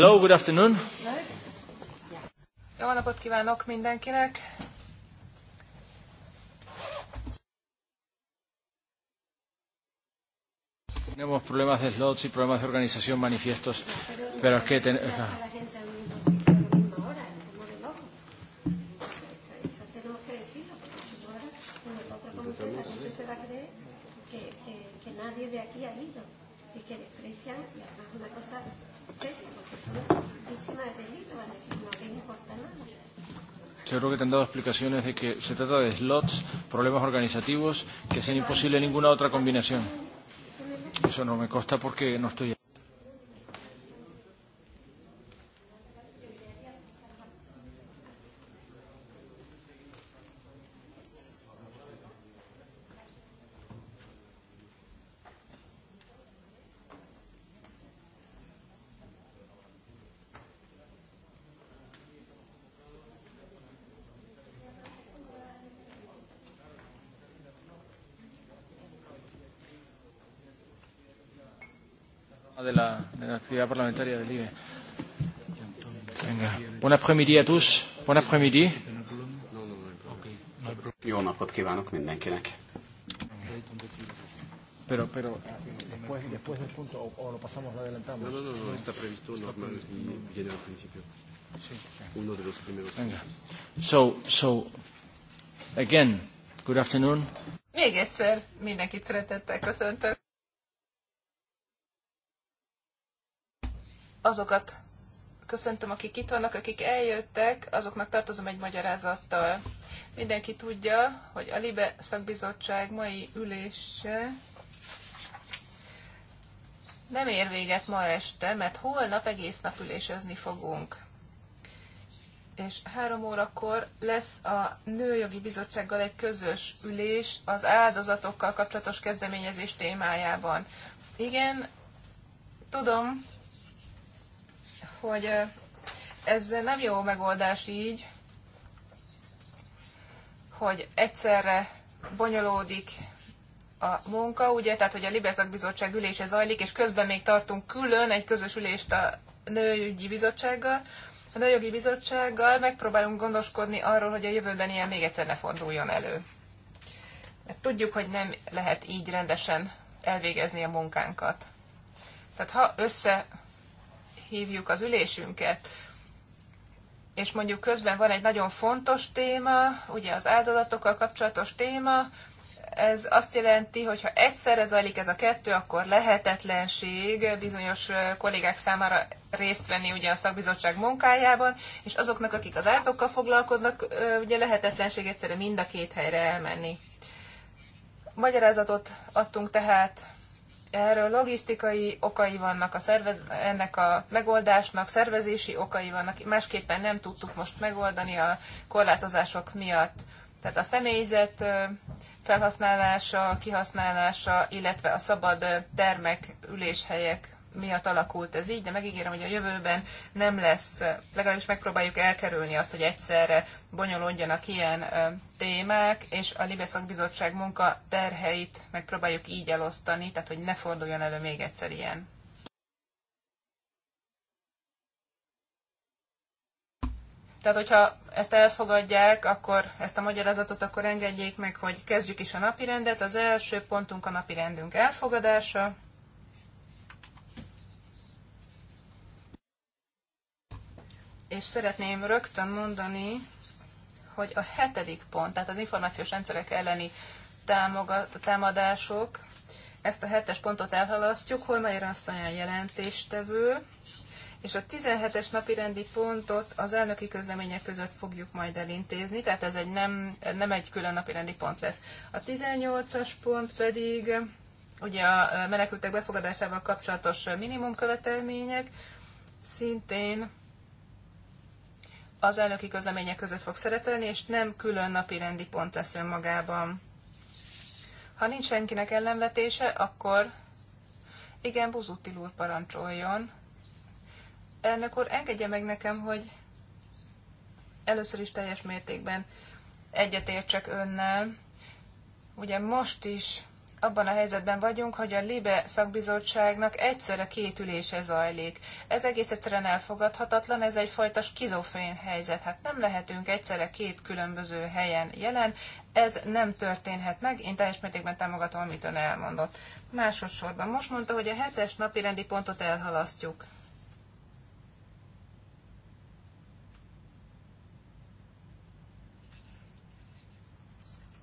Hello, good afternoon. Jó napot kívánok mindenkinek. Tenemos problemas de slots y problemas de organización manifiestos, pero es que ten... Seguro que te han dado explicaciones de que se trata de slots, problemas organizativos, que sean imposible ninguna otra combinación. Eso no me consta porque no estoy. Unidad Parlamentaria del IBE. Venga. Buen après-midi a tous. Buen après-midi. Jó napot kívánok mindenkinek. Pero, pero, después, después del punto, o, o lo pasamos, lo adelantamos. No, no, no, no está previsto normal y viene al principio. Sí, sí. Uno de los primeros. Venga. So, so, again, good afternoon. Még egyszer mindenkit szeretettel köszöntök. azokat köszöntöm, akik itt vannak, akik eljöttek, azoknak tartozom egy magyarázattal. Mindenki tudja, hogy a LIBE szakbizottság mai ülése nem ér véget ma este, mert holnap egész nap ülésezni fogunk. És három órakor lesz a Nőjogi Bizottsággal egy közös ülés az áldozatokkal kapcsolatos kezdeményezés témájában. Igen, tudom, hogy ez nem jó megoldás így, hogy egyszerre bonyolódik a munka, ugye, tehát hogy a Libezak Bizottság ülése zajlik, és közben még tartunk külön egy közös ülést a nőügyi Bizottsággal. A Nőjogi Bizottsággal megpróbálunk gondoskodni arról, hogy a jövőben ilyen még egyszer ne forduljon elő. Mert tudjuk, hogy nem lehet így rendesen elvégezni a munkánkat. Tehát ha össze hívjuk az ülésünket, és mondjuk közben van egy nagyon fontos téma, ugye az áldozatokkal kapcsolatos téma, ez azt jelenti, hogy ha egyszerre zajlik ez a kettő, akkor lehetetlenség bizonyos kollégák számára részt venni ugye a szakbizottság munkájában, és azoknak, akik az átokkal foglalkoznak, ugye lehetetlenség egyszerre mind a két helyre elmenni. Magyarázatot adtunk tehát Erről logisztikai okai vannak a szervez, ennek a megoldásnak, szervezési okai vannak, másképpen nem tudtuk most megoldani a korlátozások miatt. Tehát a személyzet felhasználása, kihasználása, illetve a szabad termek, üléshelyek miatt alakult ez így, de megígérem, hogy a jövőben nem lesz, legalábbis megpróbáljuk elkerülni azt, hogy egyszerre bonyolódjanak ilyen témák, és a Libe Szakbizottság munka terheit megpróbáljuk így elosztani, tehát hogy ne forduljon elő még egyszer ilyen. Tehát, hogyha ezt elfogadják, akkor ezt a magyarázatot, akkor engedjék meg, hogy kezdjük is a napirendet. Az első pontunk a napirendünk elfogadása. és szeretném rögtön mondani, hogy a hetedik pont, tehát az információs rendszerek elleni támadások, ezt a hetes pontot elhalasztjuk, Holmeier asszony a jelentéstevő, és a 17-es napi rendi pontot az elnöki közlemények között fogjuk majd elintézni, tehát ez egy nem, nem egy külön napi rendi pont lesz. A 18-as pont pedig ugye a menekültek befogadásával kapcsolatos minimum követelmények, szintén az elnöki közlemények között fog szerepelni, és nem külön napi rendi pont lesz önmagában. Ha nincs senkinek ellenvetése, akkor igen, Buzutil úr parancsoljon. Elnök úr, engedje meg nekem, hogy először is teljes mértékben egyetértsek önnel. Ugye most is abban a helyzetben vagyunk, hogy a LIBE szakbizottságnak egyszerre két ülése zajlik. Ez egész egyszerűen elfogadhatatlan, ez egyfajta skizofrén helyzet. Hát nem lehetünk egyszerre két különböző helyen jelen, ez nem történhet meg, én teljes mértékben támogatom, amit ön elmondott. Másodszorban most mondta, hogy a hetes napi rendi pontot elhalasztjuk.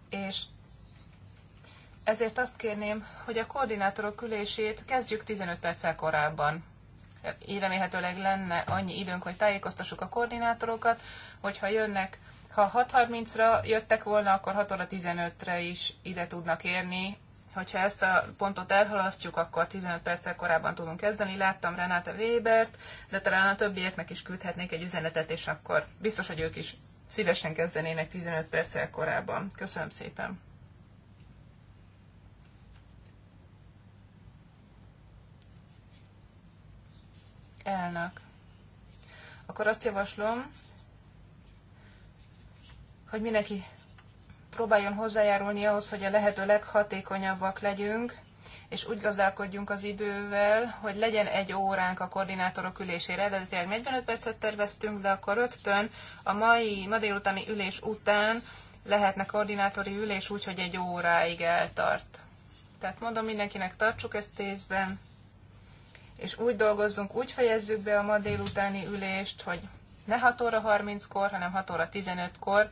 És ezért azt kérném, hogy a koordinátorok ülését kezdjük 15 perccel korábban. Így remélhetőleg lenne annyi időnk, hogy tájékoztassuk a koordinátorokat, hogyha jönnek, ha 6.30-ra jöttek volna, akkor 6 óra 15-re is ide tudnak érni. Hogyha ezt a pontot elhalasztjuk, akkor 15 perccel korábban tudunk kezdeni. Láttam Renáta Webert, de talán a többieknek is küldhetnék egy üzenetet, és akkor biztos, hogy ők is szívesen kezdenének 15 perccel korábban. Köszönöm szépen! elnak, akkor azt javaslom, hogy mindenki próbáljon hozzájárulni ahhoz, hogy a lehető leghatékonyabbak legyünk, és úgy gazdálkodjunk az idővel, hogy legyen egy óránk a koordinátorok ülésére. Eredetileg 45 percet terveztünk, de akkor rögtön a mai, ma délutáni ülés után lehetne koordinátori ülés úgy, hogy egy óráig eltart. Tehát mondom mindenkinek, tartsuk ezt észben, és úgy dolgozzunk, úgy fejezzük be a ma délutáni ülést, hogy ne 6 óra 30-kor, hanem 6 óra 15-kor,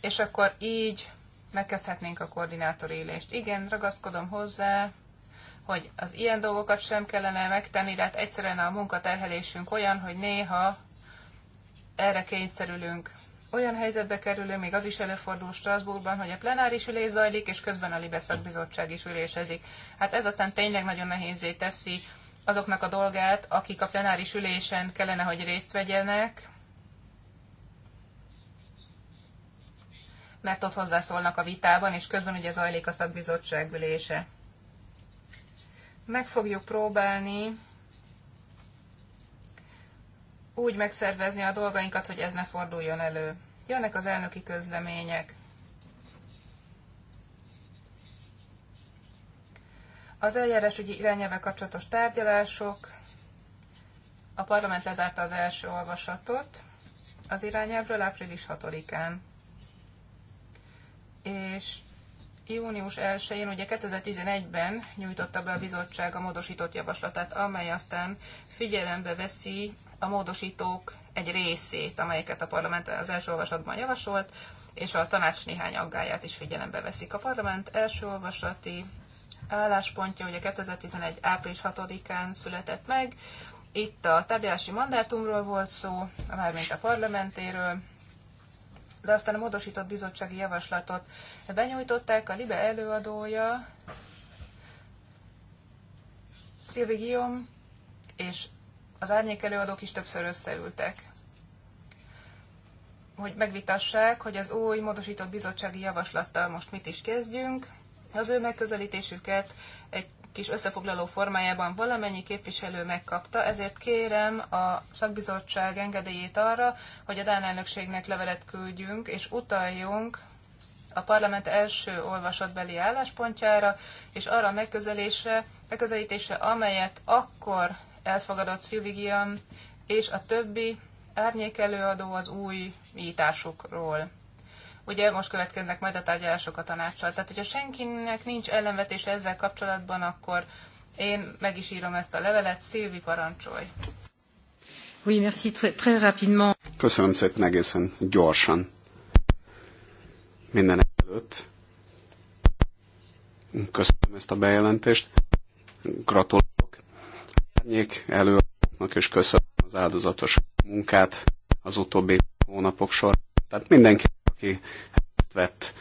és akkor így megkezdhetnénk a koordinátori ülést. Igen, ragaszkodom hozzá, hogy az ilyen dolgokat sem kellene megtenni, de hát egyszerűen a munkaterhelésünk olyan, hogy néha erre kényszerülünk. Olyan helyzetbe kerülünk, még az is előfordul Strasbourgban, hogy a plenáris ülés zajlik, és közben a Libeszak bizottság is ülésezik. Hát ez aztán tényleg nagyon nehézé teszi azoknak a dolgát, akik a plenáris ülésen kellene, hogy részt vegyenek, mert ott hozzászólnak a vitában, és közben ugye zajlik a szakbizottság ülése. Meg fogjuk próbálni úgy megszervezni a dolgainkat, hogy ez ne forduljon elő. Jönnek az elnöki közlemények. Az eljárásügyi irányelvvel kapcsolatos tárgyalások, a parlament lezárta az első olvasatot az irányelvről április 6-án. És június 1-én, ugye 2011-ben nyújtotta be a bizottság a módosított javaslatát, amely aztán figyelembe veszi a módosítók egy részét, amelyeket a parlament az első olvasatban javasolt, és a tanács néhány aggáját is figyelembe veszik. A parlament első olvasati álláspontja ugye 2011. április 6-án született meg. Itt a tárgyalási mandátumról volt szó, mármint a parlamentéről, de aztán a módosított bizottsági javaslatot benyújtották. A LIBE előadója Szilvi Guillaume és az árnyék előadók is többször összeültek hogy megvitassák, hogy az új módosított bizottsági javaslattal most mit is kezdjünk. Az ő megközelítésüket egy kis összefoglaló formájában valamennyi képviselő megkapta, ezért kérem a szakbizottság engedélyét arra, hogy a Dán elnökségnek levelet küldjünk, és utaljunk a parlament első olvasatbeli álláspontjára, és arra a megközelésre, megközelítésre, amelyet akkor elfogadott Szilvigiam és a többi árnyékelőadó az új ításukról. Ugye most következnek majd a tárgyalások a tanácssal. Tehát, hogyha senkinek nincs ellenvetése ezzel kapcsolatban, akkor én meg is írom ezt a levelet. Szilvi, parancsolj! Oui, merci, très, très rapidement. Köszönöm szépen egészen gyorsan. Minden előtt. Köszönöm ezt a bejelentést. Gratulálok. Árnyék előadóknak és köszönöm az áldozatos munkát az utóbbi hónapok során. Tehát mindenki aki ezt vett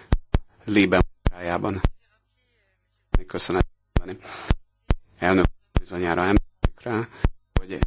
lében munkájában. Köszönöm. Elnök bizonyára emlékszik rá, hogy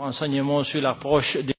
Enseignement sur l'approche de...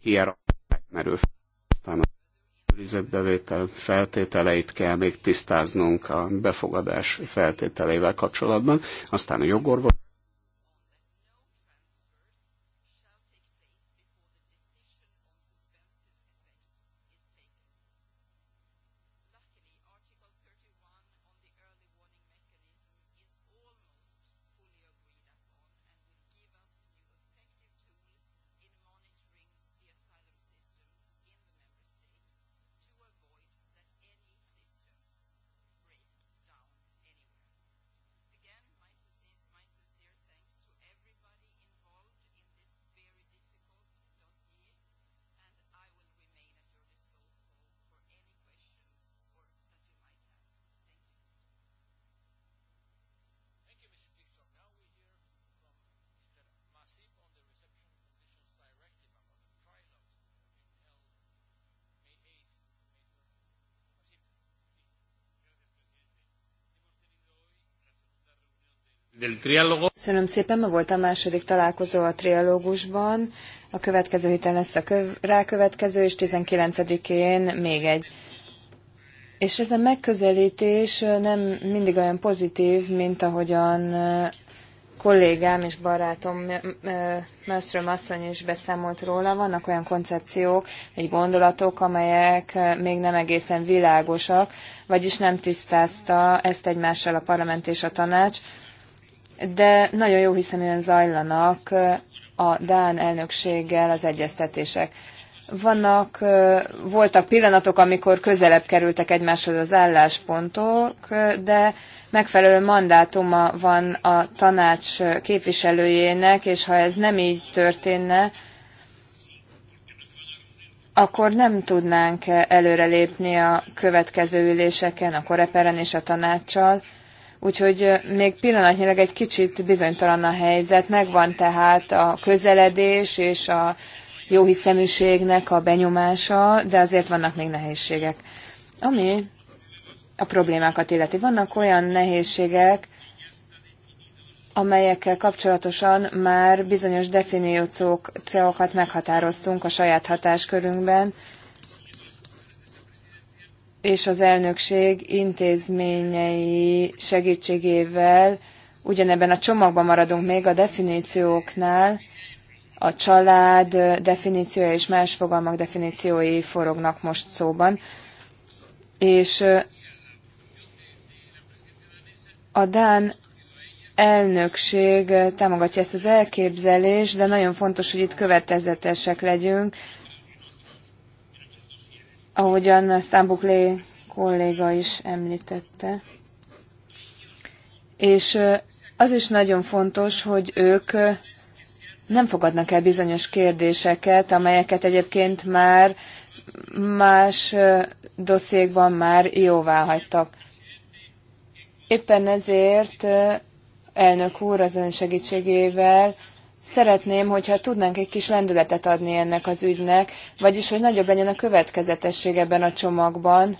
hierarchiák merül fel. Aztán a őrizetbevétel feltételeit kell még tisztáznunk a befogadás feltételeivel kapcsolatban, aztán a jogorvos Köszönöm szépen, ma volt a második találkozó a trialógusban. A következő héten lesz a köv- rákövetkező, és 19-én még egy. És ez a megközelítés nem mindig olyan pozitív, mint ahogyan kollégám és barátom Mölström asszony is beszámolt róla. Vannak olyan koncepciók, egy gondolatok, amelyek még nem egészen világosak, vagyis nem tisztázta ezt egymással a parlament és a tanács de nagyon jó hiszeműen zajlanak a Dán elnökséggel az egyeztetések. Vannak, voltak pillanatok, amikor közelebb kerültek egymáshoz az álláspontok, de megfelelő mandátuma van a tanács képviselőjének, és ha ez nem így történne, akkor nem tudnánk előrelépni a következő üléseken, a koreperen és a tanácssal Úgyhogy még pillanatnyilag egy kicsit bizonytalan a helyzet, megvan tehát a közeledés és a jó hiszeműségnek a benyomása, de azért vannak még nehézségek. Ami a problémákat illeti. Vannak olyan nehézségek, amelyekkel kapcsolatosan már bizonyos definíciókat meghatároztunk a saját hatáskörünkben, és az elnökség intézményei segítségével ugyanebben a csomagban maradunk még a definícióknál, a család definíciója és más fogalmak definíciói forognak most szóban. És a Dán elnökség támogatja ezt az elképzelést, de nagyon fontos, hogy itt következetesek legyünk, ahogyan Stambuklé kolléga is említette. És az is nagyon fontos, hogy ők nem fogadnak el bizonyos kérdéseket, amelyeket egyébként már más dossziékban már jóvá hagytak. Éppen ezért elnök úr az ön segítségével Szeretném, hogyha tudnánk egy kis lendületet adni ennek az ügynek, vagyis hogy nagyobb legyen a következetesség ebben a csomagban.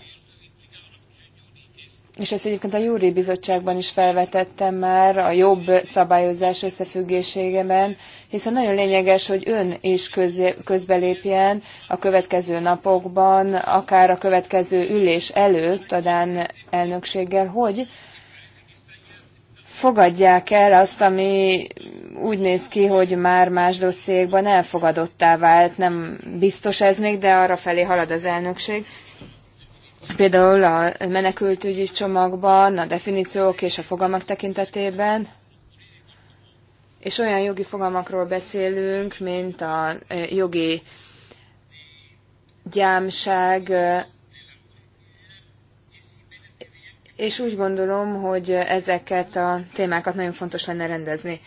És ezt egyébként a Júri Bizottságban is felvetettem már a jobb szabályozás összefüggésében, hiszen nagyon lényeges, hogy ön is közbelépjen a következő napokban, akár a következő ülés előtt a Dán elnökséggel, hogy fogadják el azt, ami úgy néz ki, hogy már más dossziékban elfogadottá vált. Nem biztos ez még, de arra felé halad az elnökség. Például a menekültügyi csomagban, a definíciók és a fogalmak tekintetében, és olyan jogi fogalmakról beszélünk, mint a jogi gyámság, és úgy gondolom, hogy ezeket a témákat nagyon fontos lenne rendezni.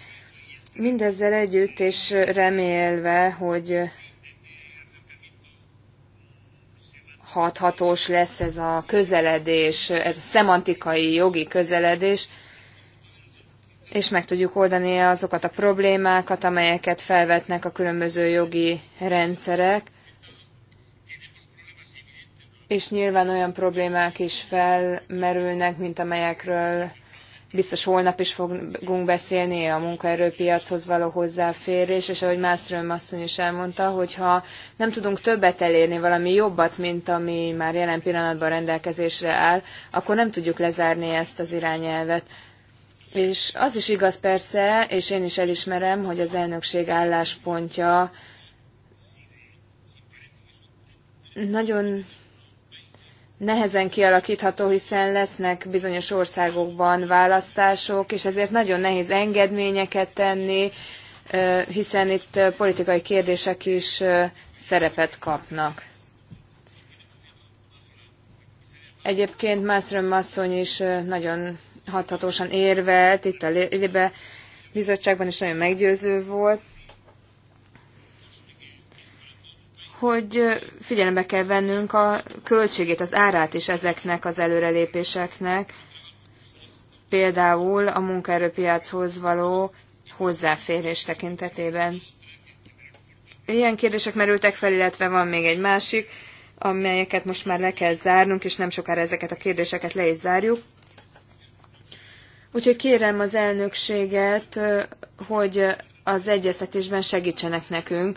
Mindezzel együtt, és remélve, hogy hathatós lesz ez a közeledés, ez a szemantikai jogi közeledés, és meg tudjuk oldani azokat a problémákat, amelyeket felvetnek a különböző jogi rendszerek, és nyilván olyan problémák is felmerülnek, mint amelyekről biztos holnap is fogunk beszélni a munkaerőpiachoz való hozzáférés, és ahogy Mászrőm asszony is elmondta, hogyha nem tudunk többet elérni, valami jobbat, mint ami már jelen pillanatban rendelkezésre áll, akkor nem tudjuk lezárni ezt az irányelvet. És az is igaz persze, és én is elismerem, hogy az elnökség álláspontja nagyon nehezen kialakítható, hiszen lesznek bizonyos országokban választások, és ezért nagyon nehéz engedményeket tenni, hiszen itt politikai kérdések is szerepet kapnak. Egyébként Mászröm asszony is nagyon hathatósan érvelt itt a Libe bizottságban, és nagyon meggyőző volt. hogy figyelembe kell vennünk a költségét, az árát is ezeknek az előrelépéseknek, például a munkaerőpiachoz való hozzáférés tekintetében. Ilyen kérdések merültek fel, illetve van még egy másik, amelyeket most már le kell zárnunk, és nem sokára ezeket a kérdéseket le is zárjuk. Úgyhogy kérem az elnökséget, hogy az egyeztetésben segítsenek nekünk,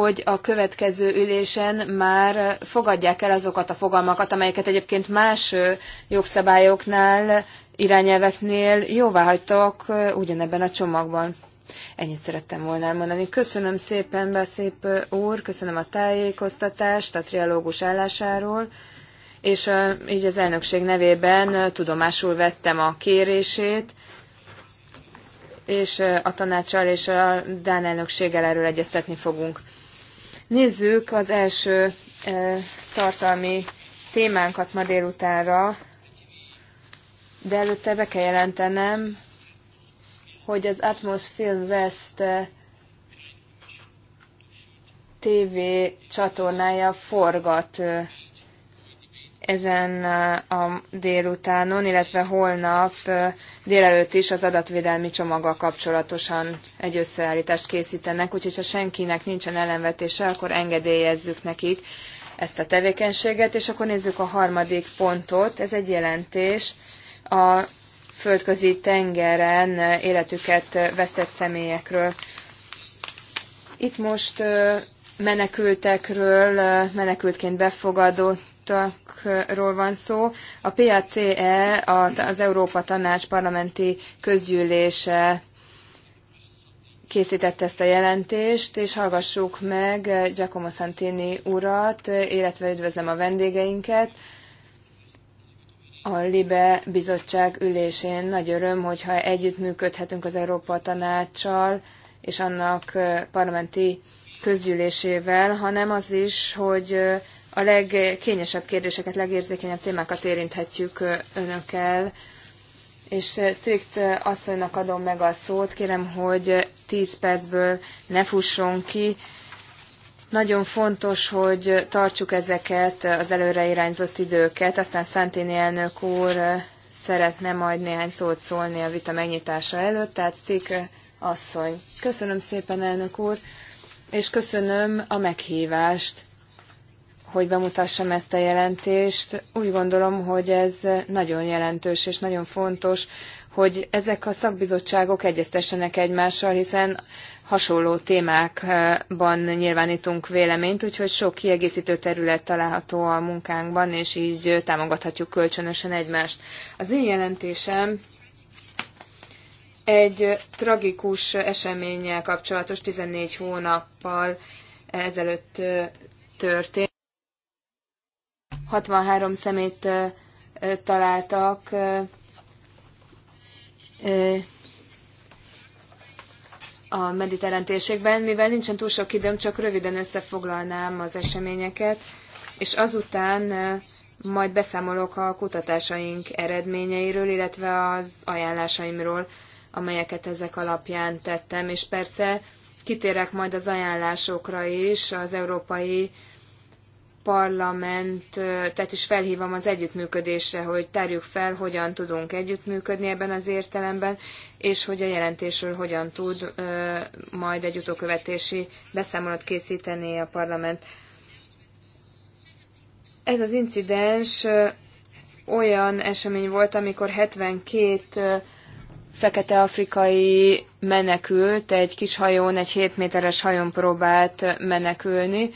hogy a következő ülésen már fogadják el azokat a fogalmakat, amelyeket egyébként más jogszabályoknál, irányelveknél jóvá hagytok ugyanebben a csomagban. Ennyit szerettem volna elmondani. Köszönöm szépen, Beszép úr, köszönöm a tájékoztatást a trialógus állásáról, és így az elnökség nevében tudomásul vettem a kérését, és a tanácssal és a Dán elnökséggel erről egyeztetni fogunk. Nézzük az első e, tartalmi témánkat ma délutánra, de előtte be kell jelentenem, hogy az Atmos Film West e, TV csatornája forgat e, ezen a délutánon, illetve holnap délelőtt is az adatvédelmi csomaggal kapcsolatosan egy összeállítást készítenek, úgyhogy ha senkinek nincsen ellenvetése, akkor engedélyezzük nekik ezt a tevékenységet, és akkor nézzük a harmadik pontot. Ez egy jelentés a földközi tengeren életüket vesztett személyekről. Itt most menekültekről, menekültként befogadott javaslatokról van szó. A PACE az Európa Tanács parlamenti közgyűlése készítette ezt a jelentést, és hallgassuk meg Giacomo Santini urat, illetve üdvözlöm a vendégeinket. A LIBE bizottság ülésén nagy öröm, hogyha együttműködhetünk az Európa Tanácssal és annak parlamenti közgyűlésével, hanem az is, hogy a legkényesebb kérdéseket, legérzékenyebb témákat érinthetjük önökkel, és strikt asszonynak adom meg a szót, kérem, hogy 10 percből ne fusson ki. Nagyon fontos, hogy tartsuk ezeket az előre irányzott időket, aztán Szentini elnök úr szeretne majd néhány szót szólni a vita megnyitása előtt, tehát Stik asszony. Köszönöm szépen, elnök úr, és köszönöm a meghívást hogy bemutassam ezt a jelentést. Úgy gondolom, hogy ez nagyon jelentős és nagyon fontos, hogy ezek a szakbizottságok egyeztessenek egymással, hiszen hasonló témákban nyilvánítunk véleményt, úgyhogy sok kiegészítő terület található a munkánkban, és így támogathatjuk kölcsönösen egymást. Az én jelentésem egy tragikus eseménnyel kapcsolatos 14 hónappal ezelőtt történt. 63 szemét találtak a mediterrán térségben, mivel nincsen túl sok időm, csak röviden összefoglalnám az eseményeket, és azután majd beszámolok a kutatásaink eredményeiről, illetve az ajánlásaimról, amelyeket ezek alapján tettem, és persze kitérek majd az ajánlásokra is az európai parlamentet is felhívom az együttműködésre, hogy tárjuk fel, hogyan tudunk együttműködni ebben az értelemben, és hogy a jelentésről hogyan tud ö, majd egy utókövetési beszámolót készíteni a parlament. Ez az incidens olyan esemény volt, amikor 72 fekete afrikai menekült egy kis hajón, egy 7 méteres hajón próbált menekülni,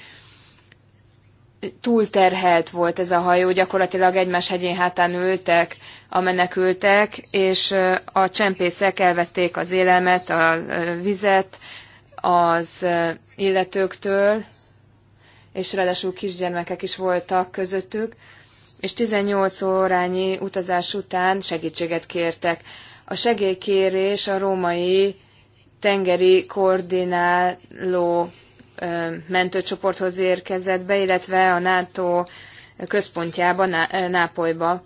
túlterhelt volt ez a hajó, gyakorlatilag egymás hegyén hátán ültek a menekültek, és a csempészek elvették az élelmet, a vizet az illetőktől, és ráadásul kisgyermekek is voltak közöttük, és 18 órányi utazás után segítséget kértek. A segélykérés a római tengeri koordináló mentőcsoporthoz érkezett be, illetve a NATO központjába, Nápolyba.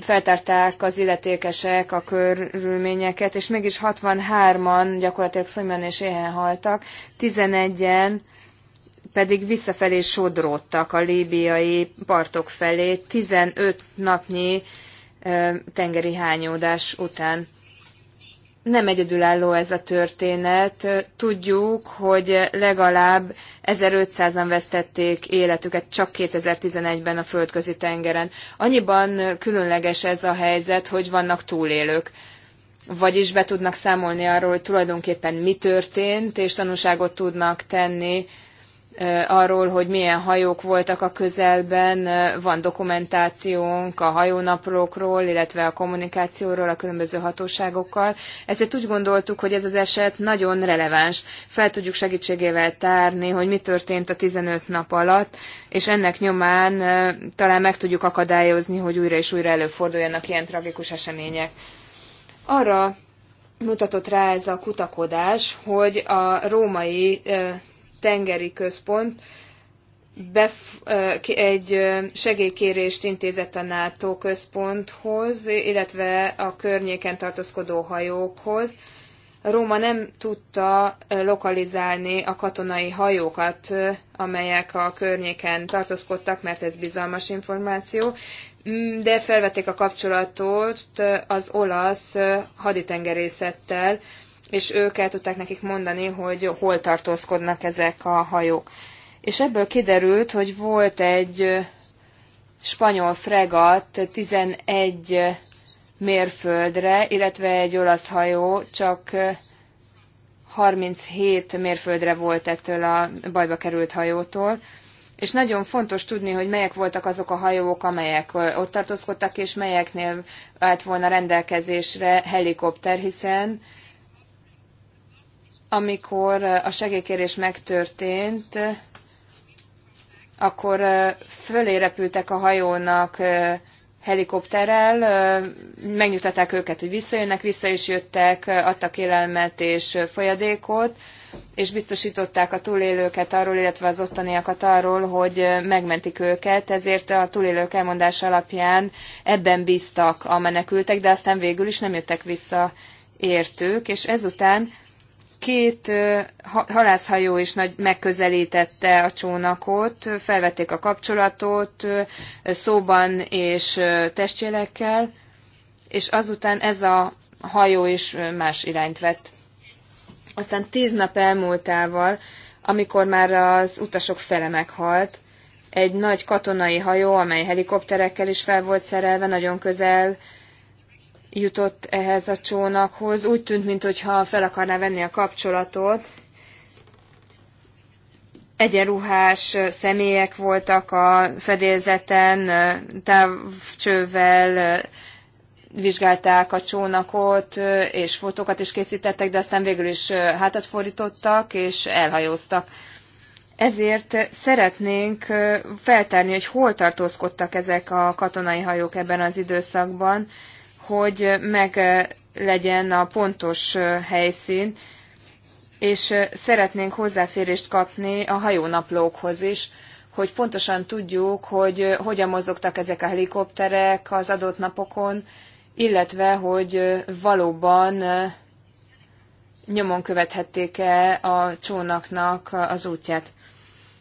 Feltárták az illetékesek a körülményeket, és mégis 63-an gyakorlatilag szomjan és éhen haltak, 11-en pedig visszafelé sodródtak a líbiai partok felé 15 napnyi tengeri hányódás után nem egyedülálló ez a történet. Tudjuk, hogy legalább 1500-an vesztették életüket csak 2011-ben a földközi tengeren. Annyiban különleges ez a helyzet, hogy vannak túlélők. Vagyis be tudnak számolni arról, hogy tulajdonképpen mi történt, és tanúságot tudnak tenni arról, hogy milyen hajók voltak a közelben, van dokumentációnk a hajónaplókról, illetve a kommunikációról a különböző hatóságokkal. Ezért úgy gondoltuk, hogy ez az eset nagyon releváns. Fel tudjuk segítségével tárni, hogy mi történt a 15 nap alatt, és ennek nyomán talán meg tudjuk akadályozni, hogy újra és újra előforduljanak ilyen tragikus események. Arra mutatott rá ez a kutakodás, hogy a római tengeri központ bef- egy segélykérést intézett a NATO központhoz, illetve a környéken tartózkodó hajókhoz. Róma nem tudta lokalizálni a katonai hajókat, amelyek a környéken tartózkodtak, mert ez bizalmas információ, mm, de felvették a kapcsolatot az olasz haditengerészettel, és ők el tudták nekik mondani, hogy hol tartózkodnak ezek a hajók. És ebből kiderült, hogy volt egy spanyol fregat 11 mérföldre, illetve egy olasz hajó csak 37 mérföldre volt ettől a bajba került hajótól, és nagyon fontos tudni, hogy melyek voltak azok a hajók, amelyek ott tartózkodtak, és melyeknél állt volna rendelkezésre helikopter, hiszen amikor eh, a segélykérés megtörtént, akkor eh, fölé repültek a hajónak eh, helikopterrel, megnyugtatták őket, hogy visszajönnek, vissza is jöttek, adtak élelmet és folyadékot, és biztosították a túlélőket arról, illetve az ottaniakat arról, hogy megmentik őket, ezért a túlélők elmondás alapján ebben bíztak a menekültek, de aztán végül is nem jöttek vissza értők, és ezután Két halászhajó is nagy megközelítette a csónakot, felvették a kapcsolatot szóban és testjelekkel, és azután ez a hajó is más irányt vett. Aztán tíz nap elmúltával, amikor már az utasok fele meghalt, egy nagy katonai hajó, amely helikopterekkel is fel volt szerelve, nagyon közel jutott ehhez a csónakhoz. Úgy tűnt, mintha fel akarná venni a kapcsolatot. Egyenruhás személyek voltak a fedélzeten, távcsővel vizsgálták a csónakot, és fotókat is készítettek, de aztán végül is hátat fordítottak, és elhajóztak. Ezért szeretnénk feltárni, hogy hol tartózkodtak ezek a katonai hajók ebben az időszakban, hogy meg legyen a pontos helyszín, és szeretnénk hozzáférést kapni a hajónaplókhoz is, hogy pontosan tudjuk, hogy hogyan mozogtak ezek a helikopterek az adott napokon, illetve hogy valóban nyomon követhették-e a csónaknak az útját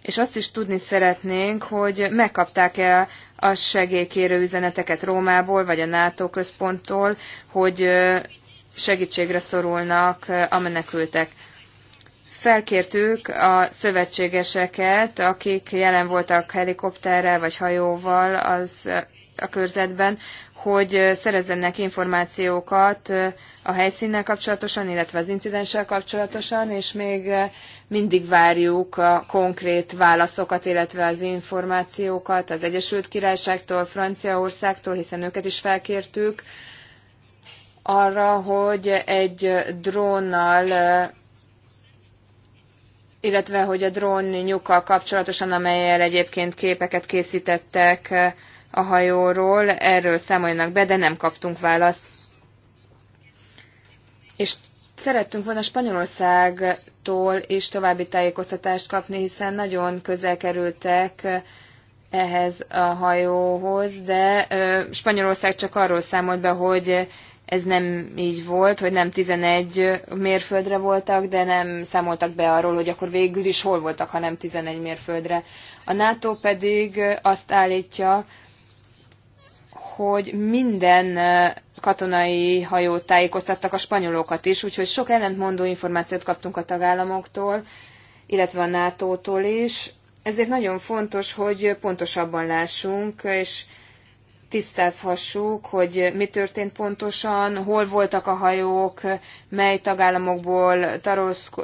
és azt is tudni szeretnénk, hogy megkapták-e a segélykérő üzeneteket Rómából, vagy a NATO központtól, hogy segítségre szorulnak a menekültek. Felkértük a szövetségeseket, akik jelen voltak helikopterrel vagy hajóval az a körzetben, hogy szerezzenek információkat a helyszínnel kapcsolatosan, illetve az incidenssel kapcsolatosan, és még mindig várjuk a konkrét válaszokat, illetve az információkat az Egyesült Királyságtól, Franciaországtól, hiszen őket is felkértük arra, hogy egy drónnal illetve hogy a drón nyukkal kapcsolatosan, amelyel egyébként képeket készítettek a hajóról, erről számoljanak be, de nem kaptunk választ. És Szerettünk volna Spanyolországtól is további tájékoztatást kapni, hiszen nagyon közel kerültek ehhez a hajóhoz, de Spanyolország csak arról számolt be, hogy ez nem így volt, hogy nem 11 mérföldre voltak, de nem számoltak be arról, hogy akkor végül is hol voltak, ha nem 11 mérföldre. A NATO pedig azt állítja, hogy minden katonai hajót tájékoztattak a spanyolokat is, úgyhogy sok ellentmondó információt kaptunk a tagállamoktól, illetve a NATO-tól is. Ezért nagyon fontos, hogy pontosabban lássunk, és tisztázhassuk, hogy mi történt pontosan, hol voltak a hajók, mely tagállamokból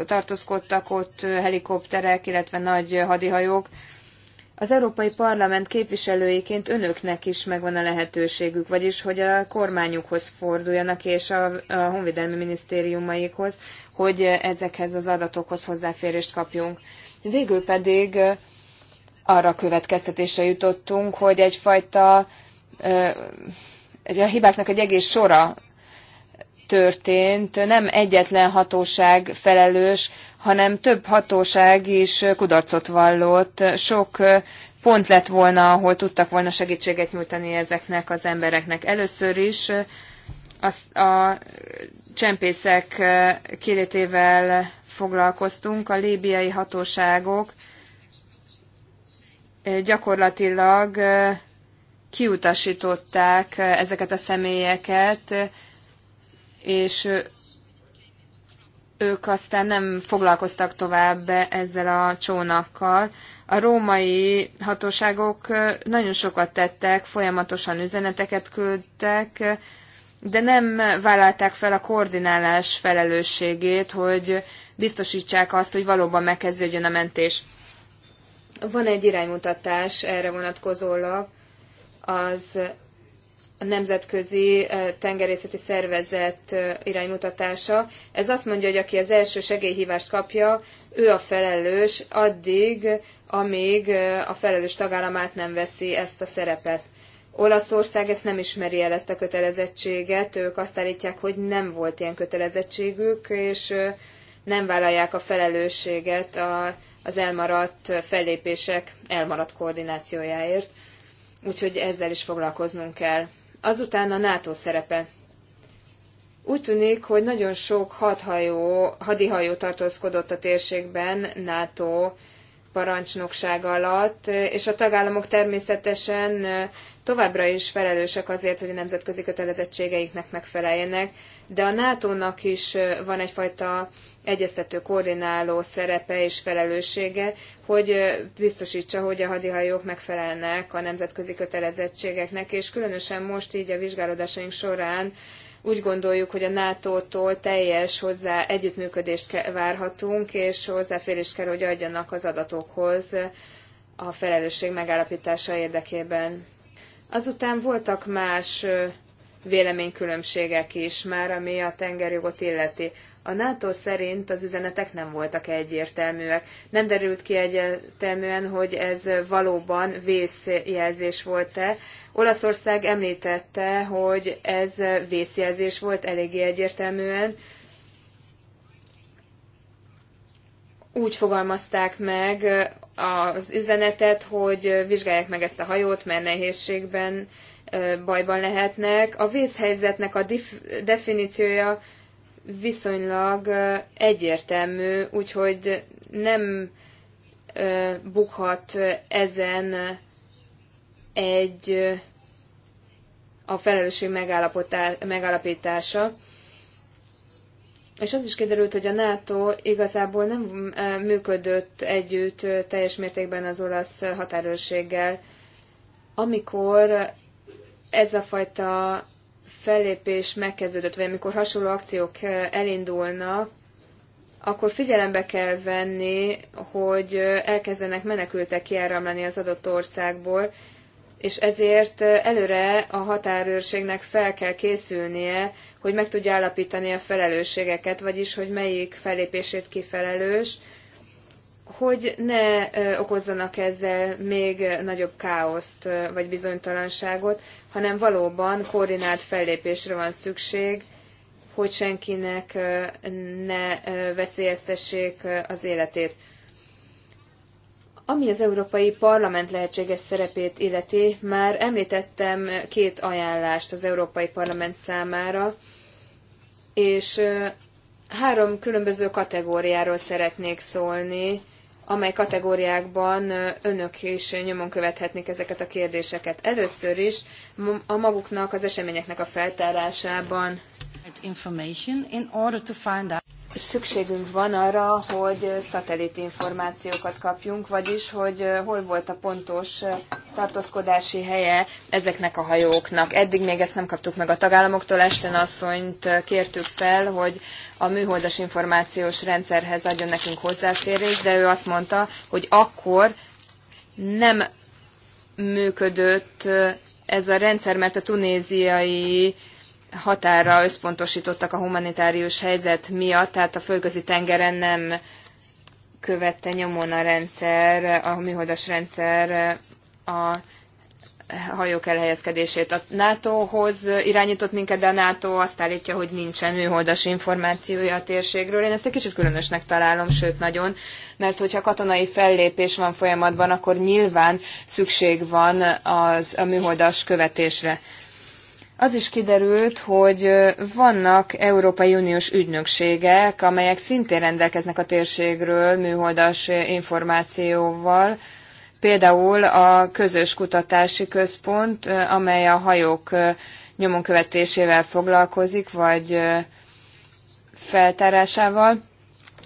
tartózkodtak ott helikopterek, illetve nagy hadihajók. Az Európai Parlament képviselőiként önöknek is megvan a lehetőségük, vagyis hogy a kormányukhoz forduljanak és a, a honvédelmi minisztériumaikhoz, hogy ezekhez az adatokhoz hozzáférést kapjunk. Végül pedig arra következtetése jutottunk, hogy egyfajta a hibáknak egy egész sora történt, nem egyetlen hatóság felelős hanem több hatóság is kudarcot vallott. Sok pont lett volna, ahol tudtak volna segítséget nyújtani ezeknek az embereknek. Először is a, a csempészek kérétével foglalkoztunk, a líbiai hatóságok gyakorlatilag kiutasították ezeket a személyeket, és ők aztán nem foglalkoztak tovább ezzel a csónakkal. A római hatóságok nagyon sokat tettek, folyamatosan üzeneteket küldtek, de nem vállalták fel a koordinálás felelősségét, hogy biztosítsák azt, hogy valóban megkezdődjön a mentés. Van egy iránymutatás erre vonatkozólag, az a Nemzetközi Tengerészeti Szervezet iránymutatása. Ez azt mondja, hogy aki az első segélyhívást kapja, ő a felelős addig, amíg a felelős tagállam át nem veszi ezt a szerepet. Olaszország ezt nem ismeri el, ezt a kötelezettséget. Ők azt állítják, hogy nem volt ilyen kötelezettségük, és nem vállalják a felelősséget a, az elmaradt fellépések elmaradt koordinációjáért. Úgyhogy ezzel is foglalkoznunk kell. Azután a NATO szerepe. Úgy tűnik, hogy nagyon sok hadhajó, hadihajó tartózkodott a térségben NATO parancsnokság alatt, és a tagállamok természetesen továbbra is felelősek azért, hogy a nemzetközi kötelezettségeiknek megfeleljenek, de a NATO-nak is van egyfajta egyeztető koordináló szerepe és felelőssége, hogy biztosítsa, hogy a hadihajók megfelelnek a nemzetközi kötelezettségeknek, és különösen most így a vizsgálódásaink során úgy gondoljuk, hogy a NATO-tól teljes hozzá együttműködést várhatunk, és hozzáférést kell, hogy adjanak az adatokhoz a felelősség megállapítása érdekében. Azután voltak más véleménykülönbségek is már, ami a tengerjogot illeti. A NATO szerint az üzenetek nem voltak egyértelműek. Nem derült ki egyértelműen, hogy ez valóban vészjelzés volt-e. Olaszország említette, hogy ez vészjelzés volt eléggé egyértelműen. Úgy fogalmazták meg az üzenetet, hogy vizsgálják meg ezt a hajót, mert nehézségben, bajban lehetnek. A vészhelyzetnek a definíciója viszonylag egyértelmű, úgyhogy nem bukhat ezen egy a felelősség megállapítása. És az is kiderült, hogy a NATO igazából nem működött együtt teljes mértékben az olasz határőrséggel, amikor ez a fajta fellépés megkezdődött, vagy amikor hasonló akciók eh, elindulnak, akkor figyelembe kell venni, hogy eh, elkezdenek menekültek kiáramlani az adott országból, és ezért eh, előre a határőrségnek fel kell készülnie, hogy meg tudja állapítani a felelősségeket, vagyis hogy melyik fellépését kifelelős, felelős, hogy ne okozzanak ezzel még nagyobb káoszt vagy bizonytalanságot, hanem valóban koordinált fellépésre van szükség, hogy senkinek ne veszélyeztessék az életét. Ami az Európai Parlament lehetséges szerepét illeti, már említettem két ajánlást az Európai Parlament számára, és három különböző kategóriáról szeretnék szólni, amely kategóriákban önök is nyomon követhetnék ezeket a kérdéseket. Először is a maguknak, az eseményeknek a feltárásában szükségünk van arra, hogy szatellit információkat kapjunk, vagyis, hogy eh, hol volt a pontos eh, tartózkodási helye ezeknek a hajóknak. Eddig még ezt nem kaptuk meg a tagállamoktól. Esten asszonyt eh, kértük fel, hogy a műholdas információs rendszerhez adjon nekünk hozzáférés, de ő azt mondta, hogy akkor nem működött ez a rendszer, mert a tunéziai határa összpontosítottak a humanitárius helyzet miatt, tehát a földközi tengeren nem követte nyomon a rendszer, a műholdas rendszer a hajók elhelyezkedését. A NATO-hoz irányított minket, de a NATO azt állítja, hogy nincsen műholdas információja a térségről. Én ezt egy kicsit különösnek találom, sőt nagyon, mert hogyha katonai fellépés van folyamatban, akkor nyilván szükség van az, a műholdas követésre. Az is kiderült, hogy vannak Európai Uniós ügynökségek, amelyek szintén rendelkeznek a térségről műholdas információval, Például a közös kutatási központ, amely a hajók nyomon követésével foglalkozik, vagy feltárásával,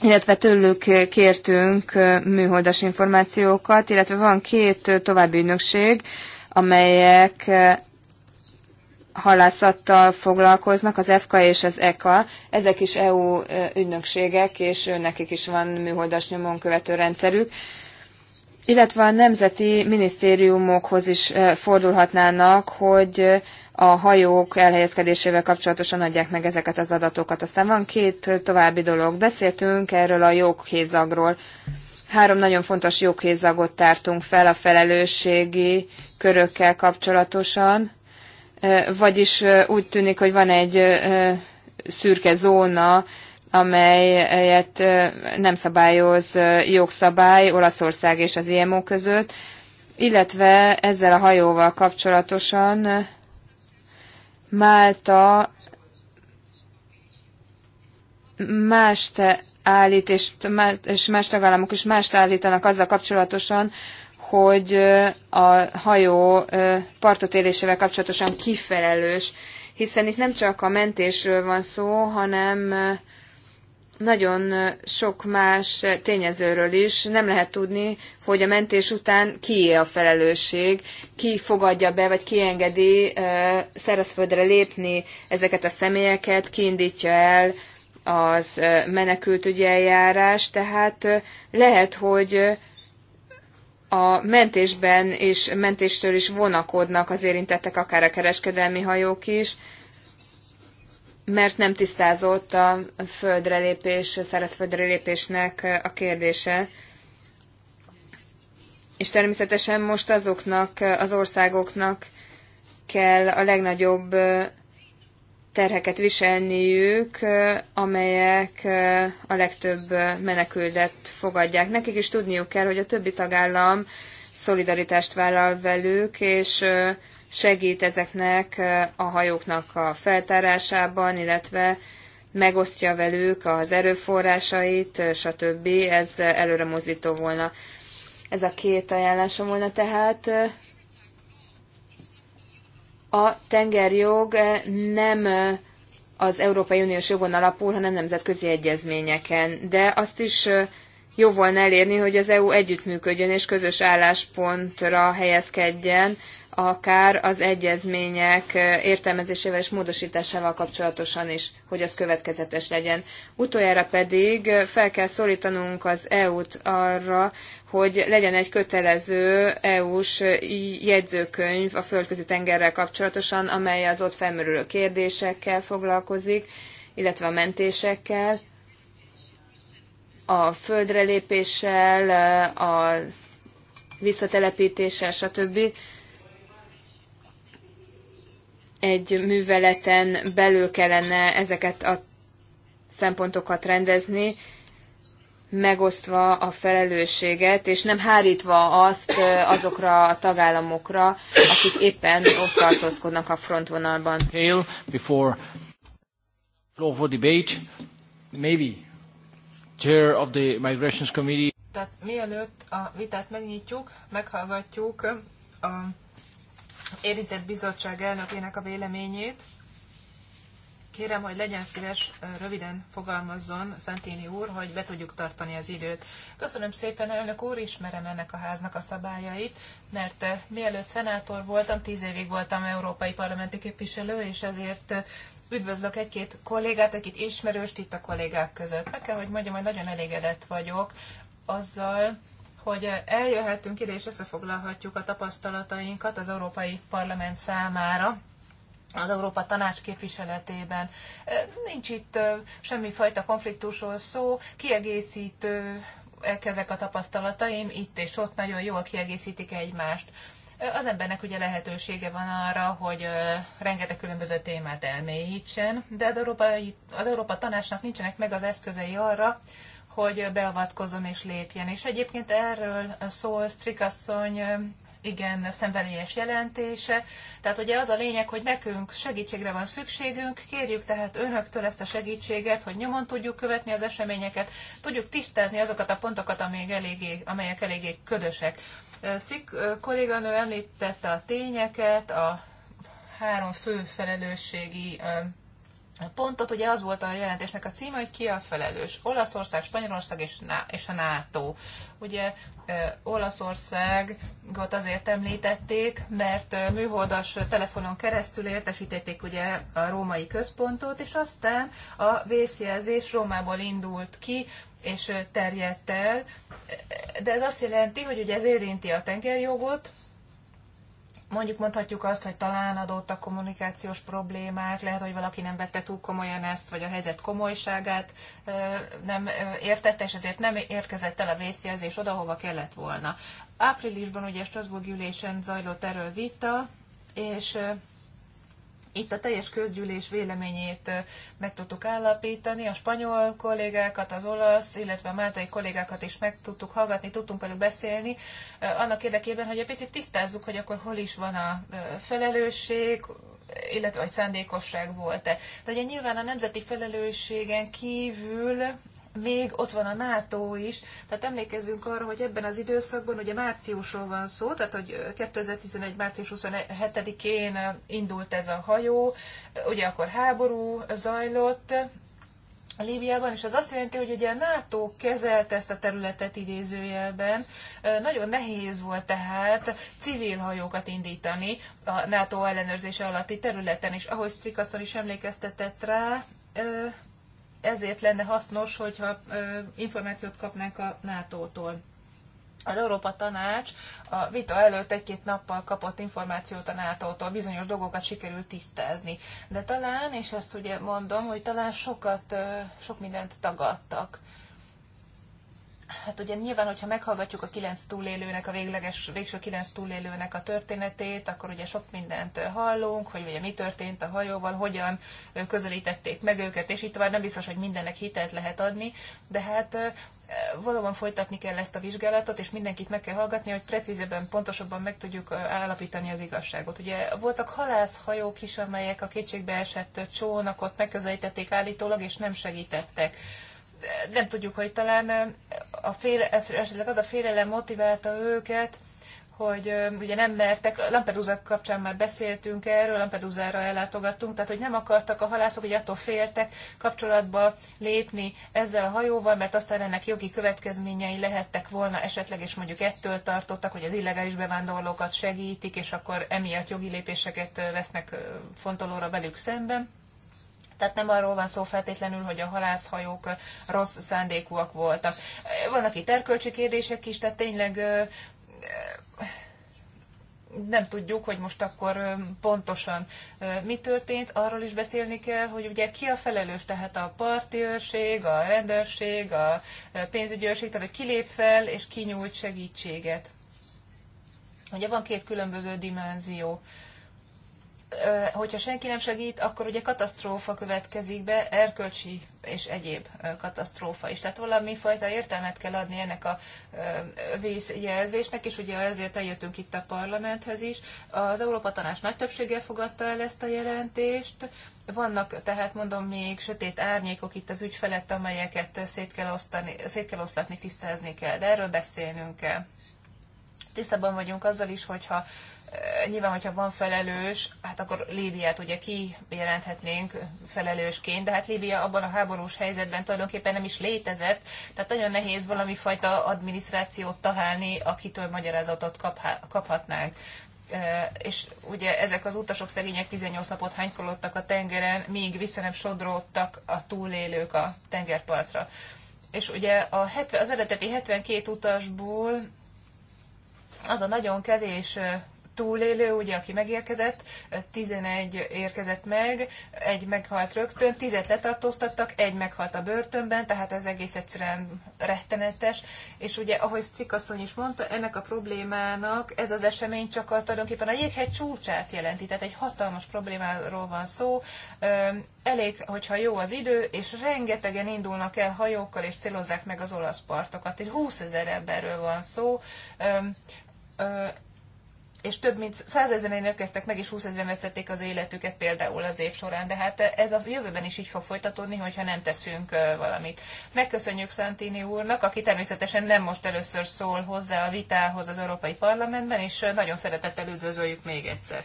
illetve tőlük kértünk műholdas információkat, illetve van két további ügynökség, amelyek halászattal foglalkoznak, az EFKA és az EKA, ezek is EU ügynökségek, és nekik is van műholdas nyomon követő rendszerük, illetve a nemzeti minisztériumokhoz is fordulhatnának, hogy a hajók elhelyezkedésével kapcsolatosan adják meg ezeket az adatokat. Aztán van két további dolog. Beszéltünk erről a joghézagról. Három nagyon fontos joghézagot tártunk fel a felelősségi körökkel kapcsolatosan vagyis úgy tűnik, hogy van egy szürke zóna, amelyet nem szabályoz jogszabály Olaszország és az IMO között, illetve ezzel a hajóval kapcsolatosan Málta mást állít, és más tagállamok is mást állítanak azzal kapcsolatosan, hogy a hajó partot élésével kapcsolatosan kifelelős, hiszen itt nem csak a mentésről van szó, hanem nagyon sok más tényezőről is. Nem lehet tudni, hogy a mentés után kié a felelősség, ki fogadja be, vagy ki engedi szárazföldre lépni ezeket a személyeket, ki indítja el az menekültügyi Tehát lehet, hogy a mentésben és mentéstől is vonakodnak az érintettek, akár a kereskedelmi hajók is, mert nem tisztázott a földre lépés, szárazföldre lépésnek a kérdése. És természetesen most azoknak az országoknak kell a legnagyobb terheket viselniük, amelyek a legtöbb menekültet fogadják. Nekik is tudniuk kell, hogy a többi tagállam szolidaritást vállal velük, és segít ezeknek a hajóknak a feltárásában, illetve megosztja velük az erőforrásait, stb. Ez előre mozdító volna. Ez a két ajánlásom volna tehát. A tengerjog nem az Európai Uniós jogon alapul, hanem nemzetközi egyezményeken. De azt is jó volna elérni, hogy az EU együttműködjön és közös álláspontra helyezkedjen, akár az egyezmények értelmezésével és módosításával kapcsolatosan is, hogy az következetes legyen. Utoljára pedig fel kell szólítanunk az EU-t arra, hogy legyen egy kötelező EU-s jegyzőkönyv a földközi tengerrel kapcsolatosan, amely az ott felmerülő kérdésekkel foglalkozik, illetve a mentésekkel, a földrelépéssel, a visszatelepítéssel, stb. Egy műveleten belül kellene ezeket a szempontokat rendezni, megosztva a felelősséget, és nem hárítva azt azokra a tagállamokra, akik éppen ott tartózkodnak a frontvonalban. before floor for debate, maybe chair of the migrations committee. Tehát mielőtt a vitát megnyitjuk, meghallgatjuk a érintett bizottság elnökének a véleményét. Kérem, hogy legyen szíves, röviden fogalmazzon Szentini úr, hogy be tudjuk tartani az időt. Köszönöm szépen, elnök úr, ismerem ennek a háznak a szabályait, mert mielőtt szenátor voltam, tíz évig voltam európai parlamenti képviselő, és ezért üdvözlök egy-két kollégát, egy-két ismerőst itt a kollégák között. Meg kell, hogy mondjam, hogy nagyon elégedett vagyok azzal, hogy eljöhetünk ide, és összefoglalhatjuk a tapasztalatainkat az Európai Parlament számára az Európa Tanács képviseletében. Nincs itt semmifajta konfliktusról szó, kiegészítő e, ezek a tapasztalataim itt és ott nagyon jól kiegészítik egymást. Az embernek ugye lehetősége van arra, hogy rengeteg különböző témát elmélyítsen, de az, Európai, az Európa Tanácsnak nincsenek meg az eszközei arra, hogy beavatkozon és lépjen. És egyébként erről szól Strikasszony igen szenvedélyes jelentése. Tehát ugye az a lényeg, hogy nekünk segítségre van szükségünk, kérjük tehát önöktől ezt a segítséget, hogy nyomon tudjuk követni az eseményeket, tudjuk tisztázni azokat a pontokat, amelyek eléggé, amelyek eléggé ködösek. Szik kolléganő említette a tényeket, a három fő felelősségi pontot, ugye az volt a jelentésnek a címe, hogy ki a felelős. Olaszország, Spanyolország és, és a NATO. Ugye Olaszországot azért említették, mert műholdas telefonon keresztül értesítették ugye a római központot, és aztán a vészjelzés Rómából indult ki, és terjedt el, de ez azt jelenti, hogy ugye ez érinti a tengerjogot, Mondjuk mondhatjuk azt, hogy talán adottak kommunikációs problémák, lehet, hogy valaki nem vette túl komolyan ezt, vagy a helyzet komolyságát nem értette, és ezért nem érkezett el a vészjelzés oda, hova kellett volna. Áprilisban ugye Strasbourg gyűlésen zajlott erről vita, és itt a teljes közgyűlés véleményét meg tudtuk állapítani, a spanyol kollégákat, az olasz, illetve a máltai kollégákat is meg tudtuk hallgatni, tudtunk velük beszélni, annak érdekében, hogy egy picit tisztázzuk, hogy akkor hol is van a felelősség, illetve hogy szándékosság volt-e. De ugye nyilván a nemzeti felelősségen kívül még ott van a NATO is, tehát emlékezzünk arra, hogy ebben az időszakban, ugye márciusról van szó, tehát hogy 2011. március 27-én indult ez a hajó, ugye akkor háború zajlott, Líbiában, és az azt jelenti, hogy ugye a NATO kezelte ezt a területet idézőjelben. Nagyon nehéz volt tehát civil hajókat indítani a NATO ellenőrzése alatti területen, és ahogy Strikasszony is emlékeztetett rá, ezért lenne hasznos, hogyha információt kapnánk a NATO-tól. Az Európa Tanács a vita előtt egy-két nappal kapott információt a NATO-tól, bizonyos dolgokat sikerült tisztázni. De talán, és ezt ugye mondom, hogy talán sokat, sok mindent tagadtak Hát ugye nyilván, hogyha meghallgatjuk a kilenc túlélőnek, a végleges, végső kilenc túlélőnek a történetét, akkor ugye sok mindent hallunk, hogy ugye mi történt a hajóval, hogyan közelítették meg őket, és itt már nem biztos, hogy mindennek hitelt lehet adni, de hát valóban folytatni kell ezt a vizsgálatot, és mindenkit meg kell hallgatni, hogy precízebben, pontosabban meg tudjuk állapítani az igazságot. Ugye voltak halászhajók is, amelyek a kétségbeesett csónakot megközelítették állítólag, és nem segítettek nem tudjuk, hogy talán a féle, esetleg az a félelem motiválta őket, hogy ugye nem mertek, Lampedusa kapcsán már beszéltünk erről, Lampedusa-ra ellátogattunk, tehát hogy nem akartak a halászok, hogy attól féltek kapcsolatba lépni ezzel a hajóval, mert aztán ennek jogi következményei lehettek volna esetleg, és mondjuk ettől tartottak, hogy az illegális bevándorlókat segítik, és akkor emiatt jogi lépéseket vesznek fontolóra velük szemben. Tehát nem arról van szó feltétlenül, hogy a halászhajók rossz szándékúak voltak. Vannak itt erkölcsi kérdések is, tehát tényleg nem tudjuk, hogy most akkor pontosan mi történt. Arról is beszélni kell, hogy ugye ki a felelős, tehát a parti őrség, a rendőrség, a pénzügyi őrség, tehát ki lép fel és kinyújt segítséget. Ugye van két különböző dimenzió hogyha senki nem segít, akkor ugye katasztrófa következik be, erkölcsi és egyéb katasztrófa is. Tehát valami fajta értelmet kell adni ennek a vészjelzésnek, és ugye ezért eljöttünk itt a parlamenthez is. Az Európa Tanács nagy többséggel fogadta el ezt a jelentést. Vannak tehát mondom még sötét árnyékok itt az ügy felett, amelyeket szét kell, osztani, szét kell oszlatni, tisztázni kell, de erről beszélnünk kell. Tisztában vagyunk azzal is, hogyha nyilván, hogyha van felelős, hát akkor Líbiát ugye jelenthetnénk felelősként, de hát Líbia abban a háborús helyzetben tulajdonképpen nem is létezett, tehát nagyon nehéz valami fajta adminisztrációt találni, akitől magyarázatot kaphatnánk és ugye ezek az utasok szegények 18 napot hánykolódtak a tengeren, míg vissza nem sodródtak a túlélők a tengerpartra. És ugye a 70, az eredeti 72 utasból az a nagyon kevés túlélő, ugye, aki megérkezett, 11 érkezett meg, egy meghalt rögtön, tizet letartóztattak, egy meghalt a börtönben, tehát ez egész egyszerűen rettenetes. És ugye, ahogy Fikaszony is mondta, ennek a problémának ez az esemény csak a, tulajdonképpen a jéghegy csúcsát jelenti, tehát egy hatalmas problémáról van szó. Elég, hogyha jó az idő, és rengetegen indulnak el hajókkal, és célozzák meg az olasz partokat. Egy 20 ezer emberről van szó és több mint százezeren érkeztek meg, és 20 ezeren vesztették az életüket például az év során. De hát ez a jövőben is így fog folytatódni, hogyha nem teszünk valamit. Megköszönjük Santini úrnak, aki természetesen nem most először szól hozzá a vitához az Európai Parlamentben, és nagyon szeretettel üdvözöljük még egyszer,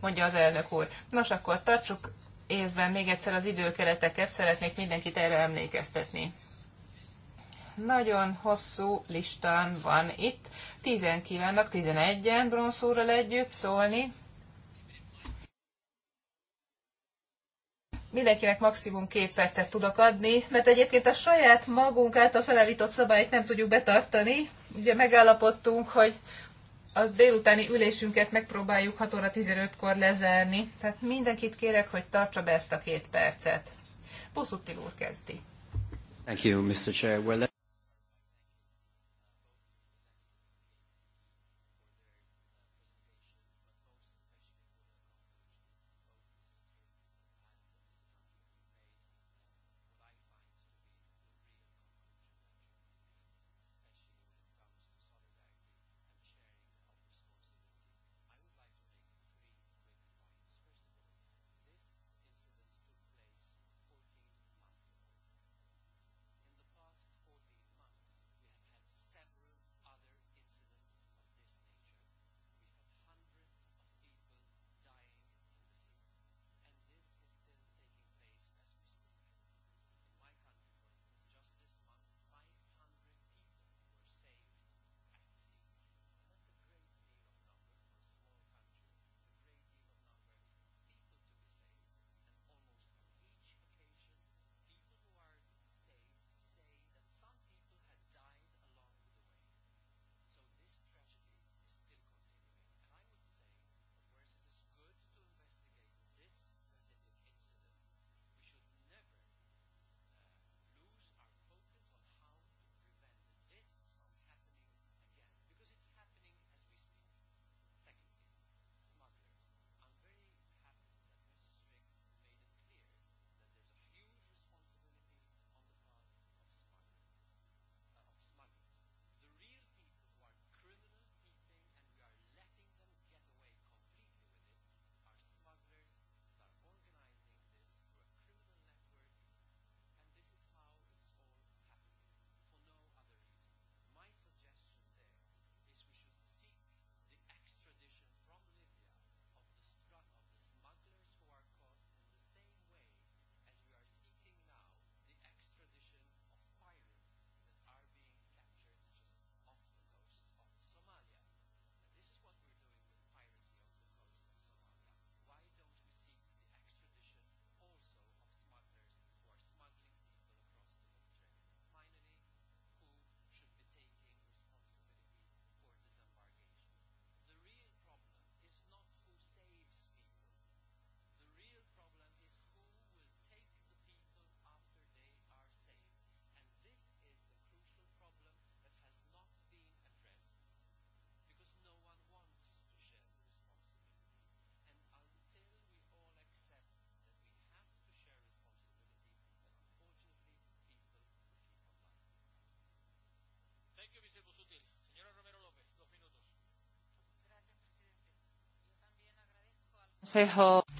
mondja az elnök úr. Nos, akkor tartsuk észben még egyszer az időkereteket, szeretnék mindenkit erre emlékeztetni. Nagyon hosszú listán van itt. Tizen kívánnak, tizenegyen bronzúrral együtt szólni. Mindenkinek maximum két percet tudok adni, mert egyébként a saját magunk által felállított szabályt nem tudjuk betartani. Ugye megállapodtunk, hogy az délutáni ülésünket megpróbáljuk 6 óra 15-kor lezárni. Tehát mindenkit kérek, hogy tartsa be ezt a két percet. Buszutil úr kezdi. Thank you, Mr. Chair. Well,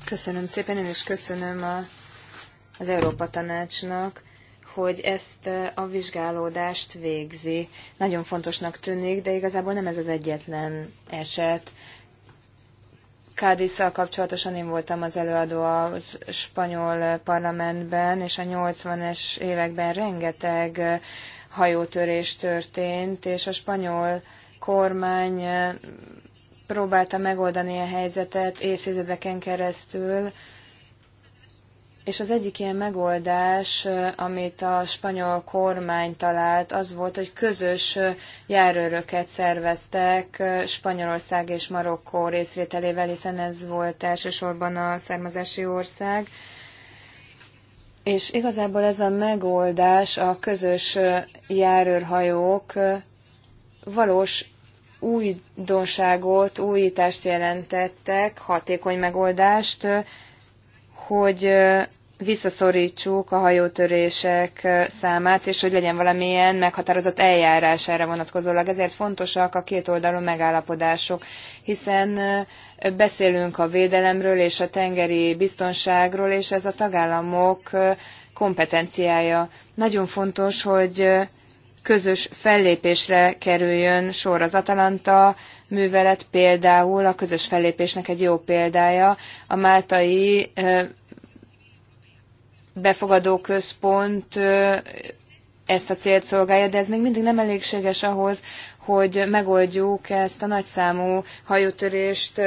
Köszönöm szépen, én is köszönöm a, az Európa Tanácsnak, hogy ezt eh, a vizsgálódást végzi. Nagyon fontosnak tűnik, de igazából nem ez az egyetlen eset. cádiz kapcsolatosan én voltam az előadó a spanyol parlamentben, és a 80-es években rengeteg eh, hajótörés történt, és a spanyol kormány eh, próbálta megoldani a helyzetet évtizedeken keresztül, és az egyik ilyen megoldás, amit a spanyol kormány talált, az volt, hogy közös járőröket szerveztek Spanyolország és Marokkó részvételével, hiszen ez volt elsősorban a származási ország. És igazából ez a megoldás a közös járőrhajók valós újdonságot, újítást jelentettek, hatékony megoldást, hogy visszaszorítsuk a hajótörések számát, és hogy legyen valamilyen meghatározott eljárás erre vonatkozólag. Ezért fontosak a két oldalú megállapodások, hiszen beszélünk a védelemről és a tengeri biztonságról, és ez a tagállamok kompetenciája. Nagyon fontos, hogy közös fellépésre kerüljön sor. Az Atalanta művelet például a közös fellépésnek egy jó példája. A Máltai befogadóközpont ezt a célt szolgálja, de ez még mindig nem elégséges ahhoz, hogy megoldjuk ezt a nagyszámú hajótörést,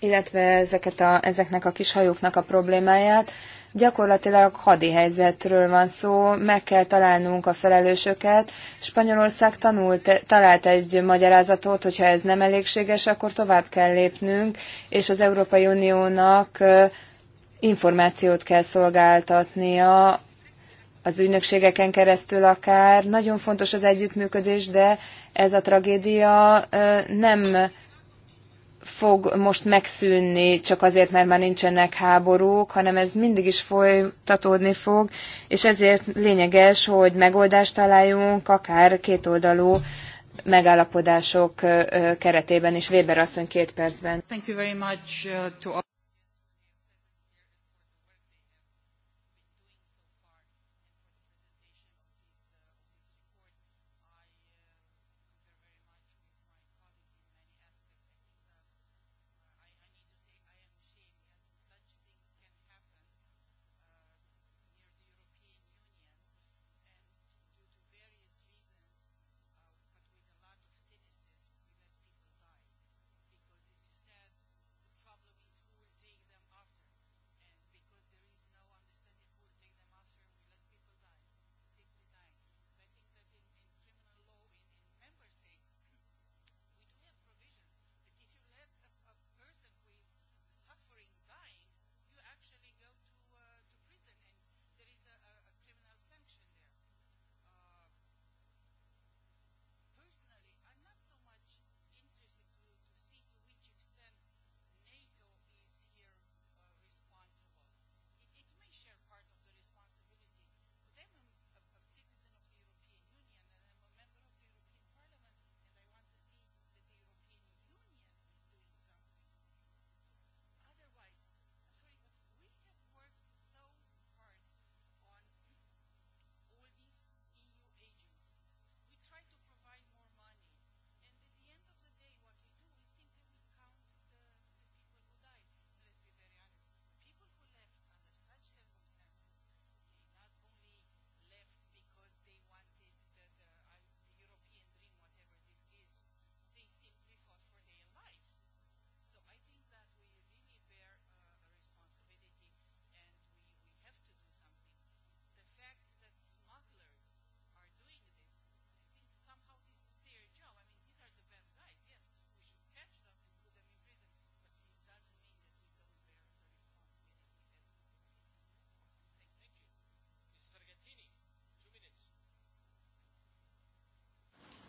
illetve ezeket a, ezeknek a kis hajóknak a problémáját. Gyakorlatilag hadi helyzetről van szó, meg kell találnunk a felelősöket. Spanyolország tanult, talált egy magyarázatot, hogyha ez nem elégséges, akkor tovább kell lépnünk, és az Európai Uniónak információt kell szolgáltatnia az ügynökségeken keresztül akár. Nagyon fontos az együttműködés, de ez a tragédia nem fog most megszűnni csak azért, mert már nincsenek háborúk, hanem ez mindig is folytatódni fog, és ezért lényeges, hogy megoldást találjunk, akár kétoldalú megállapodások keretében is. Weber asszony két percben. Uh,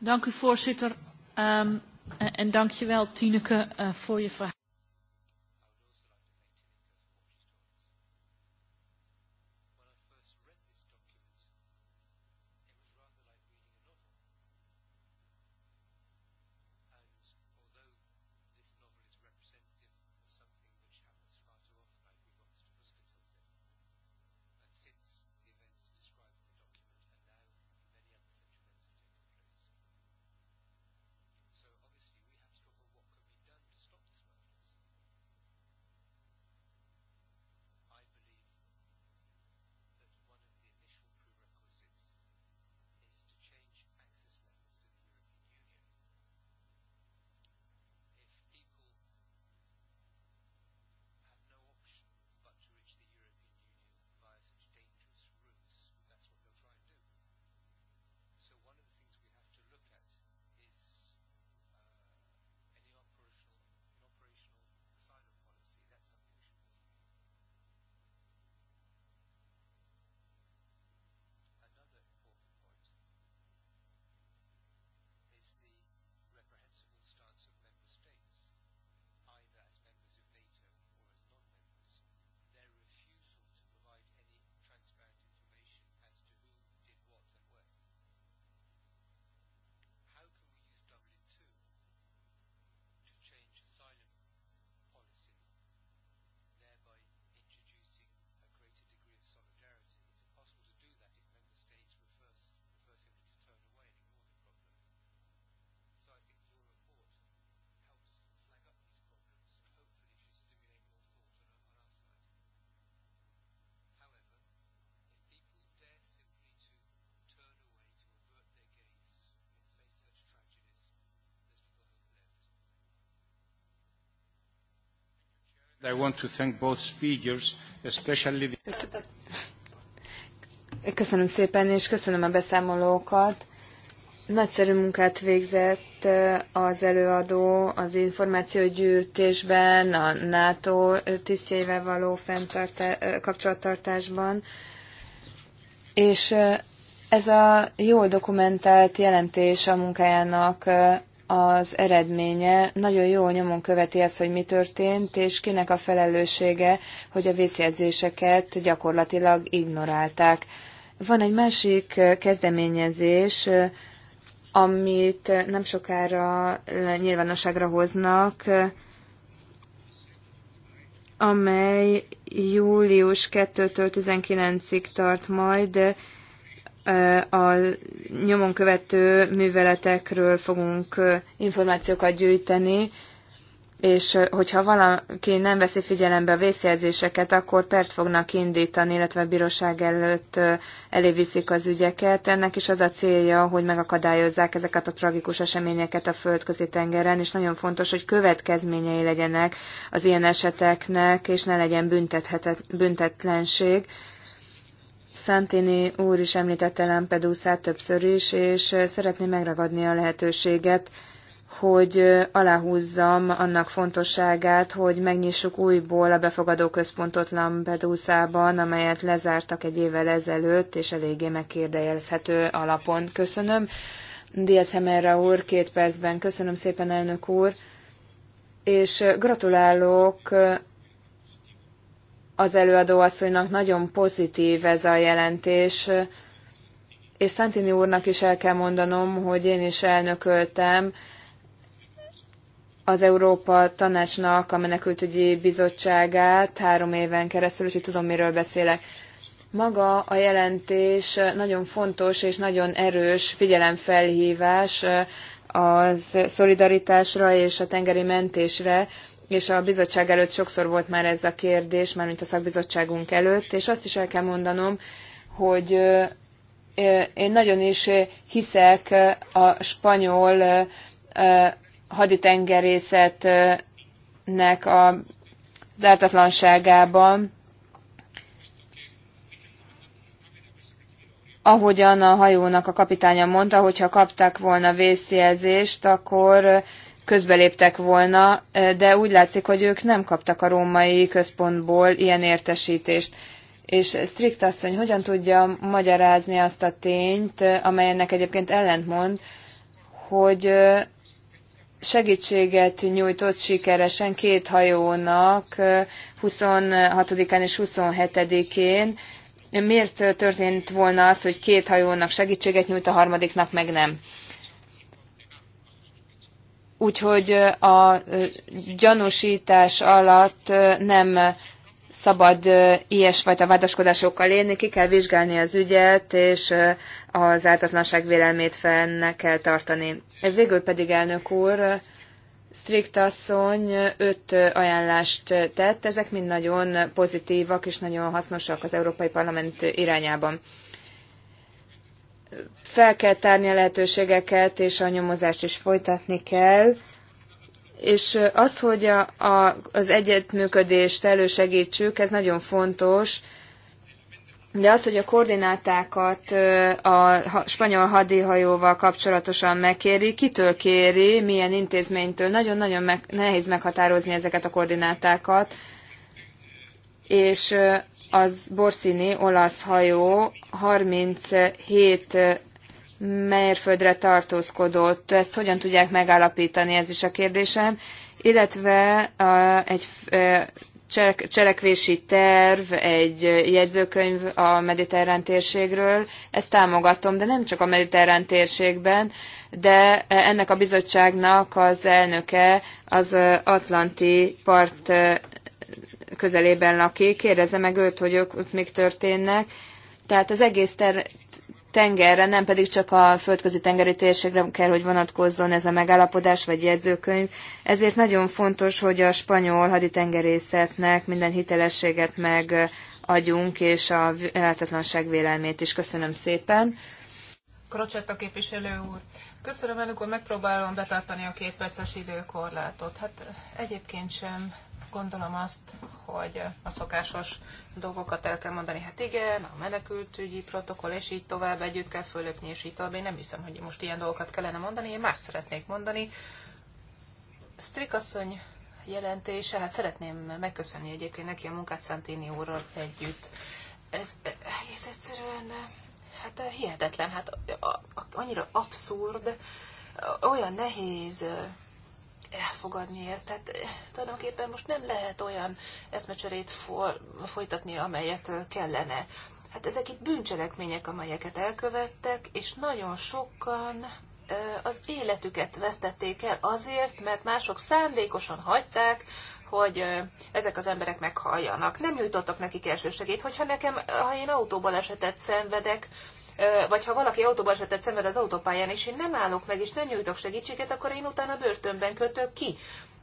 Dank u voorzitter. Um, en dankjewel Tineke uh, voor je verhaal. Köszönöm szépen, és köszönöm a beszámolókat. Nagyszerű munkát végzett az előadó az információgyűjtésben, a NATO tisztjeivel való kapcsolattartásban, és ez a jól dokumentált jelentés a munkájának az eredménye nagyon jól nyomon követi ezt, hogy mi történt, és kinek a felelőssége, hogy a vészjelzéseket gyakorlatilag ignorálták. Van egy másik kezdeményezés, amit nem sokára nyilvánosságra hoznak, amely július 2-től 19-ig tart majd, a nyomon követő műveletekről fogunk információkat gyűjteni, és hogyha valaki nem veszi figyelembe a vészjelzéseket, akkor pert fognak indítani, illetve a bíróság előtt eléviszik az ügyeket. Ennek is az a célja, hogy megakadályozzák ezeket a tragikus eseményeket a földközi tengeren, és nagyon fontos, hogy következményei legyenek az ilyen eseteknek, és ne legyen büntethetet, büntetlenség Santini úr is említette Lampedusát többször is, és szeretném megragadni a lehetőséget, hogy aláhúzzam annak fontosságát, hogy megnyissuk újból a befogadó központot Lampedusában, amelyet lezártak egy évvel ezelőtt, és eléggé megkérdejelezhető alapon. Köszönöm. Diaz Hemerra úr, két percben. Köszönöm szépen, elnök úr. És gratulálok az előadóasszonynak nagyon pozitív ez a jelentés, és Santini úrnak is el kell mondanom, hogy én is elnököltem az Európa Tanácsnak a Menekültügyi Bizottságát három éven keresztül, úgyhogy tudom, miről beszélek. Maga a jelentés nagyon fontos és nagyon erős figyelemfelhívás eh, a szolidaritásra és a tengeri mentésre, és a bizottság előtt sokszor volt már ez a kérdés, már mint a szakbizottságunk előtt, és azt is el kell mondanom, hogy én nagyon is hiszek a spanyol haditengerészetnek a zártatlanságában, ahogyan a hajónak a kapitánya mondta, hogyha kaptak volna vészjelzést, akkor közbeléptek volna, eh, de úgy látszik, hogy ők nem kaptak a római központból ilyen értesítést. És Strikt asszony hogyan tudja magyarázni azt a tényt, eh, amelyennek egyébként ellentmond, hogy eh, segítséget nyújtott sikeresen két hajónak 26-án és 27-én. Miért történt volna az, hogy két hajónak segítséget nyújt, a harmadiknak meg nem? Úgyhogy a gyanúsítás alatt nem szabad ilyesfajta vádaskodásokkal élni, ki kell vizsgálni az ügyet, és az ártatlanság vélelmét fenn kell tartani. Végül pedig, elnök úr, Strikt asszony öt ajánlást tett, ezek mind nagyon pozitívak és nagyon hasznosak az Európai Parlament irányában fel kell tárni a lehetőségeket, és a nyomozást is folytatni kell. És az, hogy a, a, az egyetműködést elősegítsük, ez nagyon fontos, de az, hogy a koordinátákat a spanyol hadihajóval kapcsolatosan megkéri, kitől kéri, milyen intézménytől, nagyon-nagyon meg, nehéz meghatározni ezeket a koordinátákat, és az Borszini olasz hajó 37 mérföldre tartózkodott. Ezt hogyan tudják megállapítani, ez is a kérdésem. Illetve a, egy cselekvési terv, egy jegyzőkönyv a mediterrán térségről. Ezt támogatom, de nem csak a mediterrán térségben, de ennek a bizottságnak az elnöke az Atlanti part közelében lakik, kérdezze meg őt, hogy ők ott még történnek. Tehát az egész ter- tengerre, nem pedig csak a földközi tengeri térségre kell, hogy vonatkozzon ez a megállapodás vagy jegyzőkönyv. Ezért nagyon fontos, hogy a spanyol haditengerészetnek minden hitelességet megadjunk, és a váltatlanság vélelmét is. Köszönöm szépen. Krocsetta képviselő úr, köszönöm elnök úr, megpróbálom betartani a két perces időkorlátot. Hát egyébként sem gondolom azt, hogy a szokásos dolgokat el kell mondani, hát igen, a menekültügyi protokoll, és így tovább együtt kell fölöpni, és így tovább. Én nem hiszem, hogy most ilyen dolgokat kellene mondani, én más szeretnék mondani. Strikasszony jelentése, hát szeretném megköszönni egyébként neki a munkát Santini úrral együtt. Ez egész egyszerűen, hát hihetetlen, hát annyira abszurd, olyan nehéz elfogadni ezt. Tehát eh, tulajdonképpen most nem lehet olyan eszmecserét folytatni, amelyet eh, kellene. Hát ezek itt bűncselekmények, amelyeket elkövettek, és nagyon sokan eh, az életüket vesztették el azért, mert mások szándékosan hagyták, hogy ezek az emberek meghalljanak. Nem nyújtottak nekik elsősegét. Hogyha nekem, ha én autóbalesetet szenvedek, vagy ha valaki autóbalesetet szenved az autópályán, és én nem állok meg, és nem nyújtok segítséget, akkor én utána börtönben kötök ki.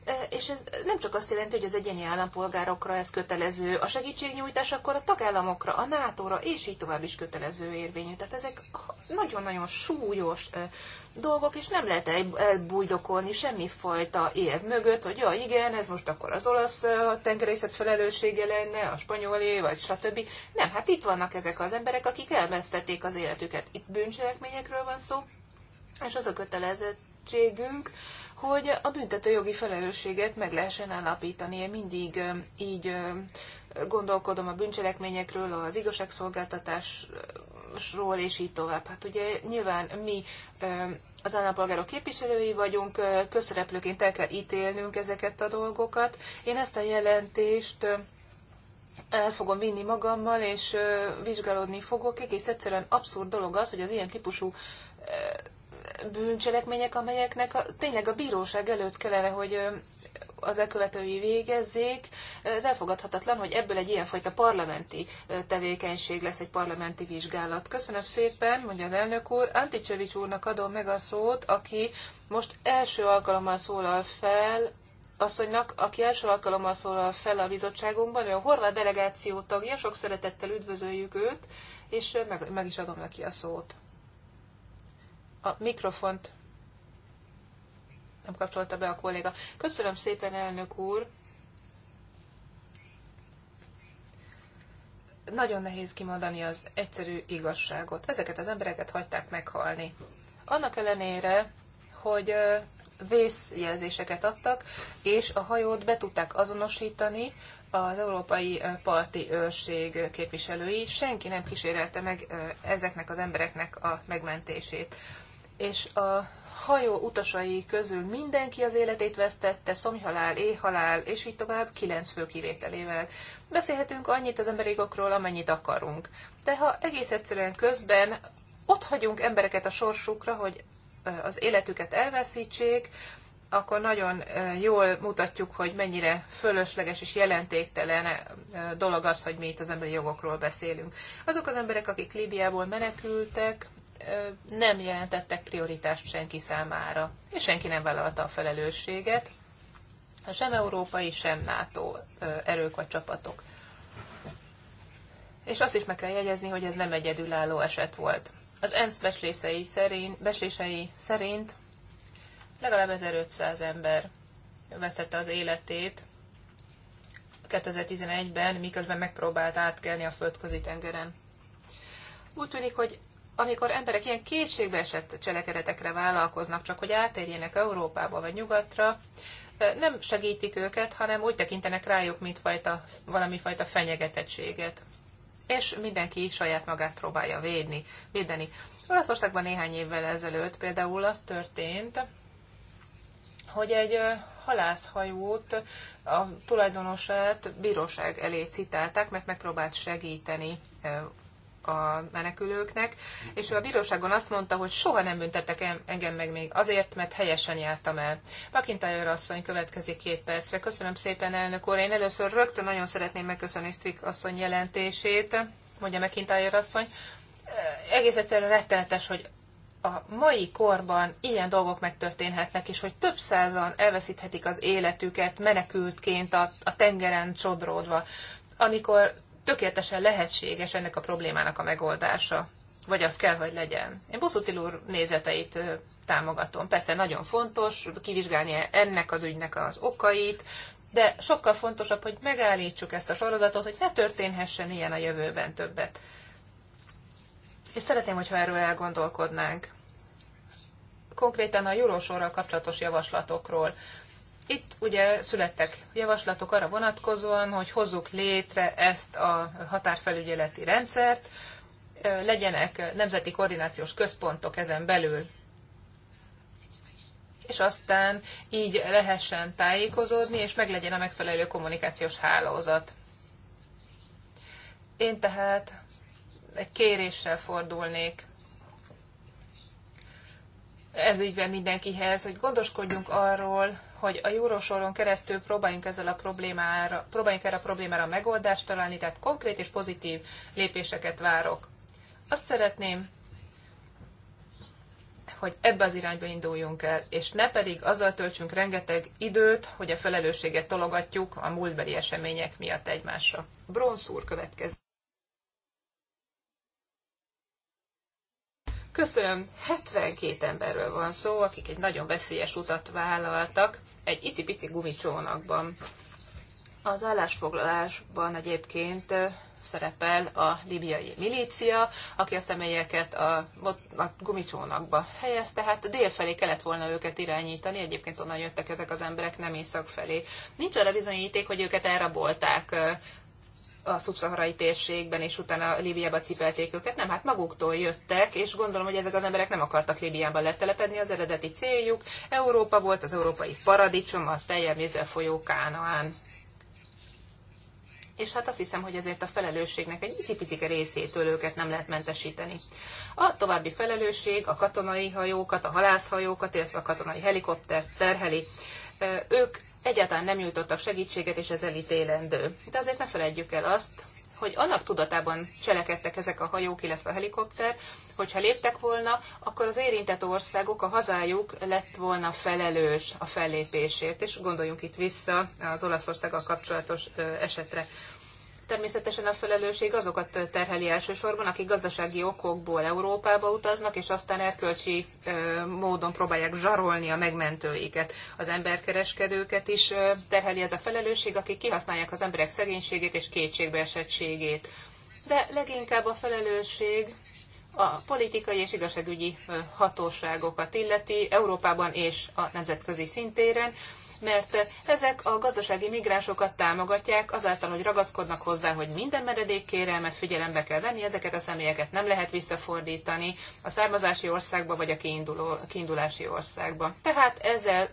E, és ez nem csak azt jelenti, hogy az egyéni állampolgárokra ez kötelező, a segítségnyújtás akkor a tagállamokra, a NATO-ra, és így tovább is kötelező érvényű. Tehát ezek nagyon-nagyon súlyos e, dolgok, és nem lehet elbújdokolni semmifajta érv mögött, hogy ja, igen, ez most akkor az olasz e, tengerészet felelőssége lenne, a spanyolé, vagy stb. Nem, hát itt vannak ezek az emberek, akik elvesztették az életüket. Itt bűncselekményekről van szó, és az a kötelezettségünk, hogy a büntetőjogi felelősséget meg lehessen állapítani. Én mindig így gondolkodom a bűncselekményekről, az igazságszolgáltatásról, és így tovább. Hát ugye nyilván mi az állampolgárok képviselői vagyunk, közszereplőként el kell ítélnünk ezeket a dolgokat. Én ezt a jelentést el fogom vinni magammal, és vizsgálódni fogok. Egész egyszerűen abszurd dolog az, hogy az ilyen típusú bűncselekmények, amelyeknek a, tényleg a bíróság előtt kellene, hogy az elkövetői végezzék. Ez elfogadhatatlan, hogy ebből egy ilyenfajta parlamenti tevékenység lesz, egy parlamenti vizsgálat. Köszönöm szépen, mondja az elnök úr. Anticsevics úrnak adom meg a szót, aki most első alkalommal szólal fel asszonynak, aki első alkalommal szólal fel a bizottságunkban, ő a horvát delegáció tagja, sok szeretettel üdvözöljük őt, és meg, meg is adom neki a szót. A mikrofont nem kapcsolta be a kolléga. Köszönöm szépen, elnök úr! Nagyon nehéz kimondani az egyszerű igazságot. Ezeket az embereket hagyták meghalni. Annak ellenére, hogy vészjelzéseket adtak, és a hajót be tudták azonosítani az Európai Parti Őrség képviselői. Senki nem kísérelte meg ezeknek az embereknek a megmentését és a hajó utasai közül mindenki az életét vesztette, szomjhalál, éhhalál, és így tovább, kilenc fő kivételével. Beszélhetünk annyit az emberi amennyit akarunk. De ha egész egyszerűen közben ott hagyunk embereket a sorsukra, hogy az életüket elveszítsék, akkor nagyon jól mutatjuk, hogy mennyire fölösleges és jelentéktelen dolog az, hogy mi itt az emberi jogokról beszélünk. Azok az emberek, akik Líbiából menekültek, nem jelentettek prioritást senki számára, és senki nem vállalta a felelősséget, sem európai, sem NATO erők vagy csapatok. És azt is meg kell jegyezni, hogy ez nem egyedülálló eset volt. Az ENSZ beslései szerint, beslései szerint legalább 1500 ember vesztette az életét 2011-ben, miközben megpróbált átkelni a földközi tengeren. Úgy tűnik, hogy amikor emberek ilyen kétségbeesett cselekedetekre vállalkoznak, csak hogy átérjenek Európába vagy nyugatra, nem segítik őket, hanem úgy tekintenek rájuk, mint fajta, valami fajta fenyegetettséget. És mindenki saját magát próbálja védni, védeni. Olaszországban néhány évvel ezelőtt például az történt, hogy egy halászhajót, a tulajdonosát bíróság elé citálták, mert megpróbált segíteni a menekülőknek, és ő a bíróságon azt mondta, hogy soha nem büntettek engem meg még azért, mert helyesen jártam el. Pakinta asszony következik két percre. Köszönöm szépen, elnök úr. Én először rögtön nagyon szeretném megköszönni Strik asszony jelentését, mondja McIntyre asszony. Egész egyszerűen rettenetes, hogy a mai korban ilyen dolgok megtörténhetnek, és hogy több százan elveszíthetik az életüket menekültként a, a tengeren csodródva. Amikor tökéletesen lehetséges ennek a problémának a megoldása, vagy az kell, hogy legyen. Én Buszutil úr nézeteit támogatom. Persze nagyon fontos kivizsgálni ennek az ügynek az okait, de sokkal fontosabb, hogy megállítsuk ezt a sorozatot, hogy ne történhessen ilyen a jövőben többet. És szeretném, hogyha erről elgondolkodnánk. Konkrétan a jurósorral kapcsolatos javaslatokról. Itt ugye születtek javaslatok arra vonatkozóan, hogy hozzuk létre ezt a határfelügyeleti rendszert, legyenek nemzeti koordinációs központok ezen belül, és aztán így lehessen tájékozódni, és meglegyen a megfelelő kommunikációs hálózat. Én tehát egy kéréssel fordulnék ez ügyben mindenkihez, hogy gondoskodjunk arról, hogy a jórósoron keresztül próbáljunk, ezzel a problémára, próbáljunk erre a problémára megoldást találni, tehát konkrét és pozitív lépéseket várok. Azt szeretném, hogy ebbe az irányba induljunk el, és ne pedig azzal töltsünk rengeteg időt, hogy a felelősséget tologatjuk a múltbeli események miatt egymásra. Bronz következik. Köszönöm, 72 emberről van szó, akik egy nagyon veszélyes utat vállaltak egy icipici gumicsónakban. Az állásfoglalásban egyébként szerepel a libiai milícia, aki a személyeket a, a gumicsónakba helyezte, hát dél felé kellett volna őket irányítani, egyébként onnan jöttek ezek az emberek, nem észak felé. Nincs arra bizonyíték, hogy őket elrabolták a szubszaharai térségben, és utána Líbiába cipelték őket. Nem, hát maguktól jöttek, és gondolom, hogy ezek az emberek nem akartak Líbiában letelepedni, az eredeti céljuk Európa volt, az európai paradicsom, a teljen vízzel folyó Kánaán. És hát azt hiszem, hogy ezért a felelősségnek egy icipicike részétől őket nem lehet mentesíteni. A további felelősség a katonai hajókat, a halászhajókat, illetve a katonai helikoptert terheli. Ők egyáltalán nem nyújtottak segítséget, és ez elítélendő. De azért ne felejtjük el azt, hogy annak tudatában cselekedtek ezek a hajók, illetve a helikopter, hogyha léptek volna, akkor az érintett országok, a hazájuk lett volna felelős a fellépésért, és gondoljunk itt vissza az Olaszországgal kapcsolatos esetre. Természetesen a felelősség azokat terheli elsősorban, akik gazdasági okokból Európába utaznak, és aztán erkölcsi módon próbálják zsarolni a megmentőiket. Az emberkereskedőket is terheli ez a felelősség, akik kihasználják az emberek szegénységét és kétségbeesettségét. De leginkább a felelősség a politikai és igazságügyi hatóságokat illeti Európában és a nemzetközi szintéren, mert ezek a gazdasági migránsokat támogatják azáltal, hogy ragaszkodnak hozzá, hogy minden menedékkérelmet figyelembe kell venni, ezeket a személyeket nem lehet visszafordítani a származási országba vagy a kiinduló, kiindulási országba. Tehát ezzel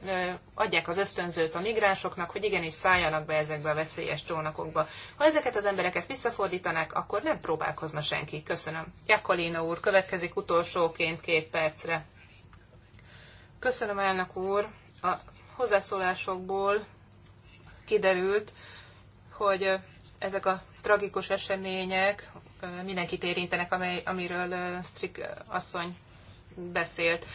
adják az ösztönzőt a migránsoknak, hogy igenis szálljanak be ezekbe a veszélyes csónakokba. Ha ezeket az embereket visszafordítanák, akkor nem próbálkozna senki. Köszönöm. Jakolino úr, következik utolsóként két percre. Köszönöm, elnök úr, a hozzászólásokból kiderült, hogy ezek a tragikus események mindenkit érintenek, amely, amiről Strick asszony beszélt.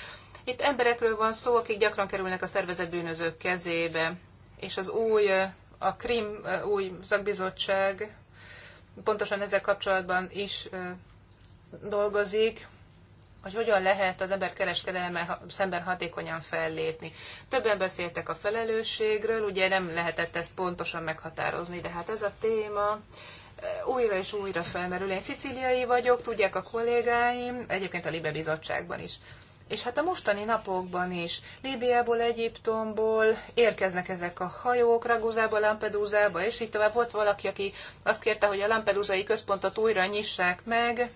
Itt emberekről van szó, akik gyakran kerülnek a szervezett bűnözők kezébe, és az új, a Krim új szakbizottság pontosan ezzel kapcsolatban is dolgozik, hogy hogyan lehet az ember kereskedelemmel szemben hatékonyan fellépni. Többen beszéltek a felelősségről, ugye nem lehetett ezt pontosan meghatározni, de hát ez a téma eh, újra és újra felmerül. Én szicíliai vagyok, tudják a kollégáim, egyébként a Libe Bizottságban is. És hát a mostani napokban is Líbiából, Egyiptomból érkeznek ezek a hajók, Ragúzába, Lampedúzába, és így tovább volt valaki, aki azt kérte, hogy a Lampedúzai központot újra nyissák meg,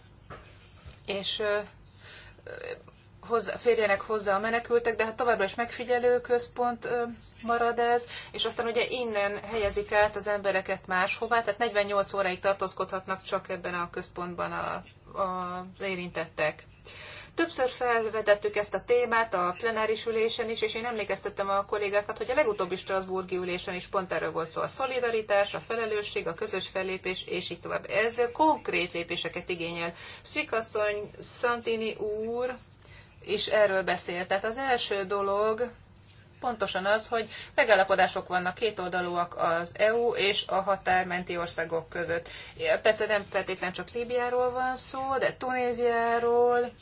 és hozzá, férjenek hozzá a menekültek, de hát továbbra is megfigyelő központ marad ez, és aztán ugye innen helyezik át az embereket máshová, tehát 48 óráig tartózkodhatnak csak ebben a központban a, a érintettek. Többször felvetettük ezt a témát a plenáris ülésen is, és én emlékeztettem a kollégákat, hogy a legutóbbi Strasburgi ülésen is pont erről volt szó. A szolidaritás, a felelősség, a közös fellépés, és így tovább. Ez konkrét lépéseket igényel. Svikasszony, Santini úr is erről beszélt. Tehát az első dolog, pontosan az, hogy megállapodások vannak kétoldalúak az EU és a határmenti országok között. Persze nem feltétlen csak Líbiáról van szó, de Tunéziáról,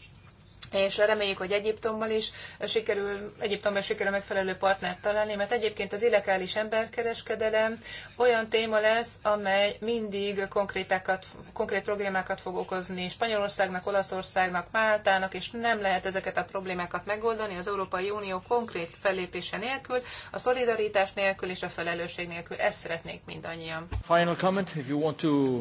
és reméljük, hogy Egyiptommal is sikerül, Egyiptomban sikerül megfelelő partnert találni, mert egyébként az illegális emberkereskedelem olyan téma lesz, amely mindig konkrétákat, konkrét problémákat fog okozni Spanyolországnak, Olaszországnak, Máltának, és nem lehet ezeket a problémákat megoldani az Európai Unió konkrét fellépése nélkül, a szolidaritás nélkül és a felelősség nélkül. Ezt szeretnék mindannyian. Final comment, if you want to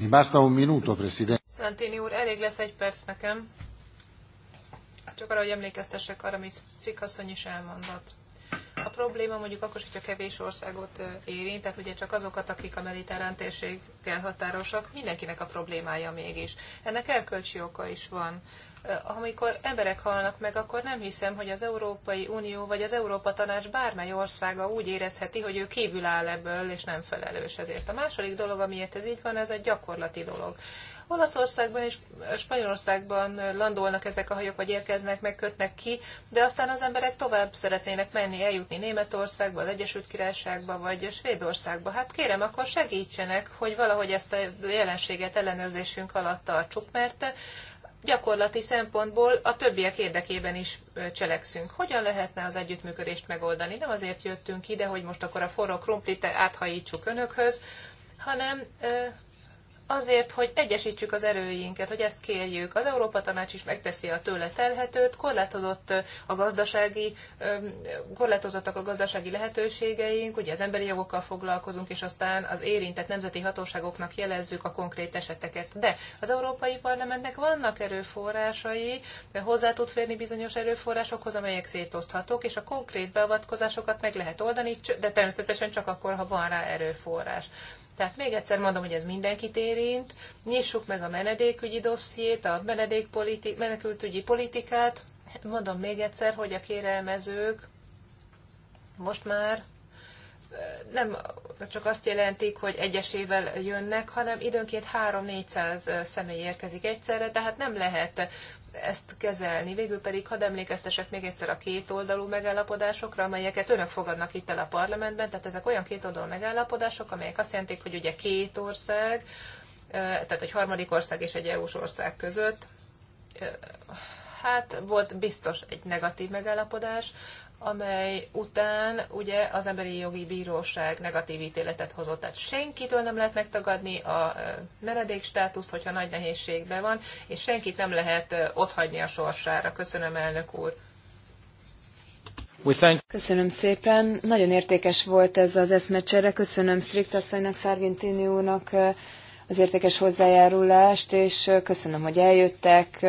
Mi basta un minuto, presidente. úr, elég lesz egy perc nekem. Csak arra, hogy emlékeztessek arra, amit Cikasszony is elmondott. A probléma mondjuk akkor, hogyha kevés országot érint, tehát ugye csak azokat, akik a mediterrán térséggel határosak, mindenkinek a problémája mégis. Ennek erkölcsi oka is van amikor emberek halnak meg, akkor nem hiszem, hogy az Európai Unió vagy az Európa Tanács bármely országa úgy érezheti, hogy ő kívül áll ebből, és nem felelős ezért. A második dolog, amiért ez így van, ez egy gyakorlati dolog. Olaszországban és Spanyolországban landolnak ezek a hajók, vagy érkeznek, megkötnek ki, de aztán az emberek tovább szeretnének menni, eljutni Németországba, az Egyesült Királyságba, vagy Svédországba. Hát kérem, akkor segítsenek, hogy valahogy ezt a jelenséget ellenőrzésünk alatt tartsuk, mert gyakorlati szempontból a többiek érdekében is cselekszünk. Hogyan lehetne az együttműködést megoldani? Nem azért jöttünk ide, hogy most akkor a forró krumplit áthajítsuk önökhöz, hanem azért, hogy egyesítsük az erőinket, hogy ezt kérjük. Az Európa Tanács is megteszi a tőle telhetőt, korlátozott a gazdasági, korlátozottak a gazdasági lehetőségeink, ugye az emberi jogokkal foglalkozunk, és aztán az érintett nemzeti hatóságoknak jelezzük a konkrét eseteket. De az Európai Parlamentnek vannak erőforrásai, hozzá tud férni bizonyos erőforrásokhoz, amelyek szétoszthatók, és a konkrét beavatkozásokat meg lehet oldani, de természetesen csak akkor, ha van rá erőforrás. Tehát még egyszer mondom, hogy ez mindenkit érint. Nyissuk meg a menedékügyi dossziét, a politi- menekültügyi politikát. Mondom még egyszer, hogy a kérelmezők most már nem csak azt jelentik, hogy egyesével jönnek, hanem időnként 3-400 személy érkezik egyszerre, tehát nem lehet ezt kezelni. Végül pedig hadd emlékeztesek még egyszer a kétoldalú megállapodásokra, amelyeket önök fogadnak itt el a parlamentben, tehát ezek olyan kétoldalú megállapodások, amelyek azt jelentik, hogy ugye két ország, tehát egy harmadik ország és egy EU-s ország között, hát volt biztos egy negatív megállapodás, amely után ugye az Emberi Jogi Bíróság negatív ítéletet hozott, tehát senkitől nem lehet megtagadni a menedék státuszt, hogyha nagy nehézségben van, és senkit nem lehet otthagyni a sorsára. Köszönöm, elnök úr. Köszönöm szépen. Nagyon értékes volt ez az eszmecsere. Köszönöm Strikt asszonynak, Szargentini úrnak az értékes hozzájárulást, és köszönöm, hogy eljöttek,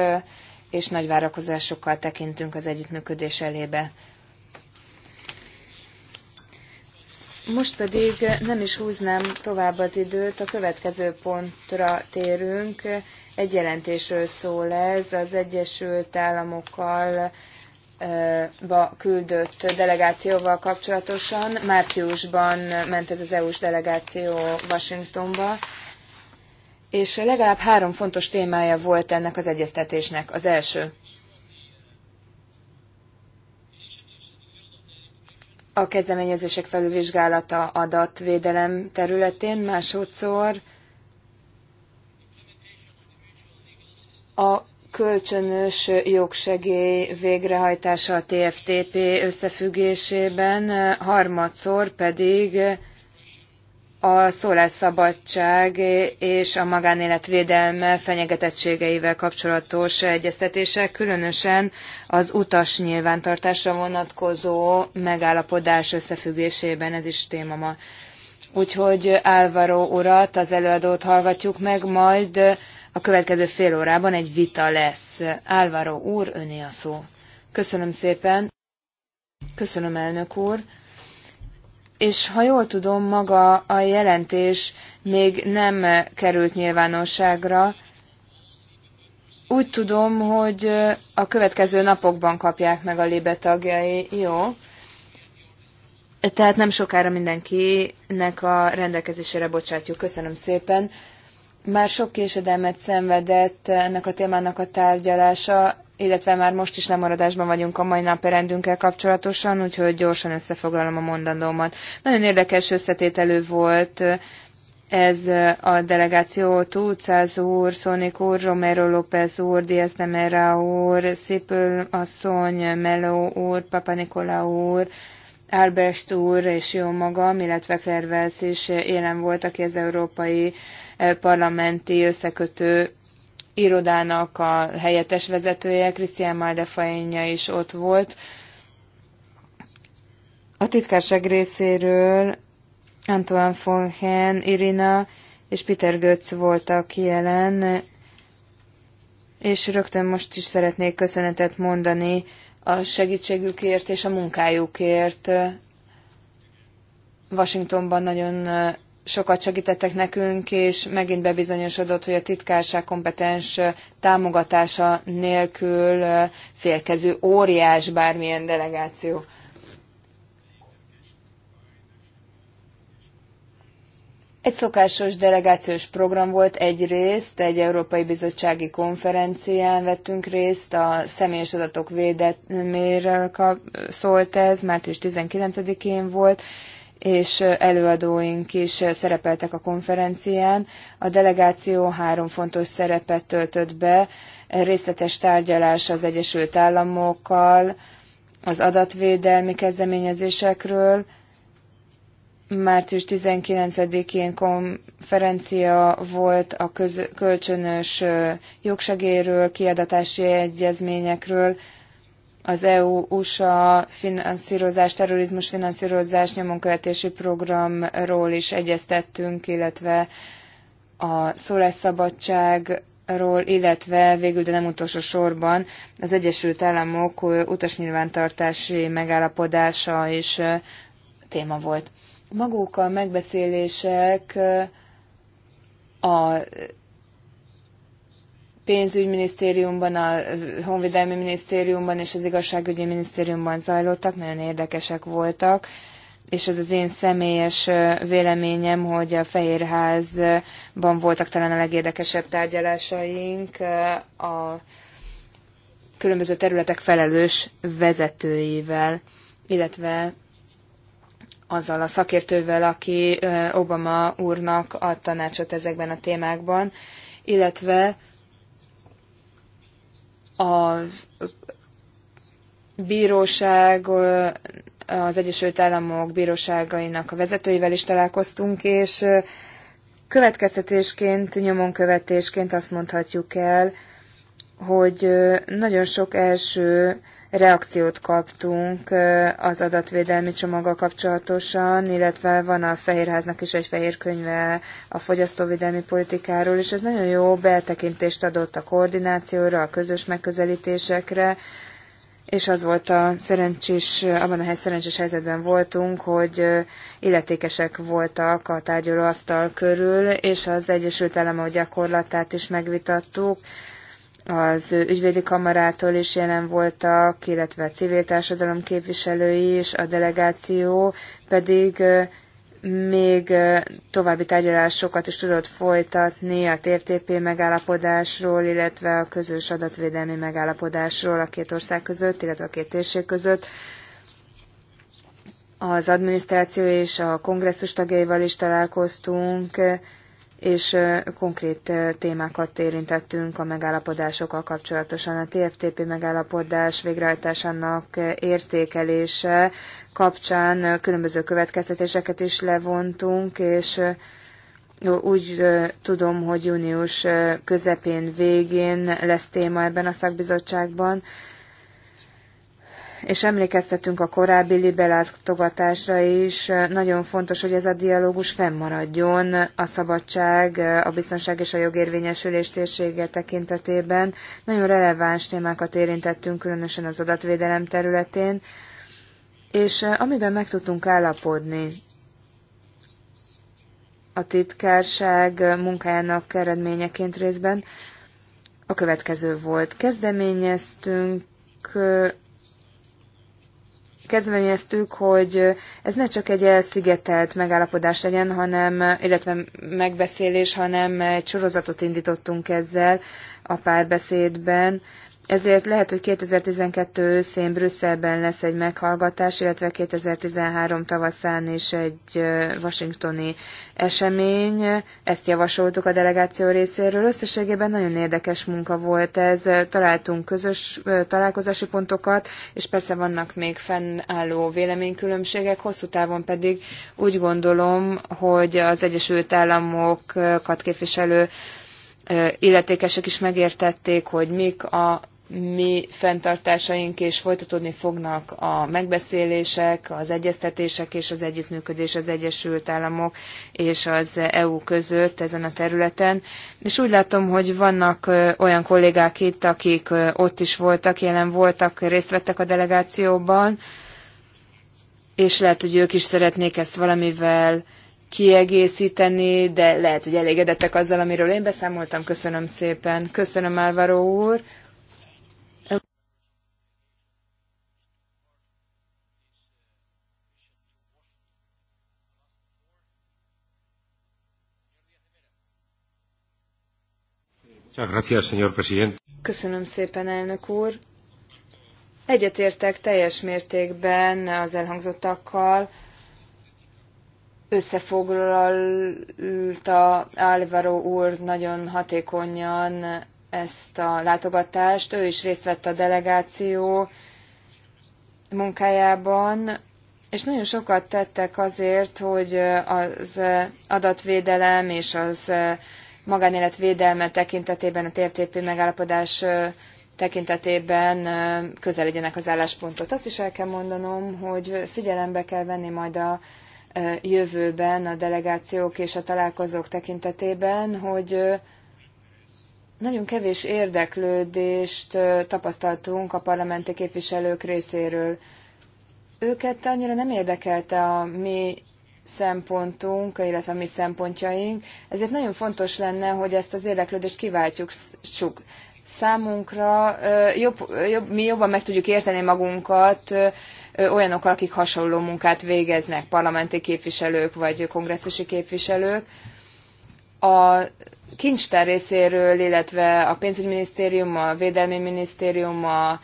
és nagy várakozásokkal tekintünk az együttműködés elébe. Most pedig nem is húznám tovább az időt, a következő pontra térünk. Egy jelentésről szól ez, az Egyesült Államokkal eh, ba küldött delegációval kapcsolatosan. Márciusban ment ez az EU-s delegáció Washingtonba, és legalább három fontos témája volt ennek az egyeztetésnek. Az első, a kezdeményezések felülvizsgálata adatvédelem területén, másodszor a kölcsönös jogsegély végrehajtása a TFTP összefüggésében, harmadszor pedig a szólásszabadság és a magánélet védelme fenyegetettségeivel kapcsolatos egyeztetések, különösen az utas nyilvántartásra vonatkozó megállapodás összefüggésében ez is téma ma. Úgyhogy Álvaro urat, az előadót hallgatjuk meg, majd a következő fél órában egy vita lesz. Álvaro úr, öné a szó. Köszönöm szépen. Köszönöm, elnök úr és ha jól tudom, maga a jelentés még nem került nyilvánosságra. Úgy tudom, hogy a következő napokban kapják meg a Libe tagjai. Jó. Tehát nem sokára mindenkinek a rendelkezésére bocsátjuk. Köszönöm szépen. Már sok késedelmet szenvedett ennek a témának a tárgyalása illetve már most is lemaradásban vagyunk a mai napi rendünkkel kapcsolatosan, úgyhogy gyorsan összefoglalom a mondandómat. Nagyon érdekes összetételő volt ez a delegáció Túcáz úr, Szónik úr, Romero López úr, Diaz de úr, Szipül asszony, Melo, úr, Papa Nikola úr, Albert úr és jó magam, illetve Claire Wells is élen volt, aki az Európai Parlamenti Összekötő irodának a helyettes vezetője, Krisztián Máldefainja is ott volt. A titkárság részéről Antoine Fonhen, Irina és Peter Götz voltak jelen, és rögtön most is szeretnék köszönetet mondani a segítségükért és a munkájukért. Washingtonban nagyon sokat segítettek nekünk, és megint bebizonyosodott, hogy a titkárság kompetens támogatása nélkül félkező óriás bármilyen delegáció. Egy szokásos delegációs program volt egyrészt, egy Európai Bizottsági konferencián vettünk részt, a személyes adatok védelméről szólt ez, március 19-én volt, és előadóink is szerepeltek a konferencián. A delegáció három fontos szerepet töltött be, részletes tárgyalás az Egyesült Államokkal, az adatvédelmi kezdeményezésekről, március 19-én konferencia volt a köz- kölcsönös jogsegéről, kiadatási egyezményekről, az EU-USA finanszírozás, terrorizmus finanszírozás nyomonkövetési programról is egyeztettünk, illetve a szólásszabadságról, illetve végül, de nem utolsó sorban az Egyesült Államok utasnyilvántartási megállapodása is téma volt. Maguk a megbeszélések a pénzügyminisztériumban, a honvédelmi minisztériumban és az igazságügyi minisztériumban zajlottak, nagyon érdekesek voltak, és ez az én személyes véleményem, hogy a Fehérházban voltak talán a legérdekesebb tárgyalásaink a különböző területek felelős vezetőivel, illetve azzal a szakértővel, aki Obama úrnak ad tanácsot ezekben a témákban, illetve a bíróság, az Egyesült Államok bíróságainak a vezetőivel is találkoztunk, és következtetésként, nyomonkövetésként azt mondhatjuk el, hogy nagyon sok első reakciót kaptunk az adatvédelmi csomaga kapcsolatosan, illetve van a Fehérháznak is egy fehér könyve a fogyasztóvédelmi politikáról, és ez nagyon jó betekintést adott a koordinációra, a közös megközelítésekre, és az volt a szerencsés, abban a hely szerencsés helyzetben voltunk, hogy illetékesek voltak a tárgyalóasztal körül, és az Egyesült Államok gyakorlatát is megvitattuk, az ügyvédi kamarától is jelen voltak, illetve a civil társadalom képviselői is, a delegáció pedig még további tárgyalásokat is tudott folytatni a TTP megállapodásról, illetve a közös adatvédelmi megállapodásról a két ország között, illetve a két térség között. Az adminisztráció és a kongresszus tagjaival is találkoztunk, és konkrét témákat érintettünk a megállapodásokkal kapcsolatosan. A TFTP megállapodás végrehajtásának értékelése kapcsán különböző következtetéseket is levontunk, és úgy tudom, hogy június közepén, végén lesz téma ebben a szakbizottságban és emlékeztetünk a korábbi libelátogatásra is, nagyon fontos, hogy ez a dialógus fennmaradjon a szabadság, a biztonság és a jogérvényesülés térsége tekintetében. Nagyon releváns témákat érintettünk, különösen az adatvédelem területén, és eh, amiben meg tudtunk állapodni, a titkárság munkájának eredményeként részben, a következő volt. Kezdeményeztünk eh, kezdeményeztük, hogy ez ne csak egy elszigetelt megállapodás legyen, hanem, illetve megbeszélés, hanem egy sorozatot indítottunk ezzel a párbeszédben, ezért lehet, hogy 2012 őszén Brüsszelben lesz egy meghallgatás, illetve 2013 tavaszán is egy washingtoni esemény. Ezt javasoltuk a delegáció részéről. Összességében nagyon érdekes munka volt ez. Találtunk közös találkozási pontokat, és persze vannak még fennálló véleménykülönbségek. Hosszú távon pedig úgy gondolom, hogy az Egyesült Államokat képviselő illetékesek is megértették, hogy mik a mi fenntartásaink, és folytatódni fognak a megbeszélések, az egyeztetések és az együttműködés az Egyesült Államok és az EU között ezen a területen. És úgy látom, hogy vannak olyan kollégák itt, akik ott is voltak, jelen voltak, részt vettek a delegációban, és lehet, hogy ők is szeretnék ezt valamivel kiegészíteni, de lehet, hogy elégedettek azzal, amiről én beszámoltam. Köszönöm szépen. Köszönöm, Álvaro úr. Köszönöm szépen, elnök úr. Egyetértek teljes mértékben az elhangzottakkal. Összefoglalta Álvaro úr nagyon hatékonyan ezt a látogatást. Ő is részt vett a delegáció munkájában, és nagyon sokat tettek azért, hogy az adatvédelem és az magánélet védelme tekintetében, a TFTP megállapodás tekintetében közel legyenek az álláspontot. Azt is el kell mondanom, hogy figyelembe kell venni majd a jövőben a delegációk és a találkozók tekintetében, hogy nagyon kevés érdeklődést tapasztaltunk a parlamenti képviselők részéről. Őket annyira nem érdekelte a mi szempontunk, illetve a mi szempontjaink, ezért nagyon fontos lenne, hogy ezt az érdeklődést kiváltjuk. Számunkra jobb, jobb, mi jobban meg tudjuk érteni magunkat olyanokkal, akik hasonló munkát végeznek, parlamenti képviselők vagy kongresszusi képviselők. A kincstár részéről, illetve a pénzügyminisztérium, a védelmi minisztérium, a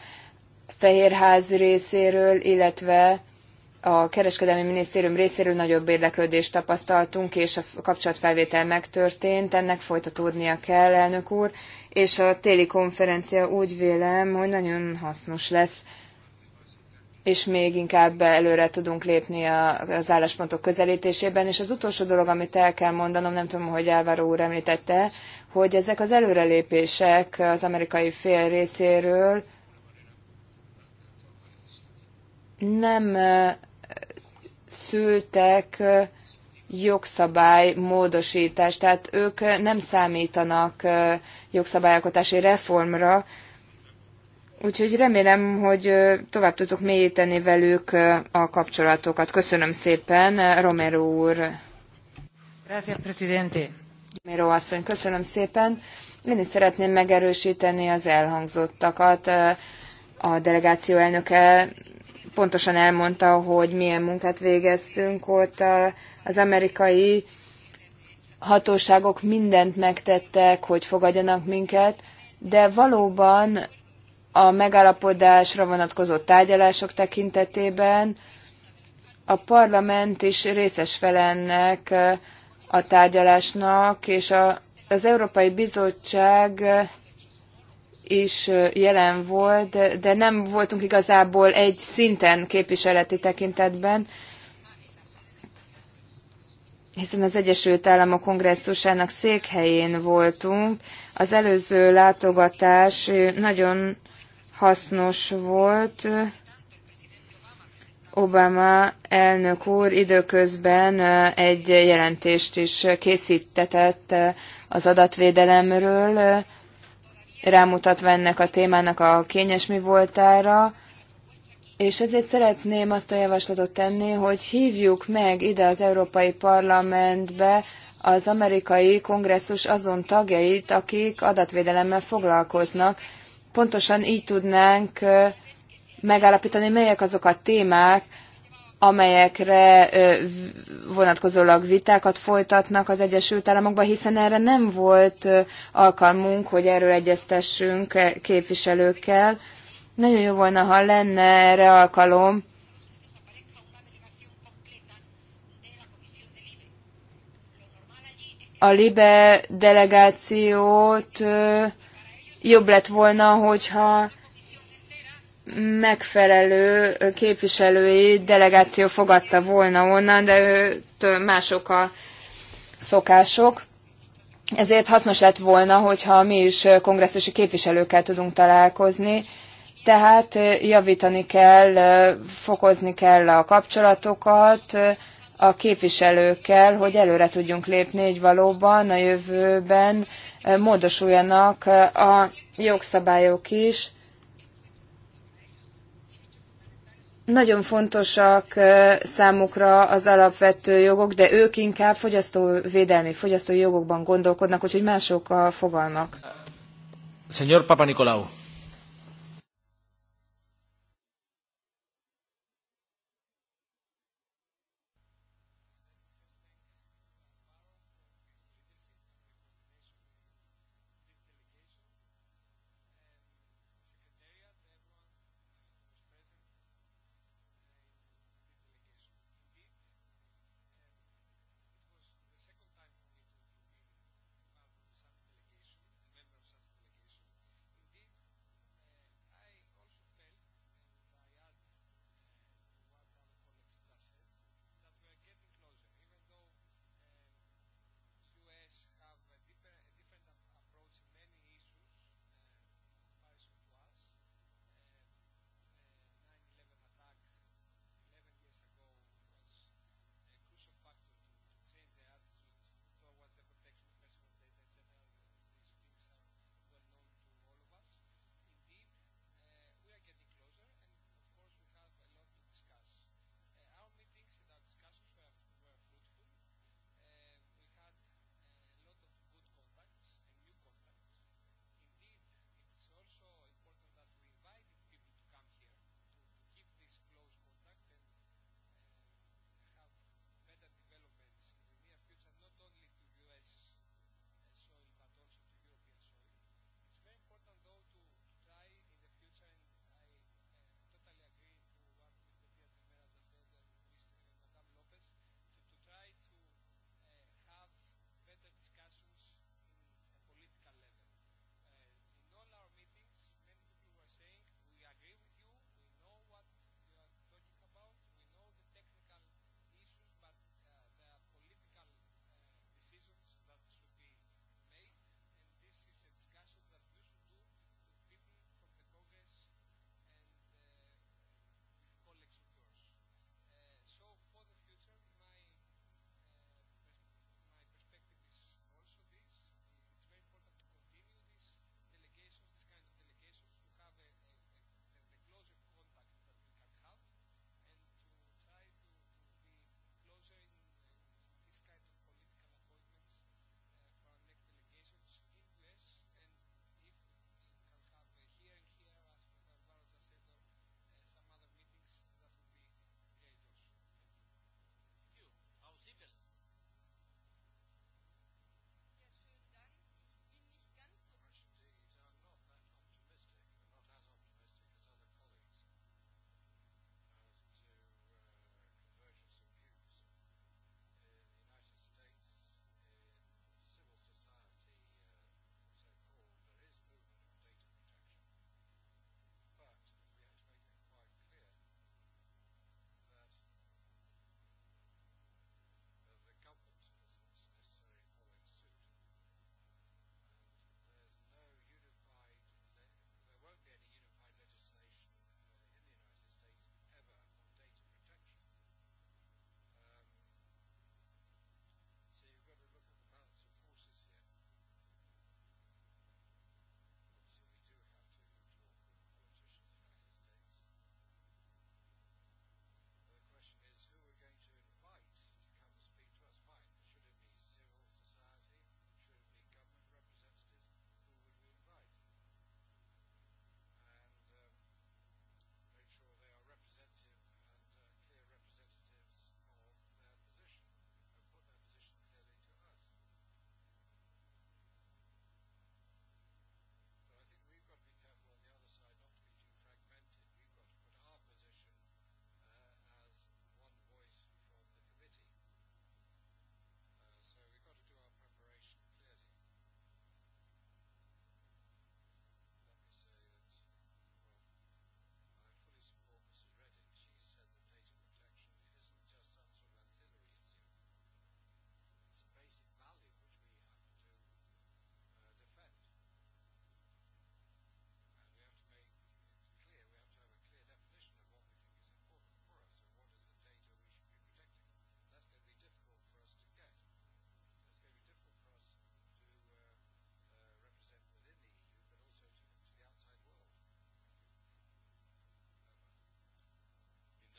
Fehérház részéről, illetve a kereskedelmi minisztérium részéről nagyobb érdeklődést tapasztaltunk, és a kapcsolatfelvétel megtörtént, ennek folytatódnia kell, elnök úr, és a téli konferencia úgy vélem, hogy nagyon hasznos lesz, és még inkább előre tudunk lépni az álláspontok közelítésében. És az utolsó dolog, amit el kell mondanom, nem tudom, hogy Álvaro úr említette, hogy ezek az előrelépések az amerikai fél részéről nem szültek jogszabály módosítás, tehát ők nem számítanak jogszabályalkotási reformra, úgyhogy remélem, hogy tovább tudtuk mélyíteni velük a kapcsolatokat. Köszönöm szépen, Romero úr. Gracias, presidente. Romero asszony, köszönöm szépen. Én is szeretném megerősíteni az elhangzottakat. A delegáció elnöke pontosan elmondta, hogy milyen munkát végeztünk ott. Az amerikai hatóságok mindent megtettek, hogy fogadjanak minket, de valóban a megállapodásra vonatkozó tárgyalások tekintetében a parlament is részes ennek eh, a tárgyalásnak, és a, az Európai Bizottság eh, is jelen volt, de nem voltunk igazából egy szinten képviseleti tekintetben, hiszen az Egyesült Államok kongresszusának székhelyén voltunk. Az előző látogatás nagyon hasznos volt. Obama elnök úr időközben egy jelentést is készítetett az adatvédelemről, rámutatva ennek a témának a kényes mi voltára, és ezért szeretném azt a javaslatot tenni, hogy hívjuk meg ide az Európai Parlamentbe az amerikai kongresszus azon tagjait, akik adatvédelemmel foglalkoznak. Pontosan így tudnánk megállapítani, melyek azok a témák, amelyekre vonatkozólag vitákat folytatnak az Egyesült Államokban, hiszen erre nem volt alkalmunk, hogy erről egyeztessünk e, képviselőkkel. Nagyon jó volna, ha lenne erre alkalom. A Libe delegációt jobb lett volna, hogyha megfelelő képviselői delegáció fogadta volna onnan, de őt mások a szokások. Ezért hasznos lett volna, hogyha mi is kongresszusi képviselőkkel tudunk találkozni, tehát javítani kell, fokozni kell a kapcsolatokat a képviselőkkel, hogy előre tudjunk lépni, így valóban a jövőben módosuljanak a jogszabályok is, Nagyon fontosak számukra az alapvető jogok, de ők inkább fogyasztóvédelmi, fogyasztói jogokban gondolkodnak, úgyhogy mások a fogalmak. Señor Papa Nicolau.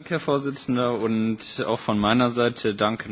Dank, Herr Vorsitzender, und auch von meiner Seite danke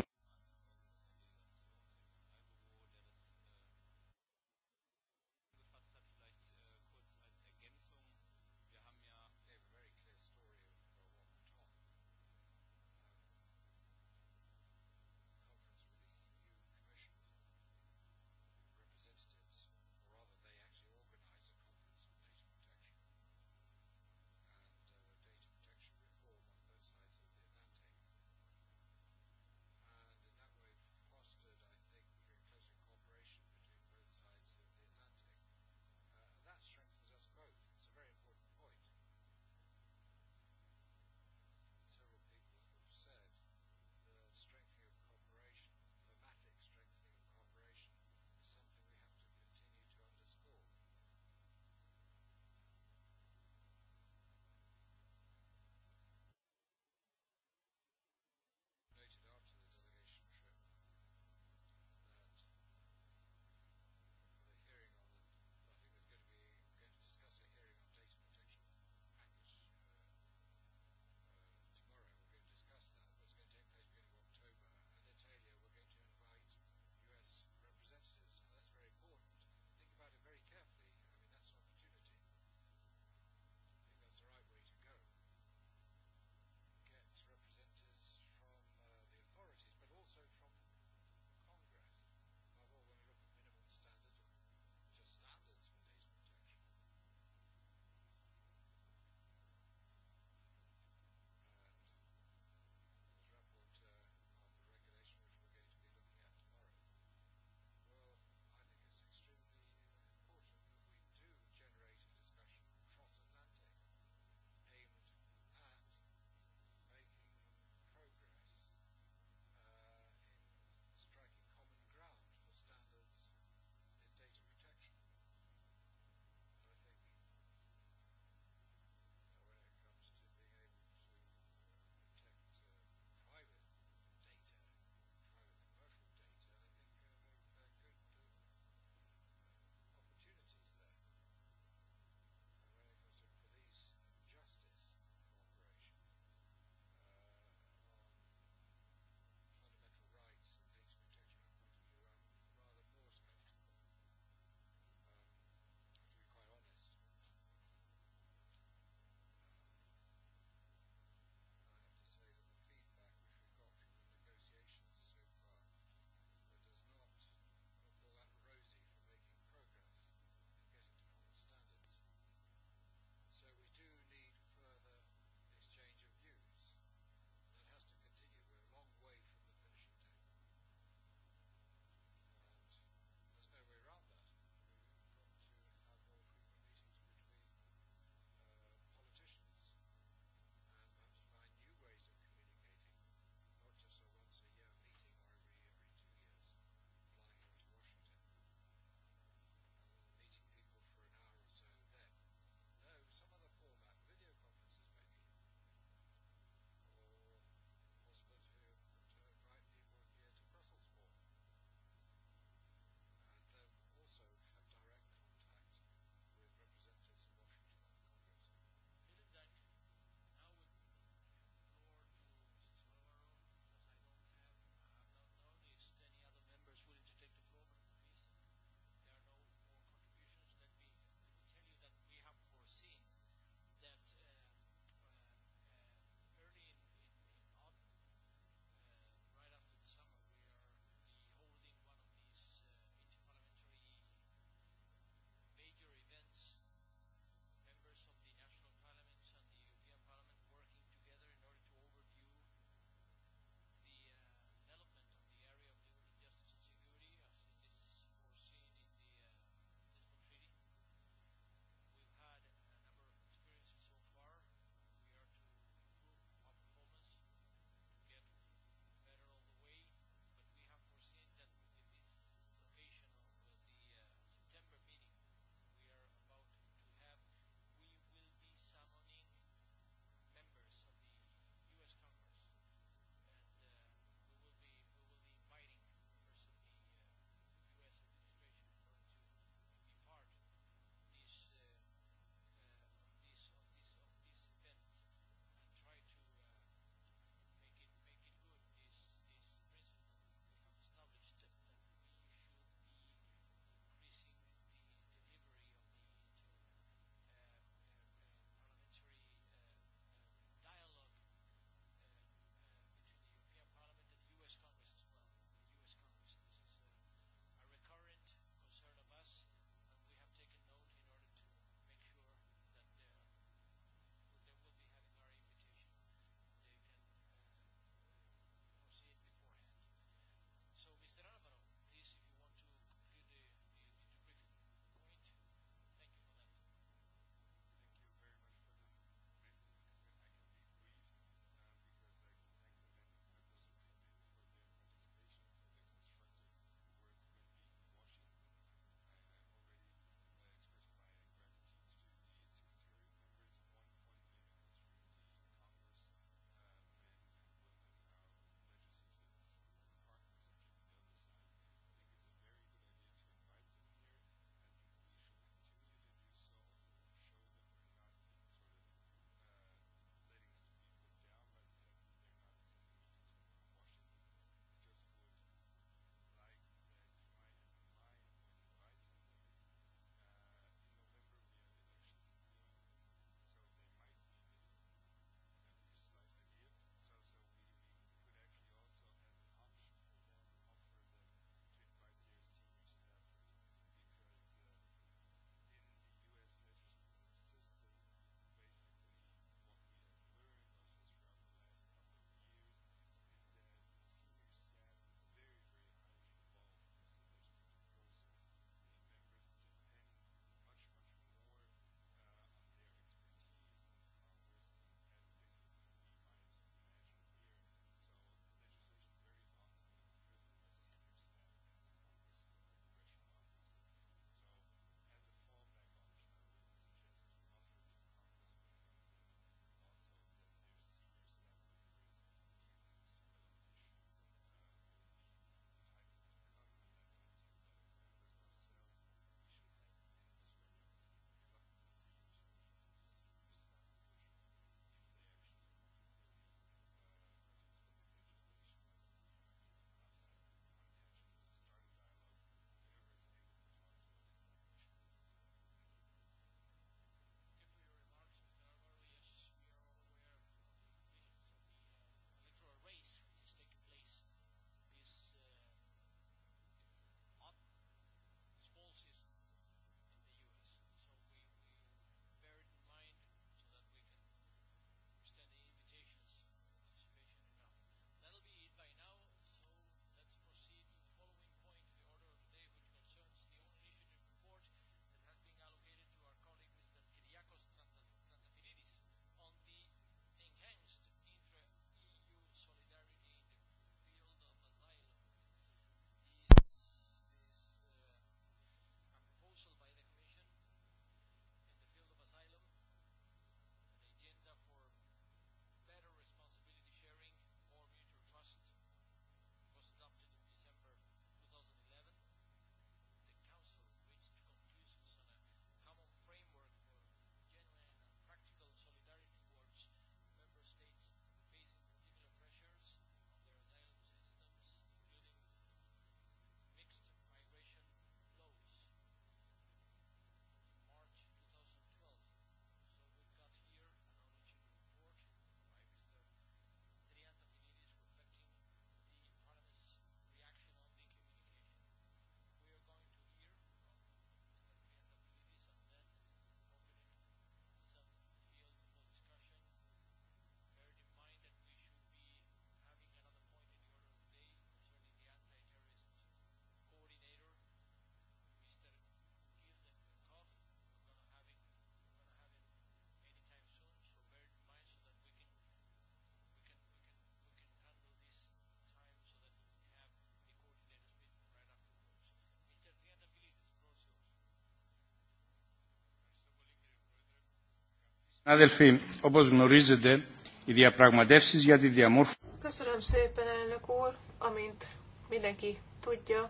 Αδελφοί, όπως γνωρίζετε, οι διαπραγματεύσεις για τη διαμόρφωση... Köszönöm szépen, elnök úr, amint mindenki tudja,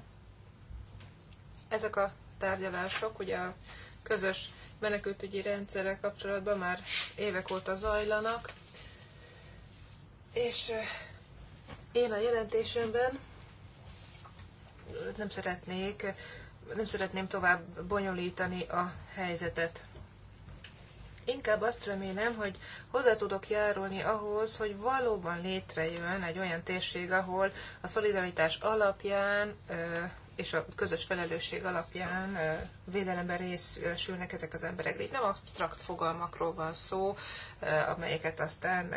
ezek a tárgyalások, ugye a közös menekültügyi rendszerrel kapcsolatban már évek óta zajlanak, és én a jelentésemben nem szeretnék, nem szeretném tovább bonyolítani a helyzetet. Inkább azt remélem, hogy hozzá tudok járulni ahhoz, hogy valóban létrejön egy olyan térség, ahol a szolidaritás alapján és a közös felelősség alapján védelemben részülnek ezek az emberek. itt nem absztrakt fogalmakról van szó, amelyeket aztán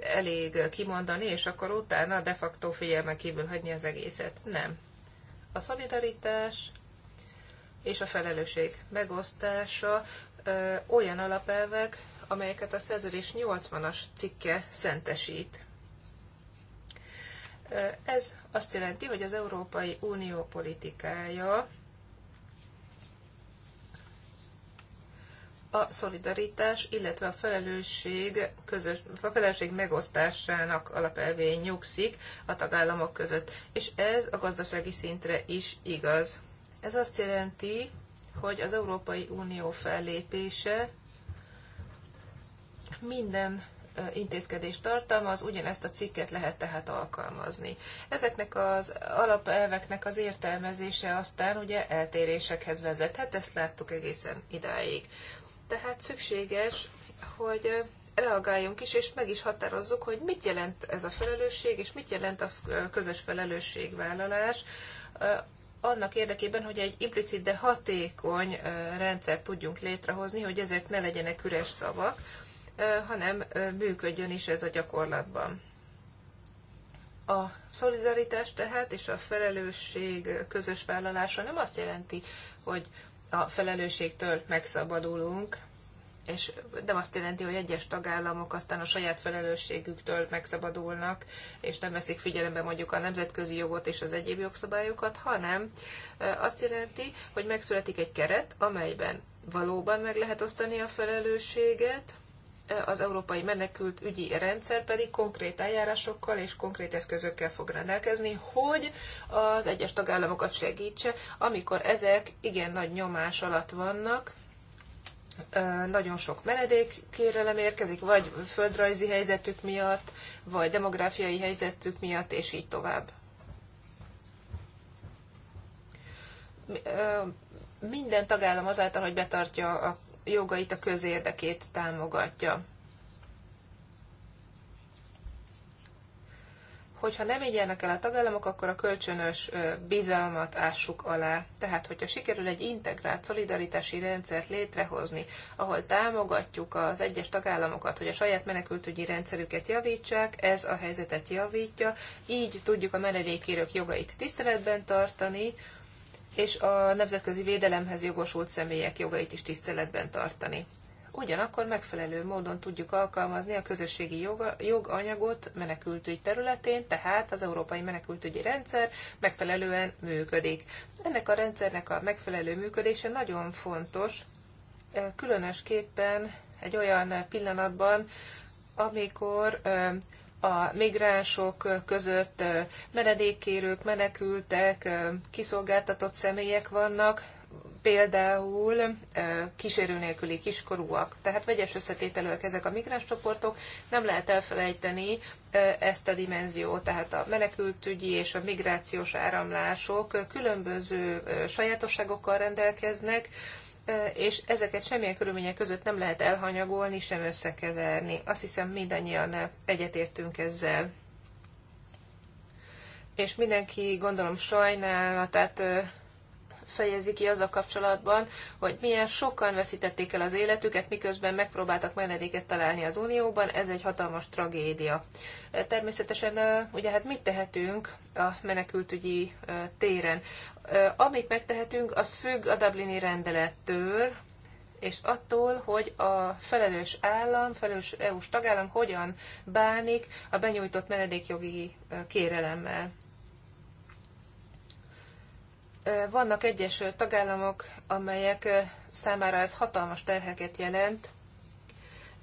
elég kimondani, és akkor utána de facto figyelmen kívül hagyni az egészet. Nem. A szolidaritás és a felelősség megosztása olyan alapelvek, amelyeket a szerződés 80-as cikke szentesít. Ez azt jelenti, hogy az Európai Unió politikája a szolidaritás, illetve a felelősség, közös, a felelősség megosztásának alapelvén nyugszik a tagállamok között. És ez a gazdasági szintre is igaz. Ez azt jelenti, hogy az Európai Unió fellépése minden intézkedést tartalmaz, ugyanezt a cikket lehet tehát alkalmazni. Ezeknek az alapelveknek az értelmezése aztán ugye eltérésekhez vezethet, ezt láttuk egészen idáig. Tehát szükséges, hogy reagáljunk is, és meg is határozzuk, hogy mit jelent ez a felelősség, és mit jelent a közös felelősségvállalás annak érdekében, hogy egy implicit, de hatékony rendszert tudjunk létrehozni, hogy ezek ne legyenek üres szavak, hanem működjön is ez a gyakorlatban. A szolidaritás tehát és a felelősség közös vállalása nem azt jelenti, hogy a felelősségtől megszabadulunk, és nem azt jelenti, hogy egyes tagállamok aztán a saját felelősségüktől megszabadulnak, és nem veszik figyelembe mondjuk a nemzetközi jogot és az egyéb jogszabályokat, hanem azt jelenti, hogy megszületik egy keret, amelyben valóban meg lehet osztani a felelősséget, az európai menekült ügyi rendszer pedig konkrét eljárásokkal és konkrét eszközökkel fog rendelkezni, hogy az egyes tagállamokat segítse, amikor ezek igen nagy nyomás alatt vannak, nagyon sok menedék kérelem érkezik, vagy földrajzi helyzetük miatt, vagy demográfiai helyzetük miatt, és így tovább. Minden tagállam azáltal, hogy betartja a jogait, a közérdekét támogatja. hogyha nem így járnak el a tagállamok, akkor a kölcsönös bizalmat ássuk alá. Tehát, hogyha sikerül egy integrált szolidaritási rendszert létrehozni, ahol támogatjuk az egyes tagállamokat, hogy a saját menekültügyi rendszerüket javítsák, ez a helyzetet javítja, így tudjuk a menedékérők jogait tiszteletben tartani, és a nemzetközi védelemhez jogosult személyek jogait is tiszteletben tartani ugyanakkor megfelelő módon tudjuk alkalmazni a közösségi joga, joganyagot menekültügy területén, tehát az európai menekültügyi rendszer megfelelően működik. Ennek a rendszernek a megfelelő működése nagyon fontos, eh, különösképpen egy olyan pillanatban, amikor eh, a migránsok között eh, menedékkérők, menekültek, kiszolgáltatott személyek vannak, például kísérő nélküli kiskorúak. Tehát vegyes összetételőek ezek a migráns csoportok, nem lehet elfelejteni ezt a dimenziót, tehát a menekültügyi és a migrációs áramlások különböző sajátosságokkal rendelkeznek, és ezeket semmilyen körülmények között nem lehet elhanyagolni, sem összekeverni. Azt hiszem mindannyian egyetértünk ezzel. És mindenki gondolom sajnálatát fejezi ki az a kapcsolatban, hogy milyen sokan veszítették el az életüket, miközben megpróbáltak menedéket találni az Unióban. Ez egy hatalmas tragédia. E, természetesen e, ugye hát mit tehetünk a menekültügyi e, téren? Amit megtehetünk, az függ a Dublini rendelettől, és attól, hogy a felelős állam, felelős EU-s tagállam hogyan bánik a benyújtott menedékjogi kérelemmel. Vannak egyes tagállamok, amelyek számára ez hatalmas terheket jelent,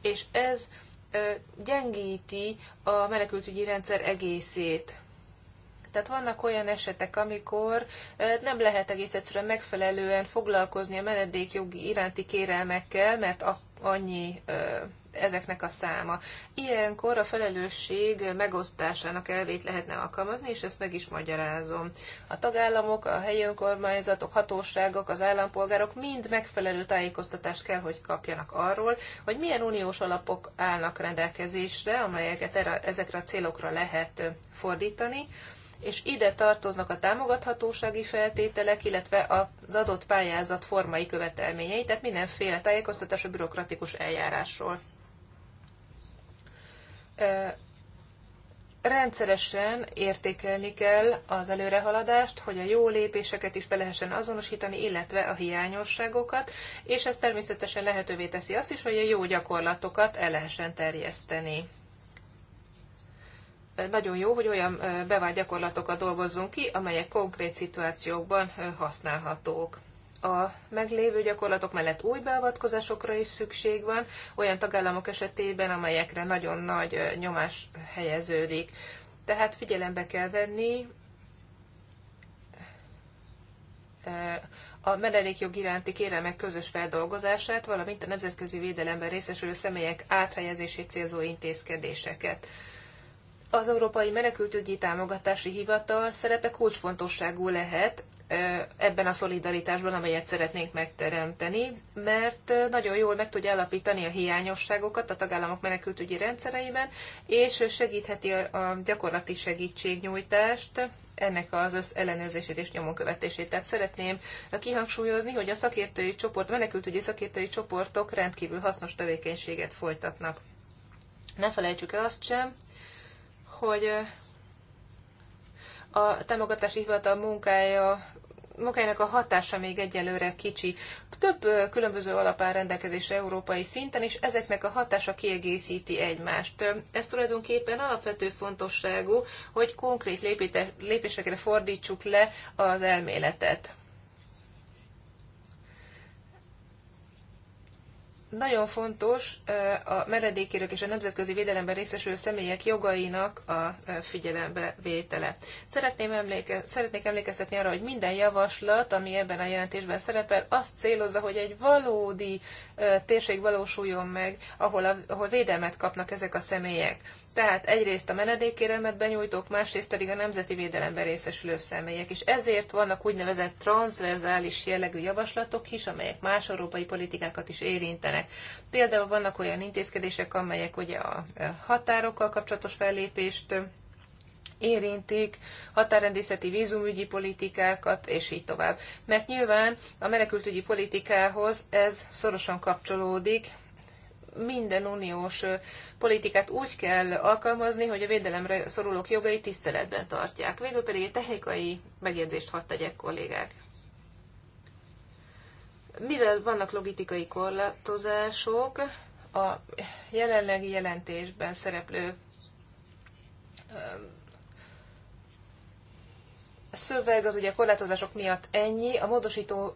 és ez gyengíti a menekültügyi rendszer egészét. Tehát vannak olyan esetek, amikor nem lehet egész egyszerűen megfelelően foglalkozni a menedékjogi iránti kérelmekkel, mert akkor annyi ezeknek a száma. Ilyenkor a felelősség megosztásának elvét lehetne alkalmazni, és ezt meg is magyarázom. A tagállamok, a helyi önkormányzatok, hatóságok, az állampolgárok mind megfelelő tájékoztatást kell, hogy kapjanak arról, hogy milyen uniós alapok állnak rendelkezésre, amelyeket erre, ezekre a célokra lehet fordítani, és ide tartoznak a támogathatósági feltételek, illetve az adott pályázat formai követelményei, tehát mindenféle tájékoztatás a bürokratikus eljárásról. Rendszeresen értékelni kell az előrehaladást, hogy a jó lépéseket is be lehessen azonosítani, illetve a hiányosságokat, és ez természetesen lehetővé teszi azt is, hogy a jó gyakorlatokat el lehessen terjeszteni nagyon jó, hogy olyan bevált gyakorlatokat dolgozzunk ki, amelyek konkrét szituációkban használhatók. A meglévő gyakorlatok mellett új beavatkozásokra is szükség van, olyan tagállamok esetében, amelyekre nagyon nagy nyomás helyeződik. Tehát figyelembe kell venni a menedékjog iránti kérelmek közös feldolgozását, valamint a nemzetközi védelemben részesülő személyek áthelyezését célzó intézkedéseket az Európai Menekültügyi Támogatási Hivatal szerepe kulcsfontosságú lehet ebben a szolidaritásban, amelyet szeretnénk megteremteni, mert nagyon jól meg tudja állapítani a hiányosságokat a tagállamok menekültügyi rendszereiben, és segítheti a gyakorlati segítségnyújtást ennek az össz ellenőrzését és nyomon követését. Tehát szeretném kihangsúlyozni, hogy a szakértői csoport, menekültügyi szakértői csoportok rendkívül hasznos tevékenységet folytatnak. Ne felejtsük el azt sem, hogy a támogatási hivatal munkája munkájának a hatása még egyelőre kicsi. Több különböző alap áll rendelkezésre európai szinten, és ezeknek a hatása kiegészíti egymást. Ez tulajdonképpen alapvető fontosságú, hogy konkrét lépésekre fordítsuk le az elméletet. nagyon fontos a menedékérők és a nemzetközi védelemben részesülő személyek jogainak a figyelembe vétele. Szeretném emléke, szeretnék emlékeztetni arra, hogy minden javaslat, ami ebben a jelentésben szerepel, azt célozza, hogy egy valódi térség valósuljon meg, ahol, a, ahol védelmet kapnak ezek a személyek. Tehát egyrészt a menedékkérelmet benyújtók, másrészt pedig a nemzeti védelemben részesülő személyek. És ezért vannak úgynevezett transzverzális jellegű javaslatok is, amelyek más európai politikákat is érintenek. Például vannak olyan intézkedések, amelyek ugye a határokkal kapcsolatos fellépést érintik, határrendészeti vízumügyi politikákat, és így tovább. Mert nyilván a menekültügyi politikához ez szorosan kapcsolódik, minden uniós politikát úgy kell alkalmazni, hogy a védelemre szorulók jogai tiszteletben tartják. Végül pedig egy technikai megjegyzést hadd tegyek, kollégák. Mivel vannak logikai korlátozások, a jelenlegi jelentésben szereplő szöveg az ugye a korlátozások miatt ennyi, a módosító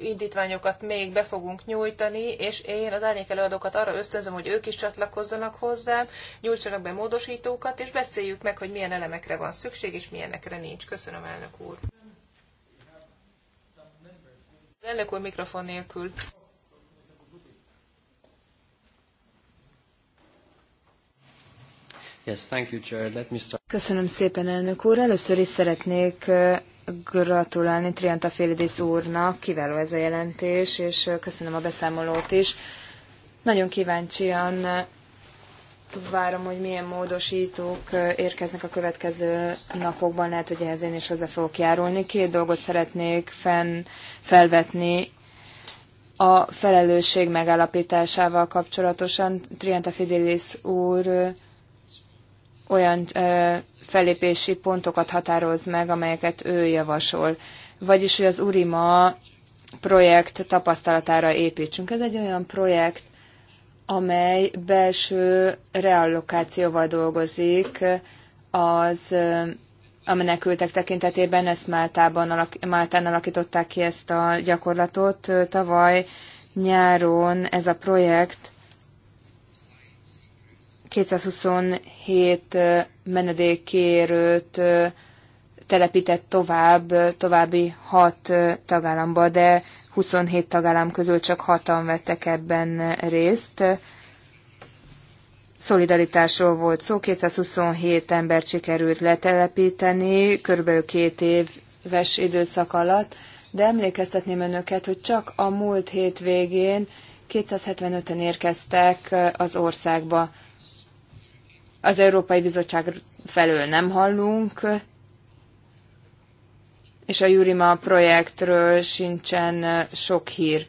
indítványokat még be fogunk nyújtani, és én az árnyék előadókat arra ösztönzöm, hogy ők is csatlakozzanak hozzá, nyújtsanak be módosítókat, és beszéljük meg, hogy milyen elemekre van szükség, és milyenekre nincs. Köszönöm, elnök úr. Elnök úr mikrofon nélkül. Yes, thank you, Chair. Let me start. Köszönöm szépen, elnök úr. Először is szeretnék gratulálni Trianta Félidész úrnak, kiváló ez a jelentés, és köszönöm a beszámolót is. Nagyon kíváncsian várom, hogy milyen módosítók érkeznek a következő napokban, lehet, hogy ehhez én is hozzá fogok járulni. Két dolgot szeretnék fenn, felvetni a felelősség megállapításával kapcsolatosan. Trianta Fidelis úr olyan ö, felépési pontokat határoz meg, amelyeket ő javasol. Vagyis, hogy az Urima projekt tapasztalatára építsünk. Ez egy olyan projekt, amely belső reallokációval dolgozik az a menekültek tekintetében, ezt Máltában alak, Máltán alakították ki ezt a gyakorlatot. Tavaly nyáron ez a projekt 227 menedékkérőt telepített tovább, további 6 tagállamba, de 27 tagállam közül csak 6-an vettek ebben részt. Szolidaritásról volt szó, 227 embert sikerült letelepíteni, körülbelül két éves időszak alatt, de emlékeztetném önöket, hogy csak a múlt hétvégén 275-en érkeztek az országba. Az Európai Bizottság felől nem hallunk, és a Jurima projektről sincsen sok hír.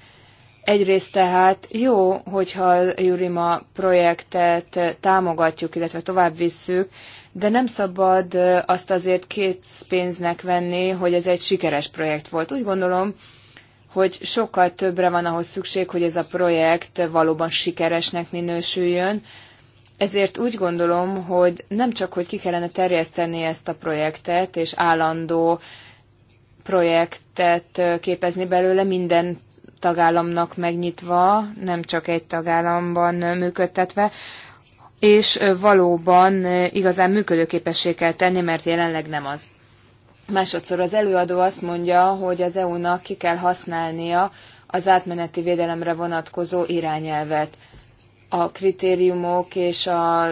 Egyrészt tehát jó, hogyha a Jurima projektet támogatjuk, illetve tovább visszük, de nem szabad azt azért két pénznek venni, hogy ez egy sikeres projekt volt. Úgy gondolom, hogy sokkal többre van ahhoz szükség, hogy ez a projekt valóban sikeresnek minősüljön, ezért úgy gondolom, hogy nem csak, hogy ki kellene terjeszteni ezt a projektet, és állandó projektet képezni belőle minden tagállamnak megnyitva, nem csak egy tagállamban működtetve, és valóban igazán működőképessé kell tenni, mert jelenleg nem az. Másodszor az előadó azt mondja, hogy az EU-nak ki kell használnia az átmeneti védelemre vonatkozó irányelvet a kritériumok és a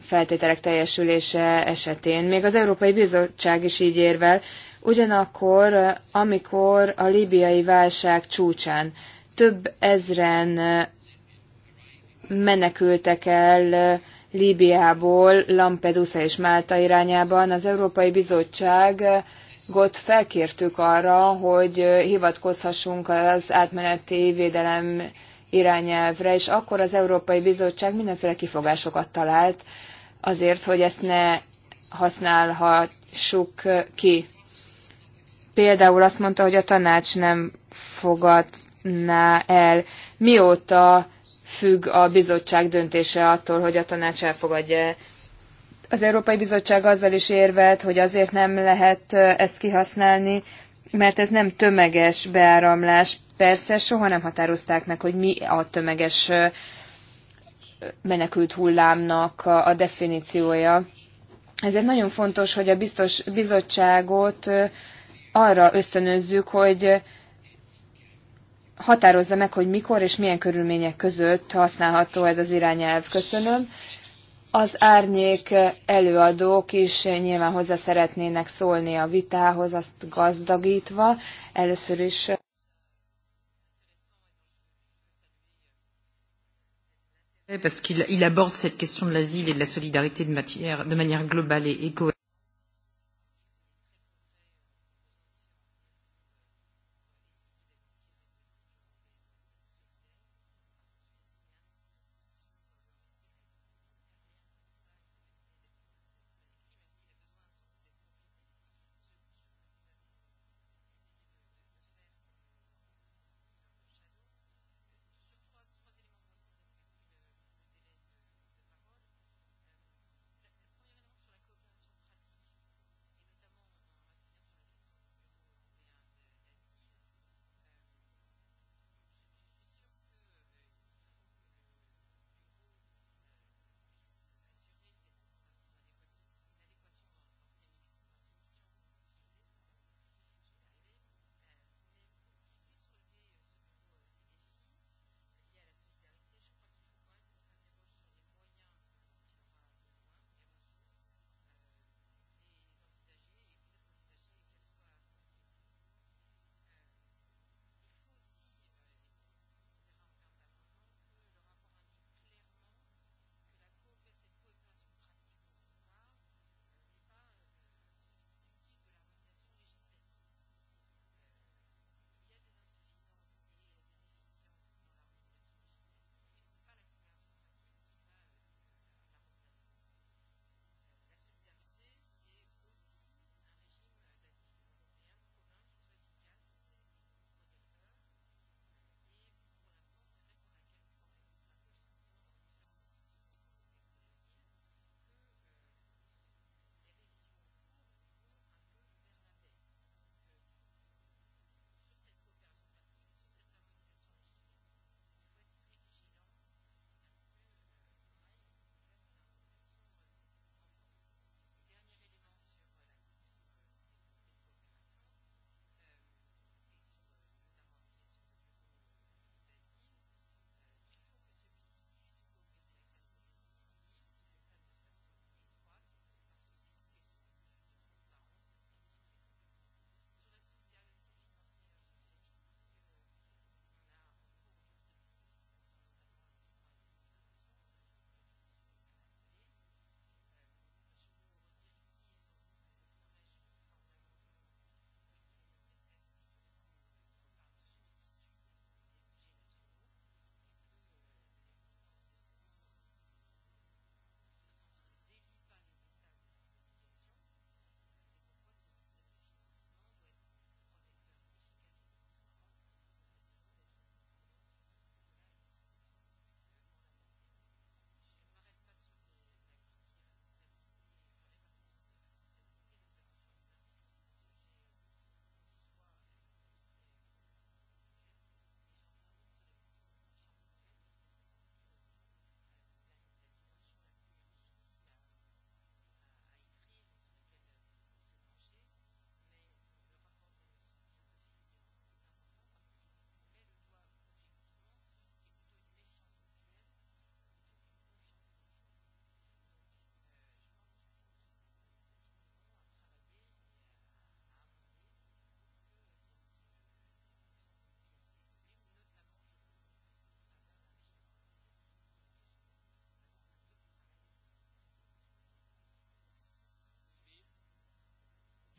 feltételek teljesülése esetén. Még az Európai Bizottság is így érvel, ugyanakkor, amikor a líbiai válság csúcsán több ezren menekültek el Líbiából Lampedusa és Málta irányában, az Európai Bizottság Gott felkértük arra, hogy hivatkozhassunk az átmeneti védelem irányelvre, és akkor az Európai Bizottság mindenféle kifogásokat talált azért, hogy ezt ne használhassuk ki. Például azt mondta, hogy a tanács nem fogadná el, mióta függ a bizottság döntése attól, hogy a tanács elfogadja az Európai Bizottság azzal is érvelt, hogy azért nem lehet ezt kihasználni, mert ez nem tömeges beáramlás, Persze soha nem határozták meg, hogy mi a tömeges menekült hullámnak a definíciója. Ezért nagyon fontos, hogy a biztos bizottságot arra ösztönözzük, hogy határozza meg, hogy mikor és milyen körülmények között használható ez az irányelv. Köszönöm. Az árnyék előadók is nyilván hozzá szeretnének szólni a vitához, azt gazdagítva. Először is Parce qu'il aborde cette question de l'asile et de la solidarité de, matière, de manière globale et, et cohérente.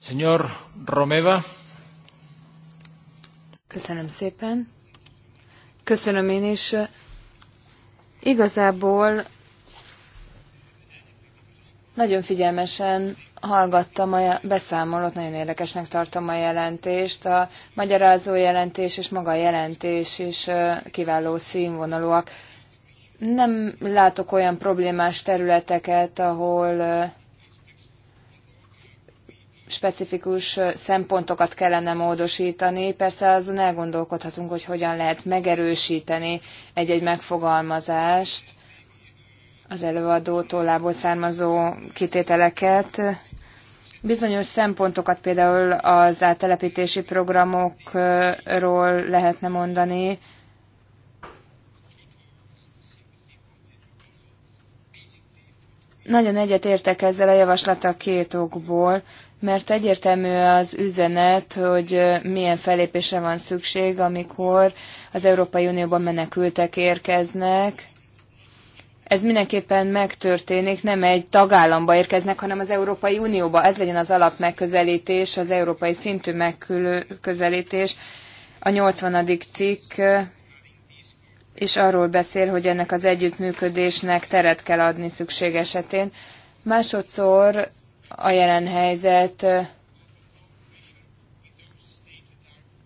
Senyor Romeva. Köszönöm szépen. Köszönöm én is. Igazából nagyon figyelmesen hallgattam a beszámolót, nagyon érdekesnek tartom a jelentést. A magyarázó jelentés és maga a jelentés is kiváló színvonalúak. Nem látok olyan problémás területeket, ahol specifikus szempontokat kellene módosítani. Persze azon elgondolkodhatunk, hogy hogyan lehet megerősíteni egy-egy megfogalmazást, az előadó tollából származó kitételeket. Bizonyos szempontokat például az áttelepítési programokról lehetne mondani, Nagyon egyet értek ezzel a javaslattal két okból mert egyértelmű az üzenet, hogy milyen felépésre van szükség, amikor az Európai Unióban menekültek érkeznek. Ez mindenképpen megtörténik, nem egy tagállamba érkeznek, hanem az Európai Unióba. Ez legyen az alap megközelítés, az európai szintű megközelítés. A 80. cikk és arról beszél, hogy ennek az együttműködésnek teret kell adni szükség esetén. Másodszor a jelen helyzet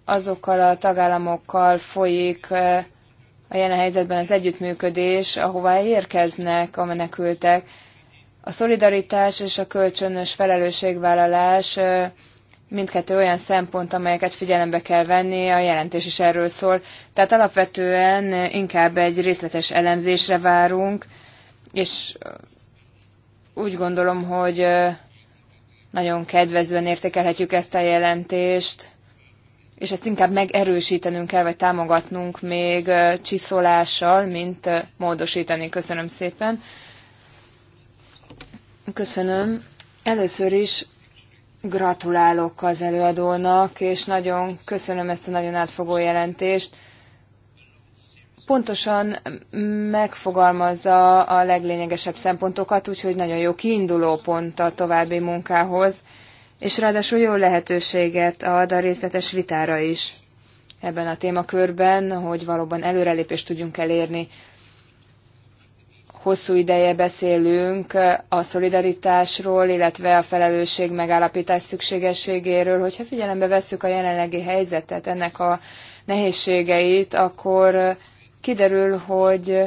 azokkal a tagállamokkal folyik a jelen helyzetben az együttműködés, ahová érkeznek a menekültek. A szolidaritás és a kölcsönös felelősségvállalás mindkettő olyan szempont, amelyeket figyelembe kell venni, a jelentés is erről szól. Tehát alapvetően inkább egy részletes elemzésre várunk, és úgy gondolom, hogy nagyon kedvezően értékelhetjük ezt a jelentést, és ezt inkább megerősítenünk kell, vagy támogatnunk még csiszolással, mint módosítani. Köszönöm szépen. Köszönöm. Először is gratulálok az előadónak, és nagyon köszönöm ezt a nagyon átfogó jelentést pontosan megfogalmazza a leglényegesebb szempontokat, úgyhogy nagyon jó kiinduló pont a további munkához, és ráadásul jó lehetőséget ad a részletes vitára is ebben a témakörben, hogy valóban előrelépést tudjunk elérni. Hosszú ideje beszélünk a szolidaritásról, illetve a felelősség megállapítás szükségességéről. Hogyha figyelembe vesszük a jelenlegi helyzetet, ennek a nehézségeit, akkor kiderül, hogy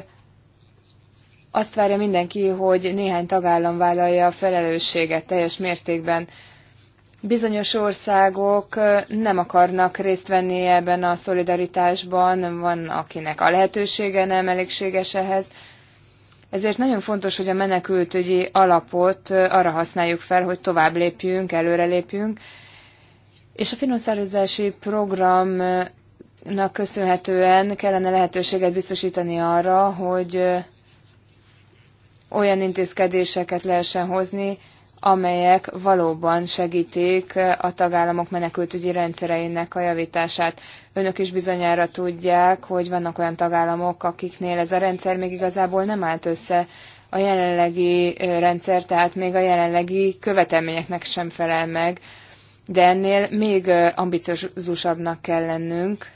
azt várja mindenki, hogy néhány tagállam vállalja a felelősséget teljes mértékben. Bizonyos országok nem akarnak részt venni ebben a szolidaritásban, van akinek a lehetősége nem elégséges ehhez, ezért nagyon fontos, hogy a menekültügyi alapot arra használjuk fel, hogy tovább lépjünk, előrelépjünk, és a finanszírozási program Nak köszönhetően kellene lehetőséget biztosítani arra, hogy olyan intézkedéseket lehessen hozni, amelyek valóban segítik a tagállamok menekültügyi rendszereinek a javítását. Önök is bizonyára tudják, hogy vannak olyan tagállamok, akiknél ez a rendszer még igazából nem állt össze a jelenlegi rendszer, tehát még a jelenlegi követelményeknek sem felel meg, de ennél még ambiciózusabbnak kell lennünk,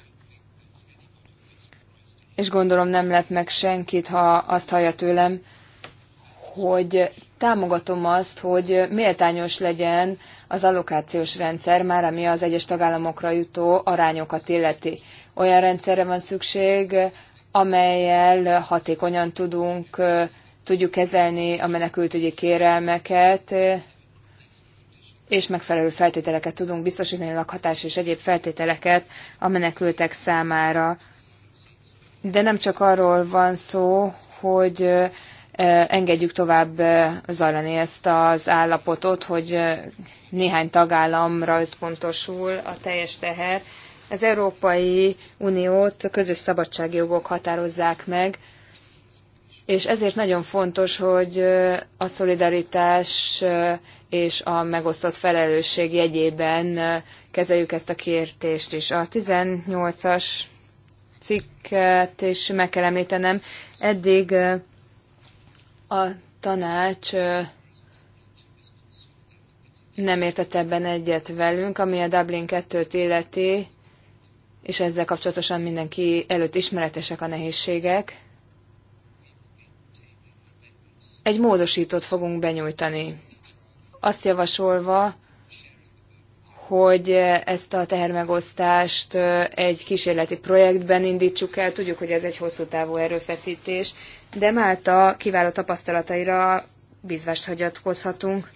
és gondolom nem lep meg senkit, ha azt hallja tőlem, hogy támogatom azt, hogy méltányos legyen az allokációs rendszer, már ami az egyes tagállamokra jutó arányokat illeti. Olyan rendszerre van szükség, amelyel hatékonyan tudunk, tudjuk kezelni a menekültügyi kérelmeket, és megfelelő feltételeket tudunk biztosítani, lakhatás és egyéb feltételeket a menekültek számára. De nem csak arról van szó, hogy engedjük tovább zajlani ezt az állapotot, hogy néhány tagállamra összpontosul a teljes teher. Az Európai Uniót közös szabadságjogok határozzák meg, és ezért nagyon fontos, hogy a szolidaritás és a megosztott felelősség jegyében kezeljük ezt a kértést is. A 18-as cikk amelyeket is meg kell említenem. Eddig a tanács nem értett ebben egyet velünk, ami a Dublin 2-t illeti, és ezzel kapcsolatosan mindenki előtt ismeretesek a nehézségek. Egy módosítót fogunk benyújtani. Azt javasolva, hogy ezt a tehermegosztást egy kísérleti projektben indítsuk el. Tudjuk, hogy ez egy hosszú távú erőfeszítés, de Málta kiváló tapasztalataira bízvást hagyatkozhatunk.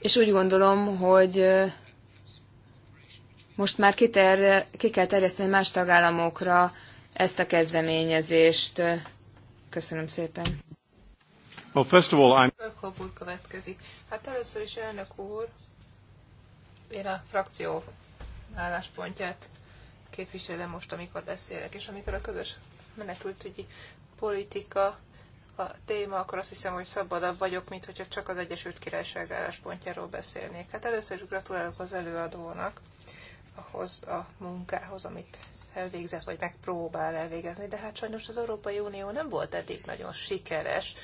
És úgy gondolom, hogy most már kiter, ki kell terjeszteni más tagállamokra ezt a kezdeményezést. Köszönöm szépen. Well, first of all, I'm... Hát először is elnök úr, én a frakció álláspontját képviselem most, amikor beszélek, és amikor a közös menekültügyi politika a téma, akkor azt hiszem, hogy szabadabb vagyok, mint hogyha csak az Egyesült Királyság álláspontjáról beszélnék. Hát először is gratulálok az előadónak ahhoz a munkához, amit elvégzett, vagy megpróbál elvégezni, de hát sajnos az Európai Unió nem volt eddig nagyon sikeres.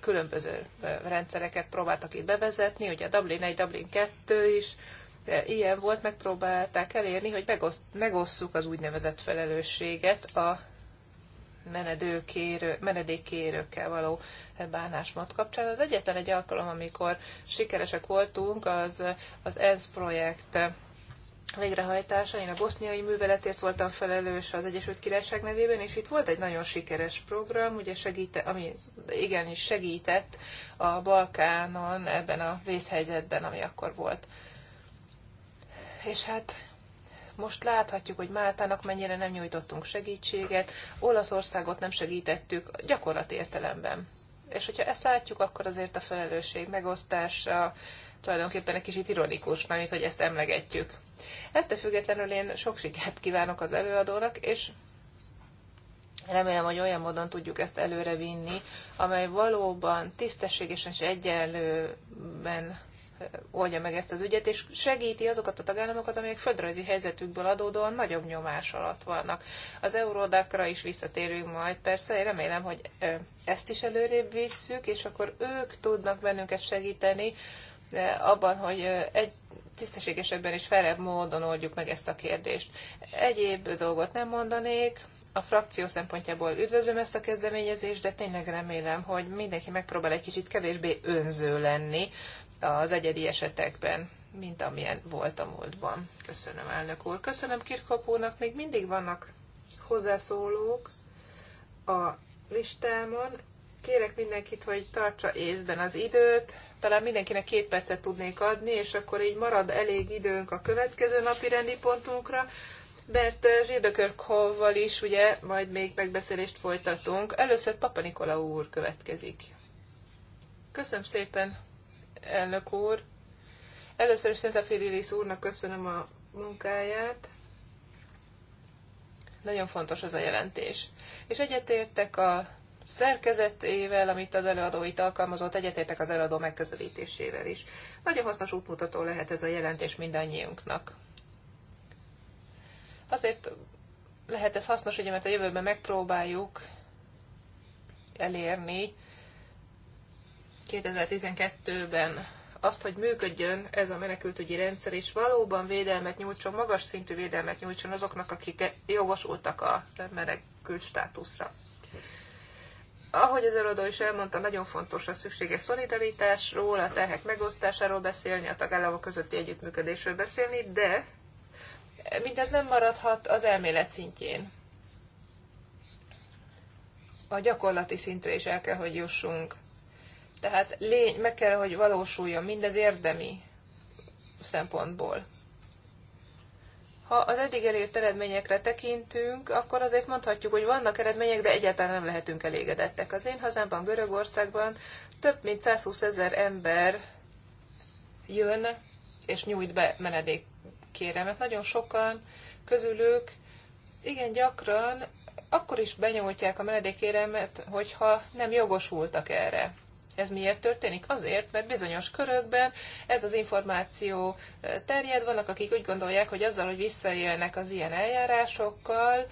Különböző rendszereket próbáltak itt bevezetni, ugye Dublin 1, Dublin 2 is, ilyen volt, megpróbálták elérni, hogy megosszuk az úgynevezett felelősséget a menedőkérő, menedékkérőkkel való bánásmód kapcsán. Az egyetlen egy alkalom, amikor sikeresek voltunk, az az ENSZ projekt végrehajtása. Én a boszniai műveletért voltam felelős az Egyesült Királyság nevében, és itt volt egy nagyon sikeres program, ugye segíte, ami igenis segített a Balkánon ebben a vészhelyzetben, ami akkor volt és hát most láthatjuk, hogy Máltának mennyire nem nyújtottunk segítséget, Olaszországot nem segítettük gyakorlati értelemben. És hogyha ezt látjuk, akkor azért a felelősség megosztása tulajdonképpen egy kicsit ironikus, mert hogy ezt emlegetjük. Ettől függetlenül én sok sikert kívánok az előadónak, és remélem, hogy olyan módon tudjuk ezt előre vinni, amely valóban tisztességesen és egyenlőben oldja meg ezt az ügyet, és segíti azokat a tagállamokat, amelyek földrajzi helyzetükből adódóan nagyobb nyomás alatt vannak. Az eurodákra is visszatérünk majd, persze, én remélem, hogy ezt is előrébb visszük, és akkor ők tudnak bennünket segíteni abban, hogy egy tisztességesebben és felebb módon oldjuk meg ezt a kérdést. Egyéb dolgot nem mondanék, a frakció szempontjából üdvözlöm ezt a kezdeményezést, de tényleg remélem, hogy mindenki megpróbál egy kicsit kevésbé önző lenni az egyedi esetekben, mint amilyen volt a múltban. Köszönöm, elnök úr. Köszönöm Kirkapónak. Még mindig vannak hozzászólók a listámon. Kérek mindenkit, hogy tartsa észben az időt. Talán mindenkinek két percet tudnék adni, és akkor így marad elég időnk a következő napi rendi pontunkra mert Zsidökörkovval is ugye majd még megbeszélést folytatunk. Először Papa Nikola úr következik. Köszönöm szépen, elnök úr. Először is Szent Afirilis úrnak köszönöm a munkáját. Nagyon fontos az a jelentés. És egyetértek a szerkezetével, amit az előadó itt alkalmazott, egyetértek az előadó megközelítésével is. Nagyon hasznos útmutató lehet ez a jelentés mindannyiunknak. Azért lehet ez hasznos, hogy mert a jövőben megpróbáljuk elérni 2012-ben azt, hogy működjön ez a menekültügyi rendszer, és valóban védelmet nyújtson, magas szintű védelmet nyújtson azoknak, akik jogosultak a menekült státuszra. Ahogy az előadó is elmondta, nagyon fontos a szükséges szolidaritásról, a terhek megosztásáról beszélni, a tagállamok közötti együttműködésről beszélni, de mindez nem maradhat az elmélet szintjén. A gyakorlati szintre is el kell, hogy jussunk tehát lény, meg kell, hogy valósuljon mindez érdemi szempontból. Ha az eddig elért eredményekre tekintünk, akkor azért mondhatjuk, hogy vannak eredmények, de egyáltalán nem lehetünk elégedettek. Az én hazámban, Görögországban több mint 120 ezer ember jön és nyújt be menedékkéremet. Nagyon sokan közülük igen gyakran akkor is benyújtják a menedékéremet, hogyha nem jogosultak erre. Ez miért történik? Azért, mert bizonyos körökben ez az információ terjed, vannak, akik úgy gondolják, hogy azzal, hogy visszaélnek az ilyen eljárásokkal,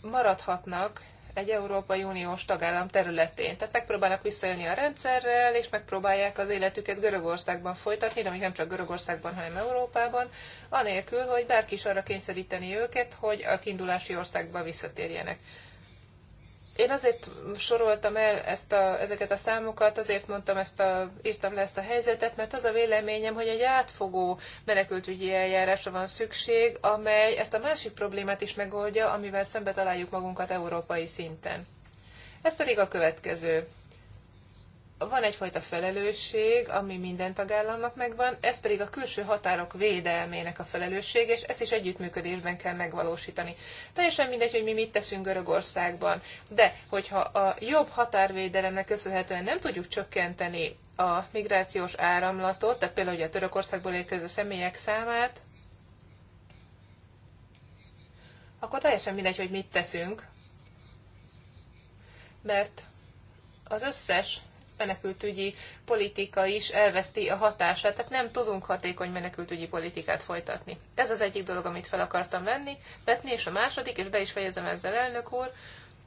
maradhatnak egy Európai Uniós tagállam területén. Tehát megpróbálnak visszaélni a rendszerrel, és megpróbálják az életüket Görögországban folytatni, de még nem csak Görögországban, hanem Európában, anélkül, hogy bárki is arra kényszeríteni őket, hogy a kiindulási országba visszatérjenek. Én azért soroltam el ezt a, ezeket a számokat, azért mondtam ezt a, írtam le ezt a helyzetet, mert az a véleményem, hogy egy átfogó menekültügyi eljárásra van szükség, amely ezt a másik problémát is megoldja, amivel szembe találjuk magunkat európai szinten. Ez pedig a következő van egyfajta felelősség, ami minden tagállamnak megvan, ez pedig a külső határok védelmének a felelősség, és ezt is együttműködésben kell megvalósítani. Teljesen mindegy, hogy mi mit teszünk Görögországban, de hogyha a jobb határvédelemnek köszönhetően nem tudjuk csökkenteni a migrációs áramlatot, tehát például ugye a Törökországból érkező személyek számát, akkor teljesen mindegy, hogy mit teszünk, mert az összes menekültügyi politika is elveszti a hatását, tehát nem tudunk hatékony menekültügyi politikát folytatni. Ez az egyik dolog, amit fel akartam venni, vetni, és a második, és be is fejezem ezzel elnök úr,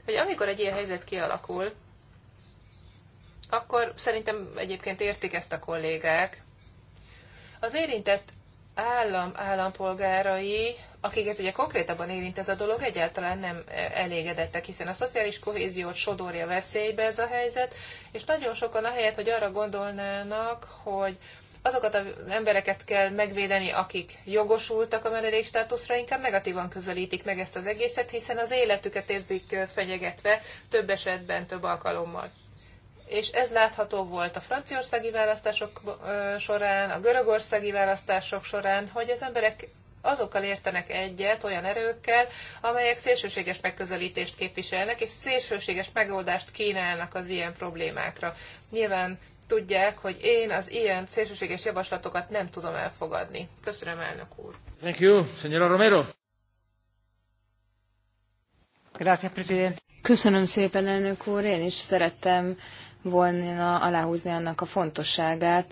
hogy amikor egy ilyen helyzet kialakul, akkor szerintem egyébként értik ezt a kollégák. Az érintett állam állampolgárai, akiket ugye konkrétabban érint ez a dolog, egyáltalán nem e, elégedettek, hiszen a szociális kohéziót sodorja veszélybe ez a helyzet, és nagyon sokan ahelyett, hogy arra gondolnának, hogy azokat az embereket kell megvédeni, akik jogosultak a menedék státuszra, inkább negatívan közelítik meg ezt az egészet, hiszen az életüket érzik e, fenyegetve több esetben, több alkalommal és ez látható volt a franciaországi választások során, a görögországi választások során, hogy az emberek azokkal értenek egyet olyan erőkkel, amelyek szélsőséges megközelítést képviselnek, és szélsőséges megoldást kínálnak az ilyen problémákra. Nyilván tudják, hogy én az ilyen szélsőséges javaslatokat nem tudom elfogadni. Köszönöm, elnök úr. Thank you, señora Romero. Gracias, president. Köszönöm szépen, elnök úr. Én is szerettem volna aláhúzni annak a fontosságát,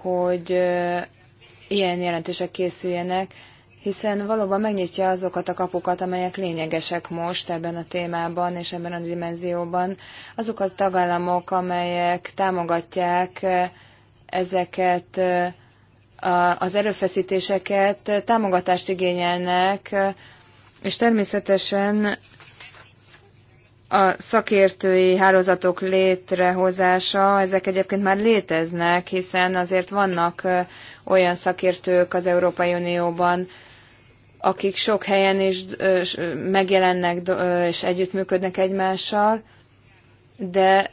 hogy ilyen jelentések készüljenek, hiszen valóban megnyitja azokat a kapukat, amelyek lényegesek most ebben a témában és ebben a dimenzióban. Azok a tagállamok, amelyek támogatják ezeket az erőfeszítéseket, támogatást igényelnek, és természetesen a szakértői hálózatok létrehozása, ezek egyébként már léteznek, hiszen azért vannak olyan szakértők az Európai Unióban, akik sok helyen is megjelennek és együttműködnek egymással, de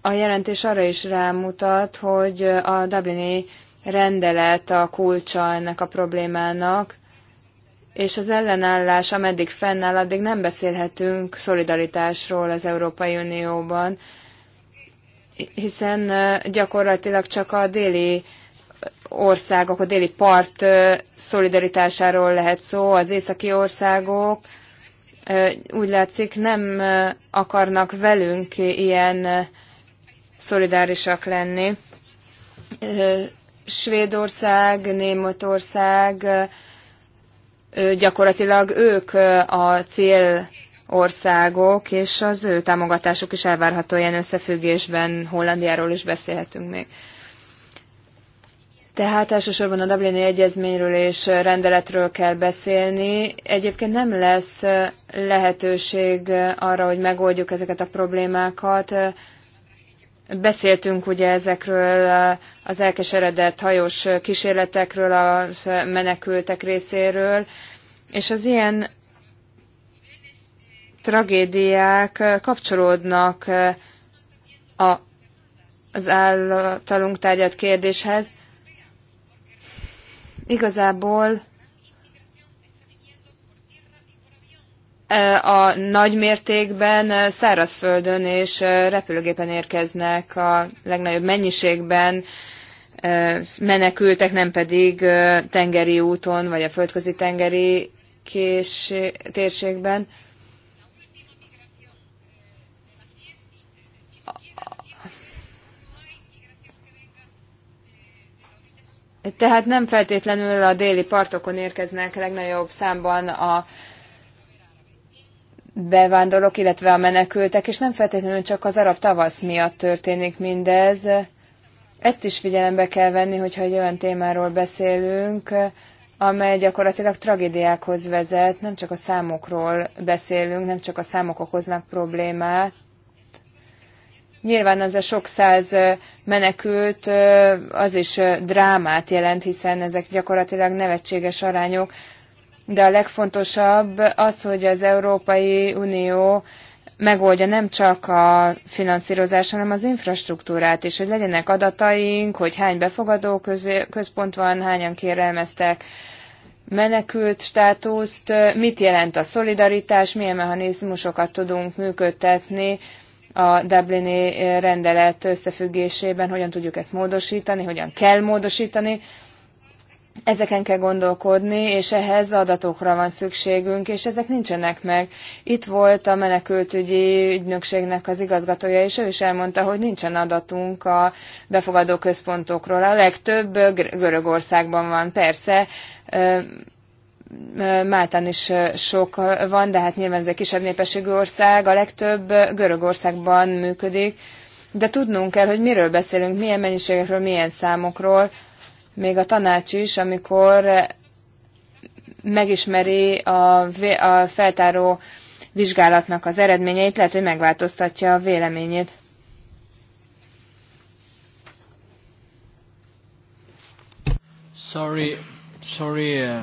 a jelentés arra is rámutat, hogy a Dublini rendelet a kulcsa ennek a problémának, és az ellenállás, ameddig fennáll, addig nem beszélhetünk szolidaritásról az Európai Unióban, hiszen gyakorlatilag csak a déli országok, a déli part szolidaritásáról lehet szó, az északi országok úgy látszik nem akarnak velünk ilyen szolidárisak lenni. Svédország, Németország, gyakorlatilag ők a cél országok, és az ő támogatásuk is elvárható ilyen összefüggésben, Hollandiáról is beszélhetünk még. Tehát elsősorban a Dublini Egyezményről és rendeletről kell beszélni. Egyébként nem lesz lehetőség arra, hogy megoldjuk ezeket a problémákat. Beszéltünk ugye ezekről eh, az elkeseredett hajós kísérletekről, a menekültek részéről, és az ilyen tragédiák eh, kapcsolódnak eh, a, az általunk tárgyat kérdéshez. Igazából a nagy mértékben szárazföldön és repülőgépen érkeznek a legnagyobb mennyiségben menekültek, nem pedig tengeri úton vagy a földközi tengeri kés, térségben. Tehát nem feltétlenül a déli partokon érkeznek legnagyobb számban a bevándorlók, illetve a menekültek, és nem feltétlenül csak az arab tavasz miatt történik mindez. Ezt is figyelembe kell venni, hogyha egy olyan témáról beszélünk, amely gyakorlatilag tragédiákhoz vezet, nem csak a számokról beszélünk, nem csak a számok okoznak problémát. Nyilván az a sok száz menekült az is drámát jelent, hiszen ezek gyakorlatilag nevetséges arányok, de a legfontosabb az, hogy az Európai Unió megoldja nem csak a finanszírozás, hanem az infrastruktúrát is, hogy legyenek adataink, hogy hány befogadó központ van, hányan kérelmeztek menekült státuszt, mit jelent a szolidaritás, milyen mechanizmusokat tudunk működtetni a Dublini rendelet összefüggésében, hogyan tudjuk ezt módosítani, hogyan kell módosítani, Ezeken kell gondolkodni, és ehhez adatokra van szükségünk, és ezek nincsenek meg. Itt volt a menekültügyi ügynökségnek az igazgatója, és ő is elmondta, hogy nincsen adatunk a befogadó központokról. A legtöbb Görögországban van, persze, Máltán is sok van, de hát nyilván ez egy kisebb népességű ország, a legtöbb Görögországban működik, de tudnunk kell, hogy miről beszélünk, milyen mennyiségekről, milyen számokról, még a tanács is, amikor megismeri a, a feltáró vizsgálatnak az eredményeit, lehet, hogy megváltoztatja a véleményét. Sorry, sorry. Uh...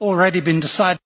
already been decided.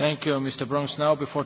Thank you, Mr. Bronx. Now before...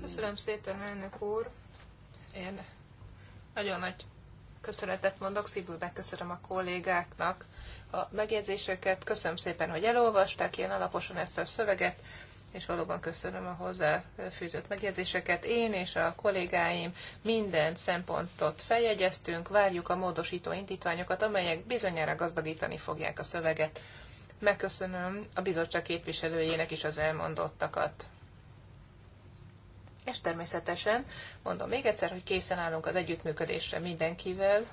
Köszönöm szépen, elnök úr. Én nagyon nagy köszönetet mondok, szívből megköszönöm a kollégáknak a megjegyzéseket. Köszönöm szépen, hogy elolvasták ilyen alaposan ezt a szöveget, és valóban köszönöm a hozzá fűzött megjegyzéseket. Én és a kollégáim minden szempontot feljegyeztünk, várjuk a módosító indítványokat, amelyek bizonyára gazdagítani fogják a szöveget. Megköszönöm a bizottság képviselőjének is az elmondottakat és természetesen, mondom még egyszer, hogy készen állunk az együttműködésre mindenkivel,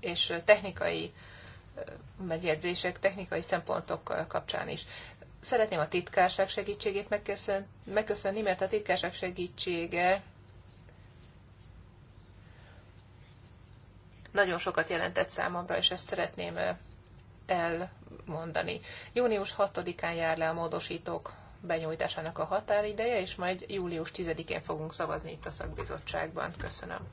és technikai megjegyzések, technikai szempontok kapcsán is. Szeretném a titkárság segítségét megköszönni, mert a titkárság segítsége nagyon sokat jelentett számomra, és ezt szeretném elmondani. Június 6-án jár le a módosítók benyújtásának a határideje, és majd július 10-én fogunk szavazni itt a szakbizottságban. Köszönöm.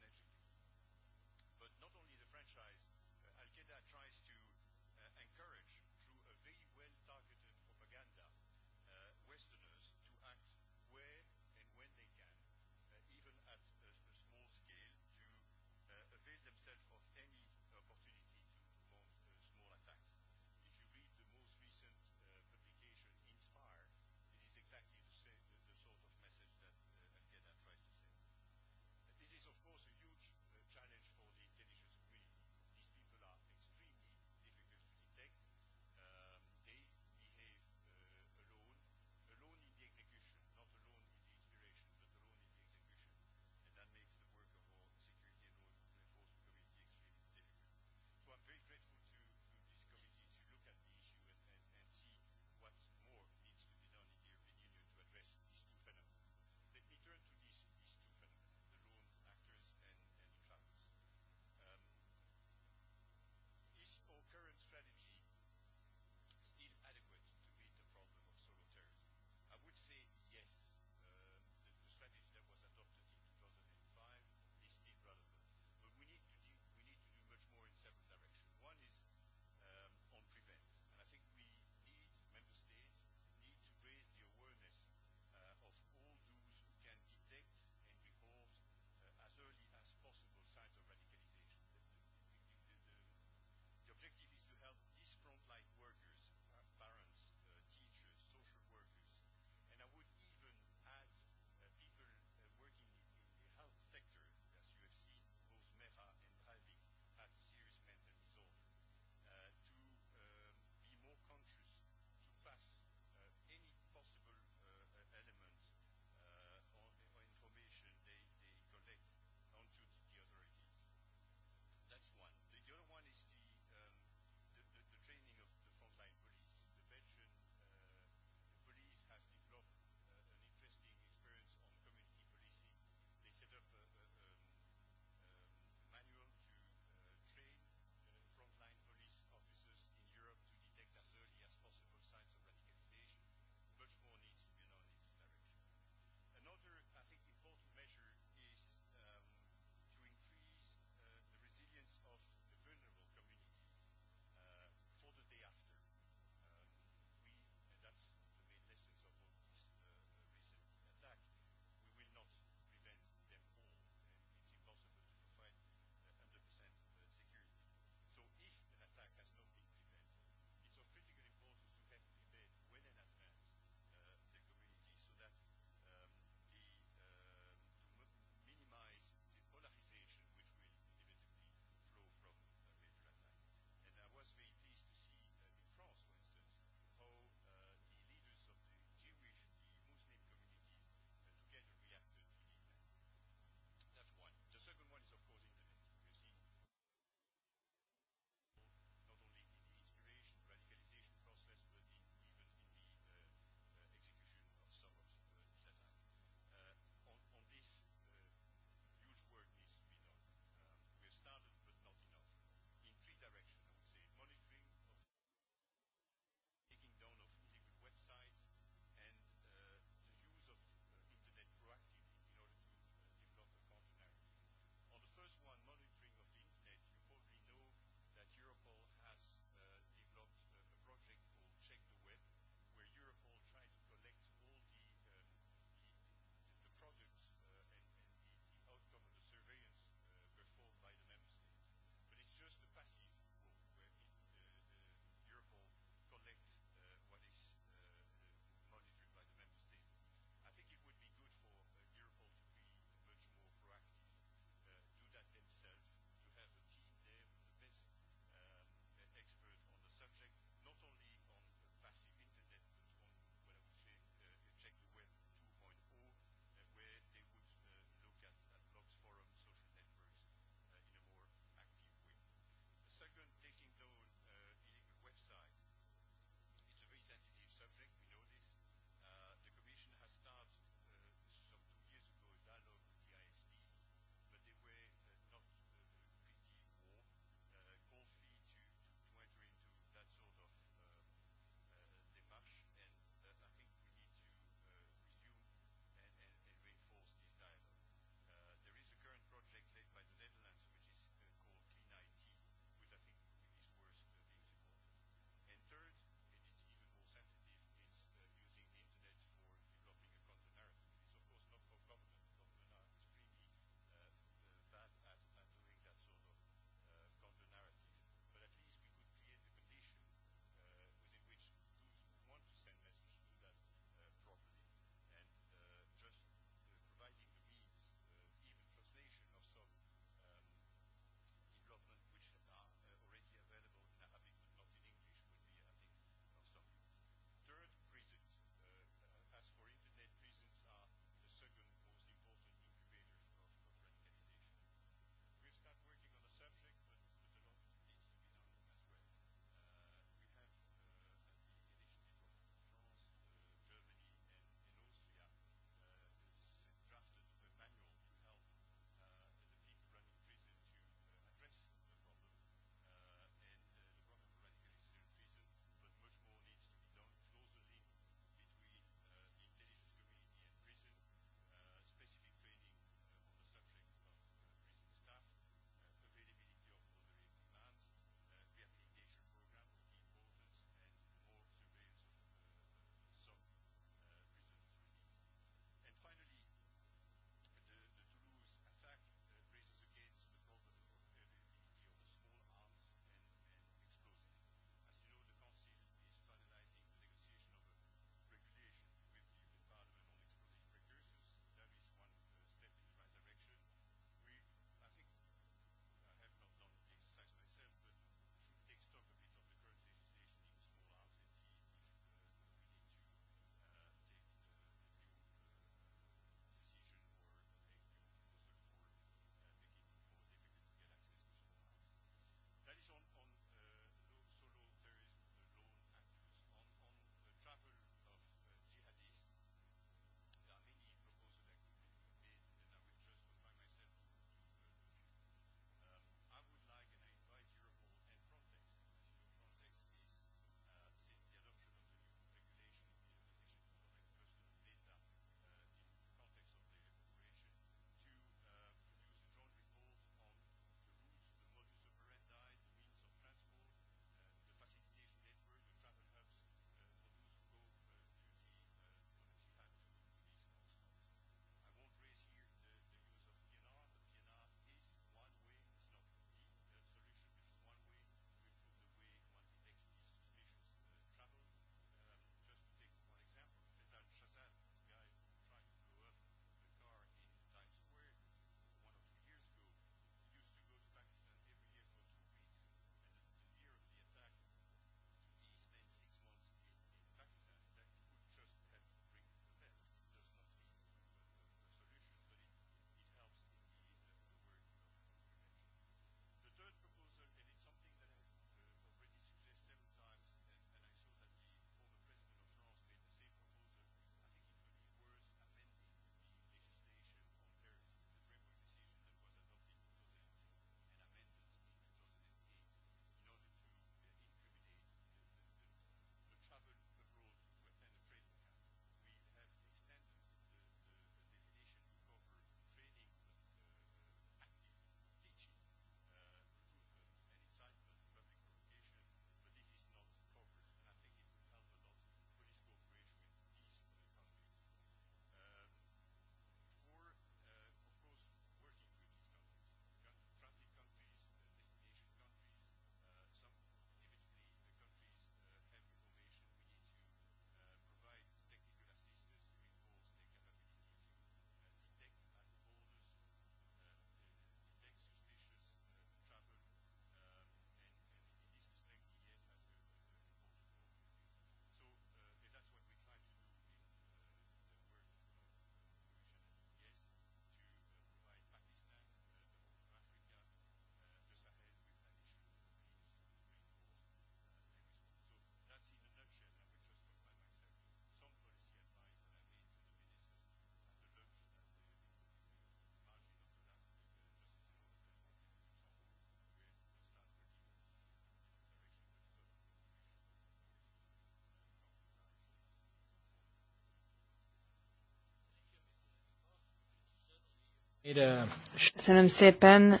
Köszönöm szépen.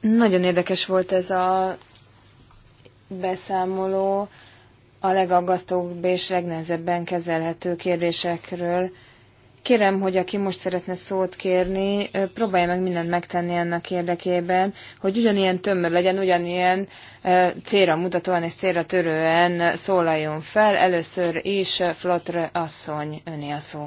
Nagyon érdekes volt ez a beszámoló a legaggasztóbb és legnehezebben kezelhető kérdésekről. Kérem, hogy aki most szeretne szót kérni, próbálja meg mindent megtenni ennek érdekében, hogy ugyanilyen tömör legyen, ugyanilyen célra mutatóan és célra törően szólaljon fel. Először is Flotr asszony, öné a szó.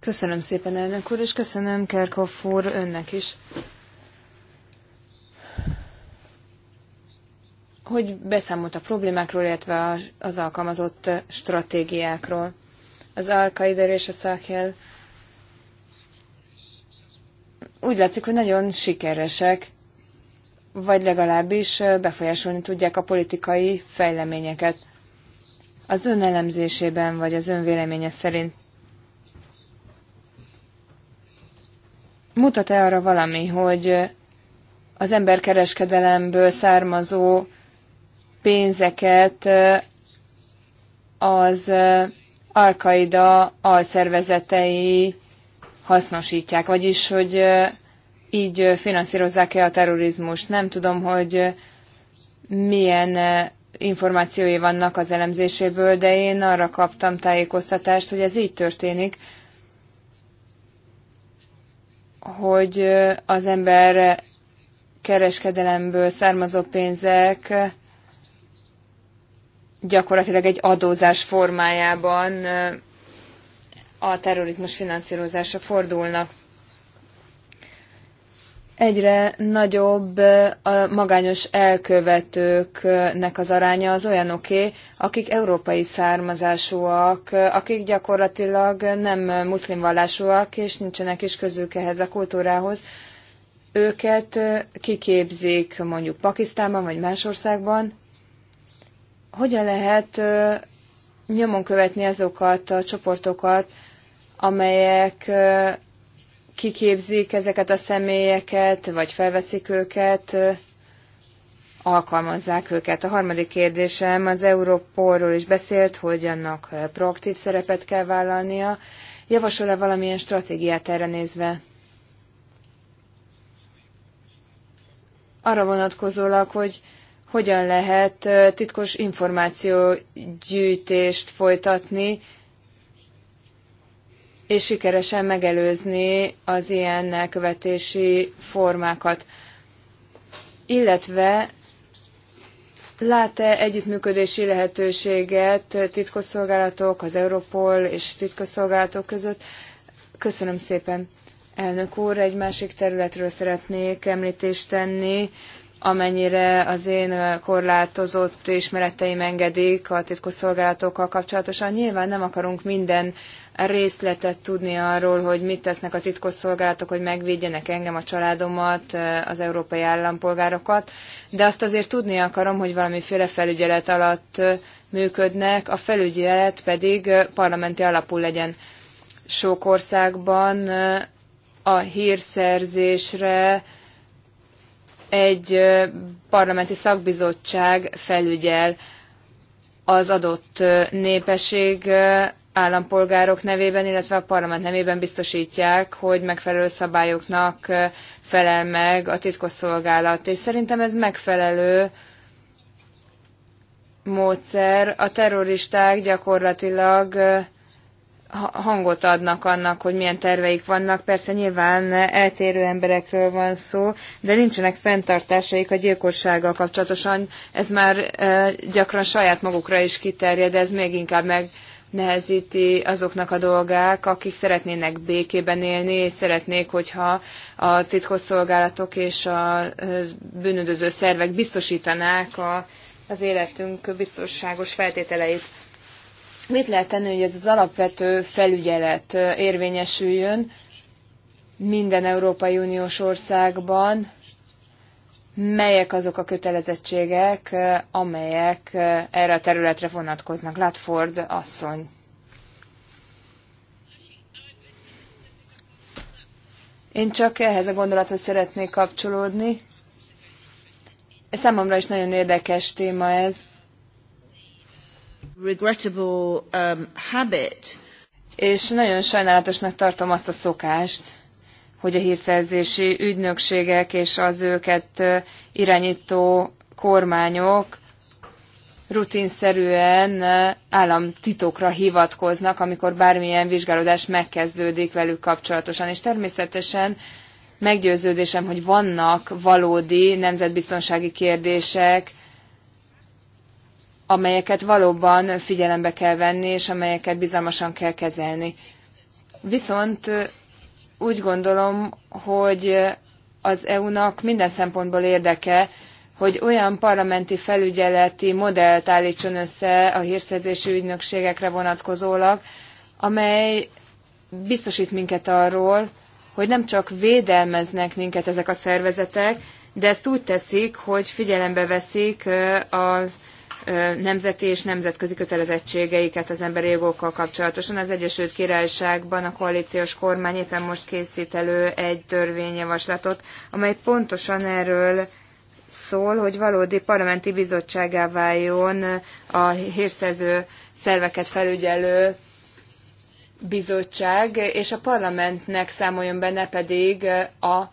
Köszönöm szépen, elnök úr, és köszönöm Kerkhoff úr önnek is. hogy beszámolt a problémákról, illetve az alkalmazott stratégiákról. Az al és a Sahel úgy látszik, hogy nagyon sikeresek, vagy legalábbis befolyásolni tudják a politikai fejleményeket. Az ön elemzésében, vagy az ön véleménye szerint mutat-e arra valami, hogy az emberkereskedelemből származó pénzeket az Alkaida alszervezetei hasznosítják, vagyis, hogy így finanszírozzák-e a terrorizmust. Nem tudom, hogy milyen információi vannak az elemzéséből, de én arra kaptam tájékoztatást, hogy ez így történik, hogy az ember kereskedelemből származó pénzek gyakorlatilag egy adózás formájában a terrorizmus finanszírozása fordulnak. Egyre nagyobb a magányos elkövetőknek az aránya az olyanoké, akik európai származásúak, akik gyakorlatilag nem muszlim vallásúak, és nincsenek is közük ehhez a kultúrához. Őket kiképzik mondjuk Pakisztánban vagy más országban. Hogyan lehet nyomon követni azokat a csoportokat, amelyek kiképzik ezeket a személyeket, vagy felveszik őket, alkalmazzák őket. A harmadik kérdésem az Európolról is beszélt, hogy annak proaktív szerepet kell vállalnia. Javasol-e valamilyen stratégiát erre nézve? Arra vonatkozólag, hogy hogyan lehet titkos információgyűjtést folytatni, és sikeresen megelőzni az ilyen elkövetési formákat. Illetve lát-e együttműködési lehetőséget titkosszolgálatok, az Europol és titkosszolgálatok között? Köszönöm szépen, elnök úr. Egy másik területről szeretnék említést tenni, amennyire az én korlátozott ismereteim engedik a titkosszolgálatokkal kapcsolatosan. Nyilván nem akarunk minden részletet tudni arról, hogy mit tesznek a titkosszolgálatok, hogy megvédjenek engem, a családomat, az európai állampolgárokat, de azt azért tudni akarom, hogy valamiféle felügyelet alatt működnek, a felügyelet pedig parlamenti alapú legyen. Sok országban a hírszerzésre egy parlamenti szakbizottság felügyel az adott népesség állampolgárok nevében, illetve a parlament nevében biztosítják, hogy megfelelő szabályoknak felel meg a titkosszolgálat. És szerintem ez megfelelő módszer. A terroristák gyakorlatilag hangot adnak annak, hogy milyen terveik vannak. Persze nyilván eltérő emberekről van szó, de nincsenek fenntartásaik a gyilkossággal kapcsolatosan. Ez már gyakran saját magukra is kiterjed, ez még inkább meg nehezíti azoknak a dolgák, akik szeretnének békében élni, és szeretnék, hogyha a titkosszolgálatok és a bűnöző szervek biztosítanák a, az életünk biztonságos feltételeit. Mit lehet tenni, hogy ez az alapvető felügyelet érvényesüljön minden Európai Uniós országban, melyek azok a kötelezettségek, eh, amelyek eh, erre a területre vonatkoznak. Latford asszony. Én csak ehhez a gondolathoz szeretnék kapcsolódni. Számomra is nagyon érdekes téma ez. Regrettable um, habit. És nagyon sajnálatosnak tartom azt a szokást, hogy a hírszerzési ügynökségek és az őket irányító kormányok rutinszerűen államtitokra hivatkoznak, amikor bármilyen vizsgálódás megkezdődik velük kapcsolatosan. És természetesen meggyőződésem, hogy vannak valódi nemzetbiztonsági kérdések, amelyeket valóban figyelembe kell venni, és amelyeket bizalmasan kell kezelni. Viszont úgy gondolom, hogy az EU-nak minden szempontból érdeke, hogy olyan parlamenti felügyeleti modellt állítson össze a hírszerzési ügynökségekre vonatkozólag, amely biztosít minket arról, hogy nem csak védelmeznek minket ezek a szervezetek, de ezt úgy teszik, hogy figyelembe veszik az nemzeti és nemzetközi kötelezettségeiket az emberi jogokkal kapcsolatosan. Az Egyesült Királyságban a koalíciós kormány éppen most készít elő egy törvényjavaslatot, amely pontosan erről szól, hogy valódi parlamenti bizottságá váljon a hírszerző szerveket felügyelő bizottság, és a parlamentnek számoljon ne pedig a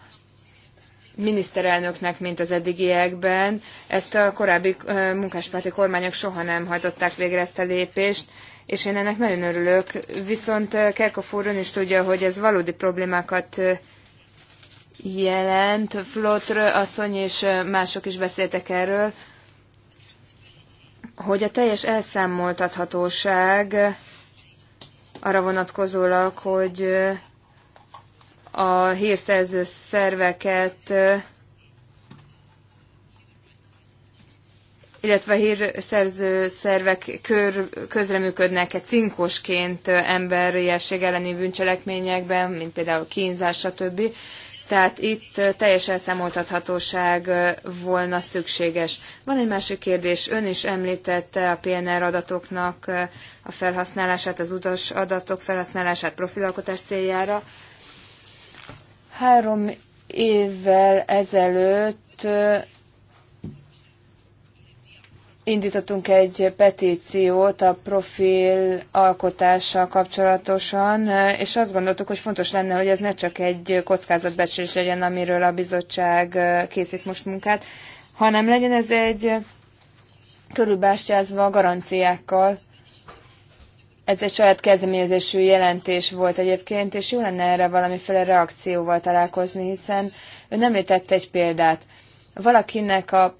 miniszterelnöknek, mint az eddigiekben. Ezt a korábbi munkáspárti kormányok soha nem hajtották végre ezt a lépést, és én ennek nagyon örülök. Viszont Kerkhoff úr is tudja, hogy ez valódi problémákat jelent. Flotr asszony és mások is beszéltek erről, hogy a teljes elszámoltathatóság arra vonatkozólag, hogy a hírszerző szerveket, illetve a hírszerző szervek kör, közreműködnek-e cinkosként emberiesség elleni bűncselekményekben, mint például kínzás, stb. Tehát itt teljes elszámoltathatóság volna szükséges. Van egy másik kérdés. Ön is említette a PNR adatoknak a felhasználását, az utas adatok felhasználását profilalkotás céljára. Három évvel ezelőtt indítottunk egy petíciót a profil alkotással kapcsolatosan, és azt gondoltuk, hogy fontos lenne, hogy ez ne csak egy kockázatbecsés legyen, amiről a bizottság készít most munkát, hanem legyen ez egy körülbástyázva garanciákkal, ez egy saját kezdeményezésű jelentés volt egyébként, és jó lenne erre valamiféle reakcióval találkozni, hiszen ő nem említett egy példát. Valakinek a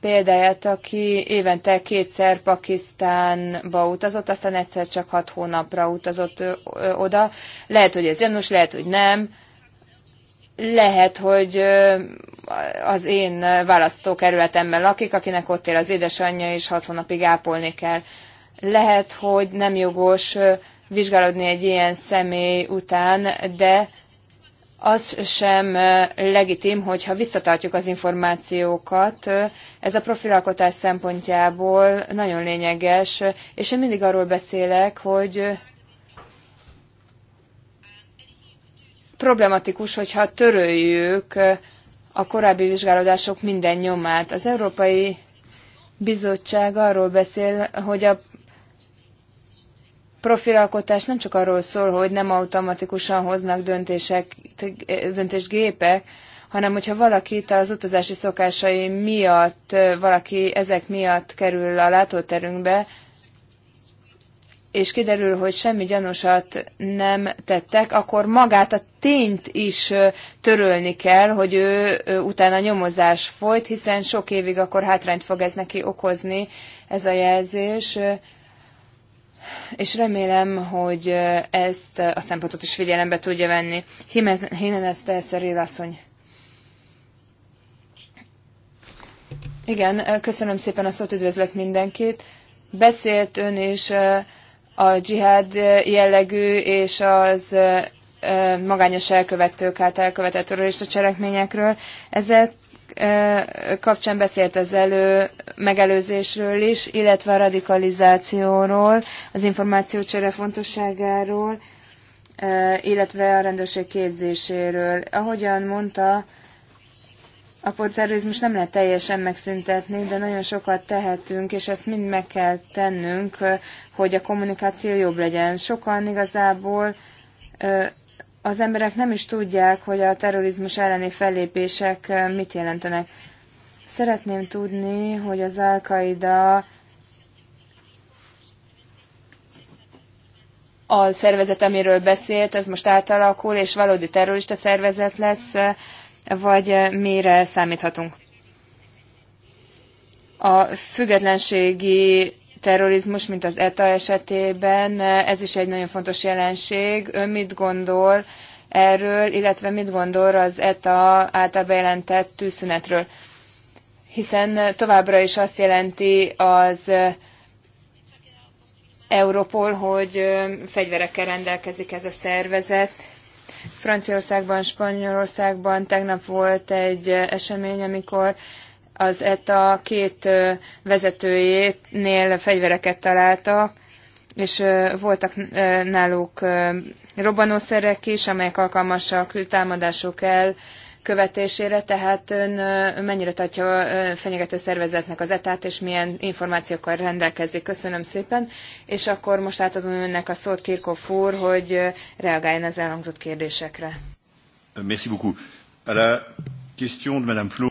példáját, aki évente kétszer Pakisztánba utazott, aztán egyszer csak hat hónapra utazott oda. Lehet, hogy ez gyanús, lehet, hogy nem. Lehet, hogy az én választókerületemben lakik, akinek ott él az édesanyja, és hat hónapig ápolni kell. Lehet, hogy nem jogos vizsgálódni egy ilyen személy után, de az sem legitim, hogyha visszatartjuk az információkat. Ez a profilalkotás szempontjából nagyon lényeges, és én mindig arról beszélek, hogy problematikus, hogyha töröljük a korábbi vizsgálódások minden nyomát. Az Európai Bizottság arról beszél, hogy a profilalkotás nem csak arról szól, hogy nem automatikusan hoznak döntések, döntésgépek, hanem hogyha valakit az utazási szokásai miatt, valaki ezek miatt kerül a látóterünkbe, és kiderül, hogy semmi gyanúsat nem tettek, akkor magát a tényt is törölni kell, hogy ő, utána nyomozás folyt, hiszen sok évig akkor hátrányt fog ez neki okozni, ez a jelzés és remélem, hogy ezt a szempontot is figyelembe tudja venni. Jiménez Telszer asszony. Igen, köszönöm szépen a szót, üdvözlök mindenkit. Beszélt ön is a dzsihád jellegű és az magányos elkövetők által elkövetett terrorista cselekményekről. Ezek Eh, kapcsán beszélt az elő megelőzésről is, illetve a radikalizációról, az információcsere fontosságáról, eh, illetve a rendőrség képzéséről. Ahogyan mondta, a terrorizmus nem lehet teljesen megszüntetni, de nagyon sokat tehetünk, és ezt mind meg kell tennünk, eh, hogy a kommunikáció jobb legyen. Sokan igazából az emberek nem is tudják, hogy a terrorizmus elleni fellépések eh, mit jelentenek. Szeretném tudni, hogy az Al-Qaida a szervezet, amiről beszélt, ez most átalakul, és valódi terrorista szervezet lesz, eh, vagy eh, mire számíthatunk? A függetlenségi terrorizmus, mint az ETA esetében. Ez is egy nagyon fontos jelenség. Ön mit gondol erről, illetve mit gondol az ETA által bejelentett tűzszünetről? Hiszen továbbra is azt jelenti az Europol, hogy fegyverekkel rendelkezik ez a szervezet. Franciaországban, Spanyolországban tegnap volt egy esemény, amikor az ETA két vezetőjénél fegyvereket találtak, és voltak náluk robbanószerek is, amelyek alkalmasak támadások el követésére, tehát ön mennyire tartja fenyegető szervezetnek az etát, és milyen információkkal rendelkezik. Köszönöm szépen, és akkor most átadom önnek a szót Kirko Fúr, hogy reagáljon az elhangzott kérdésekre. Merci beaucoup. À la question de Madame Flo,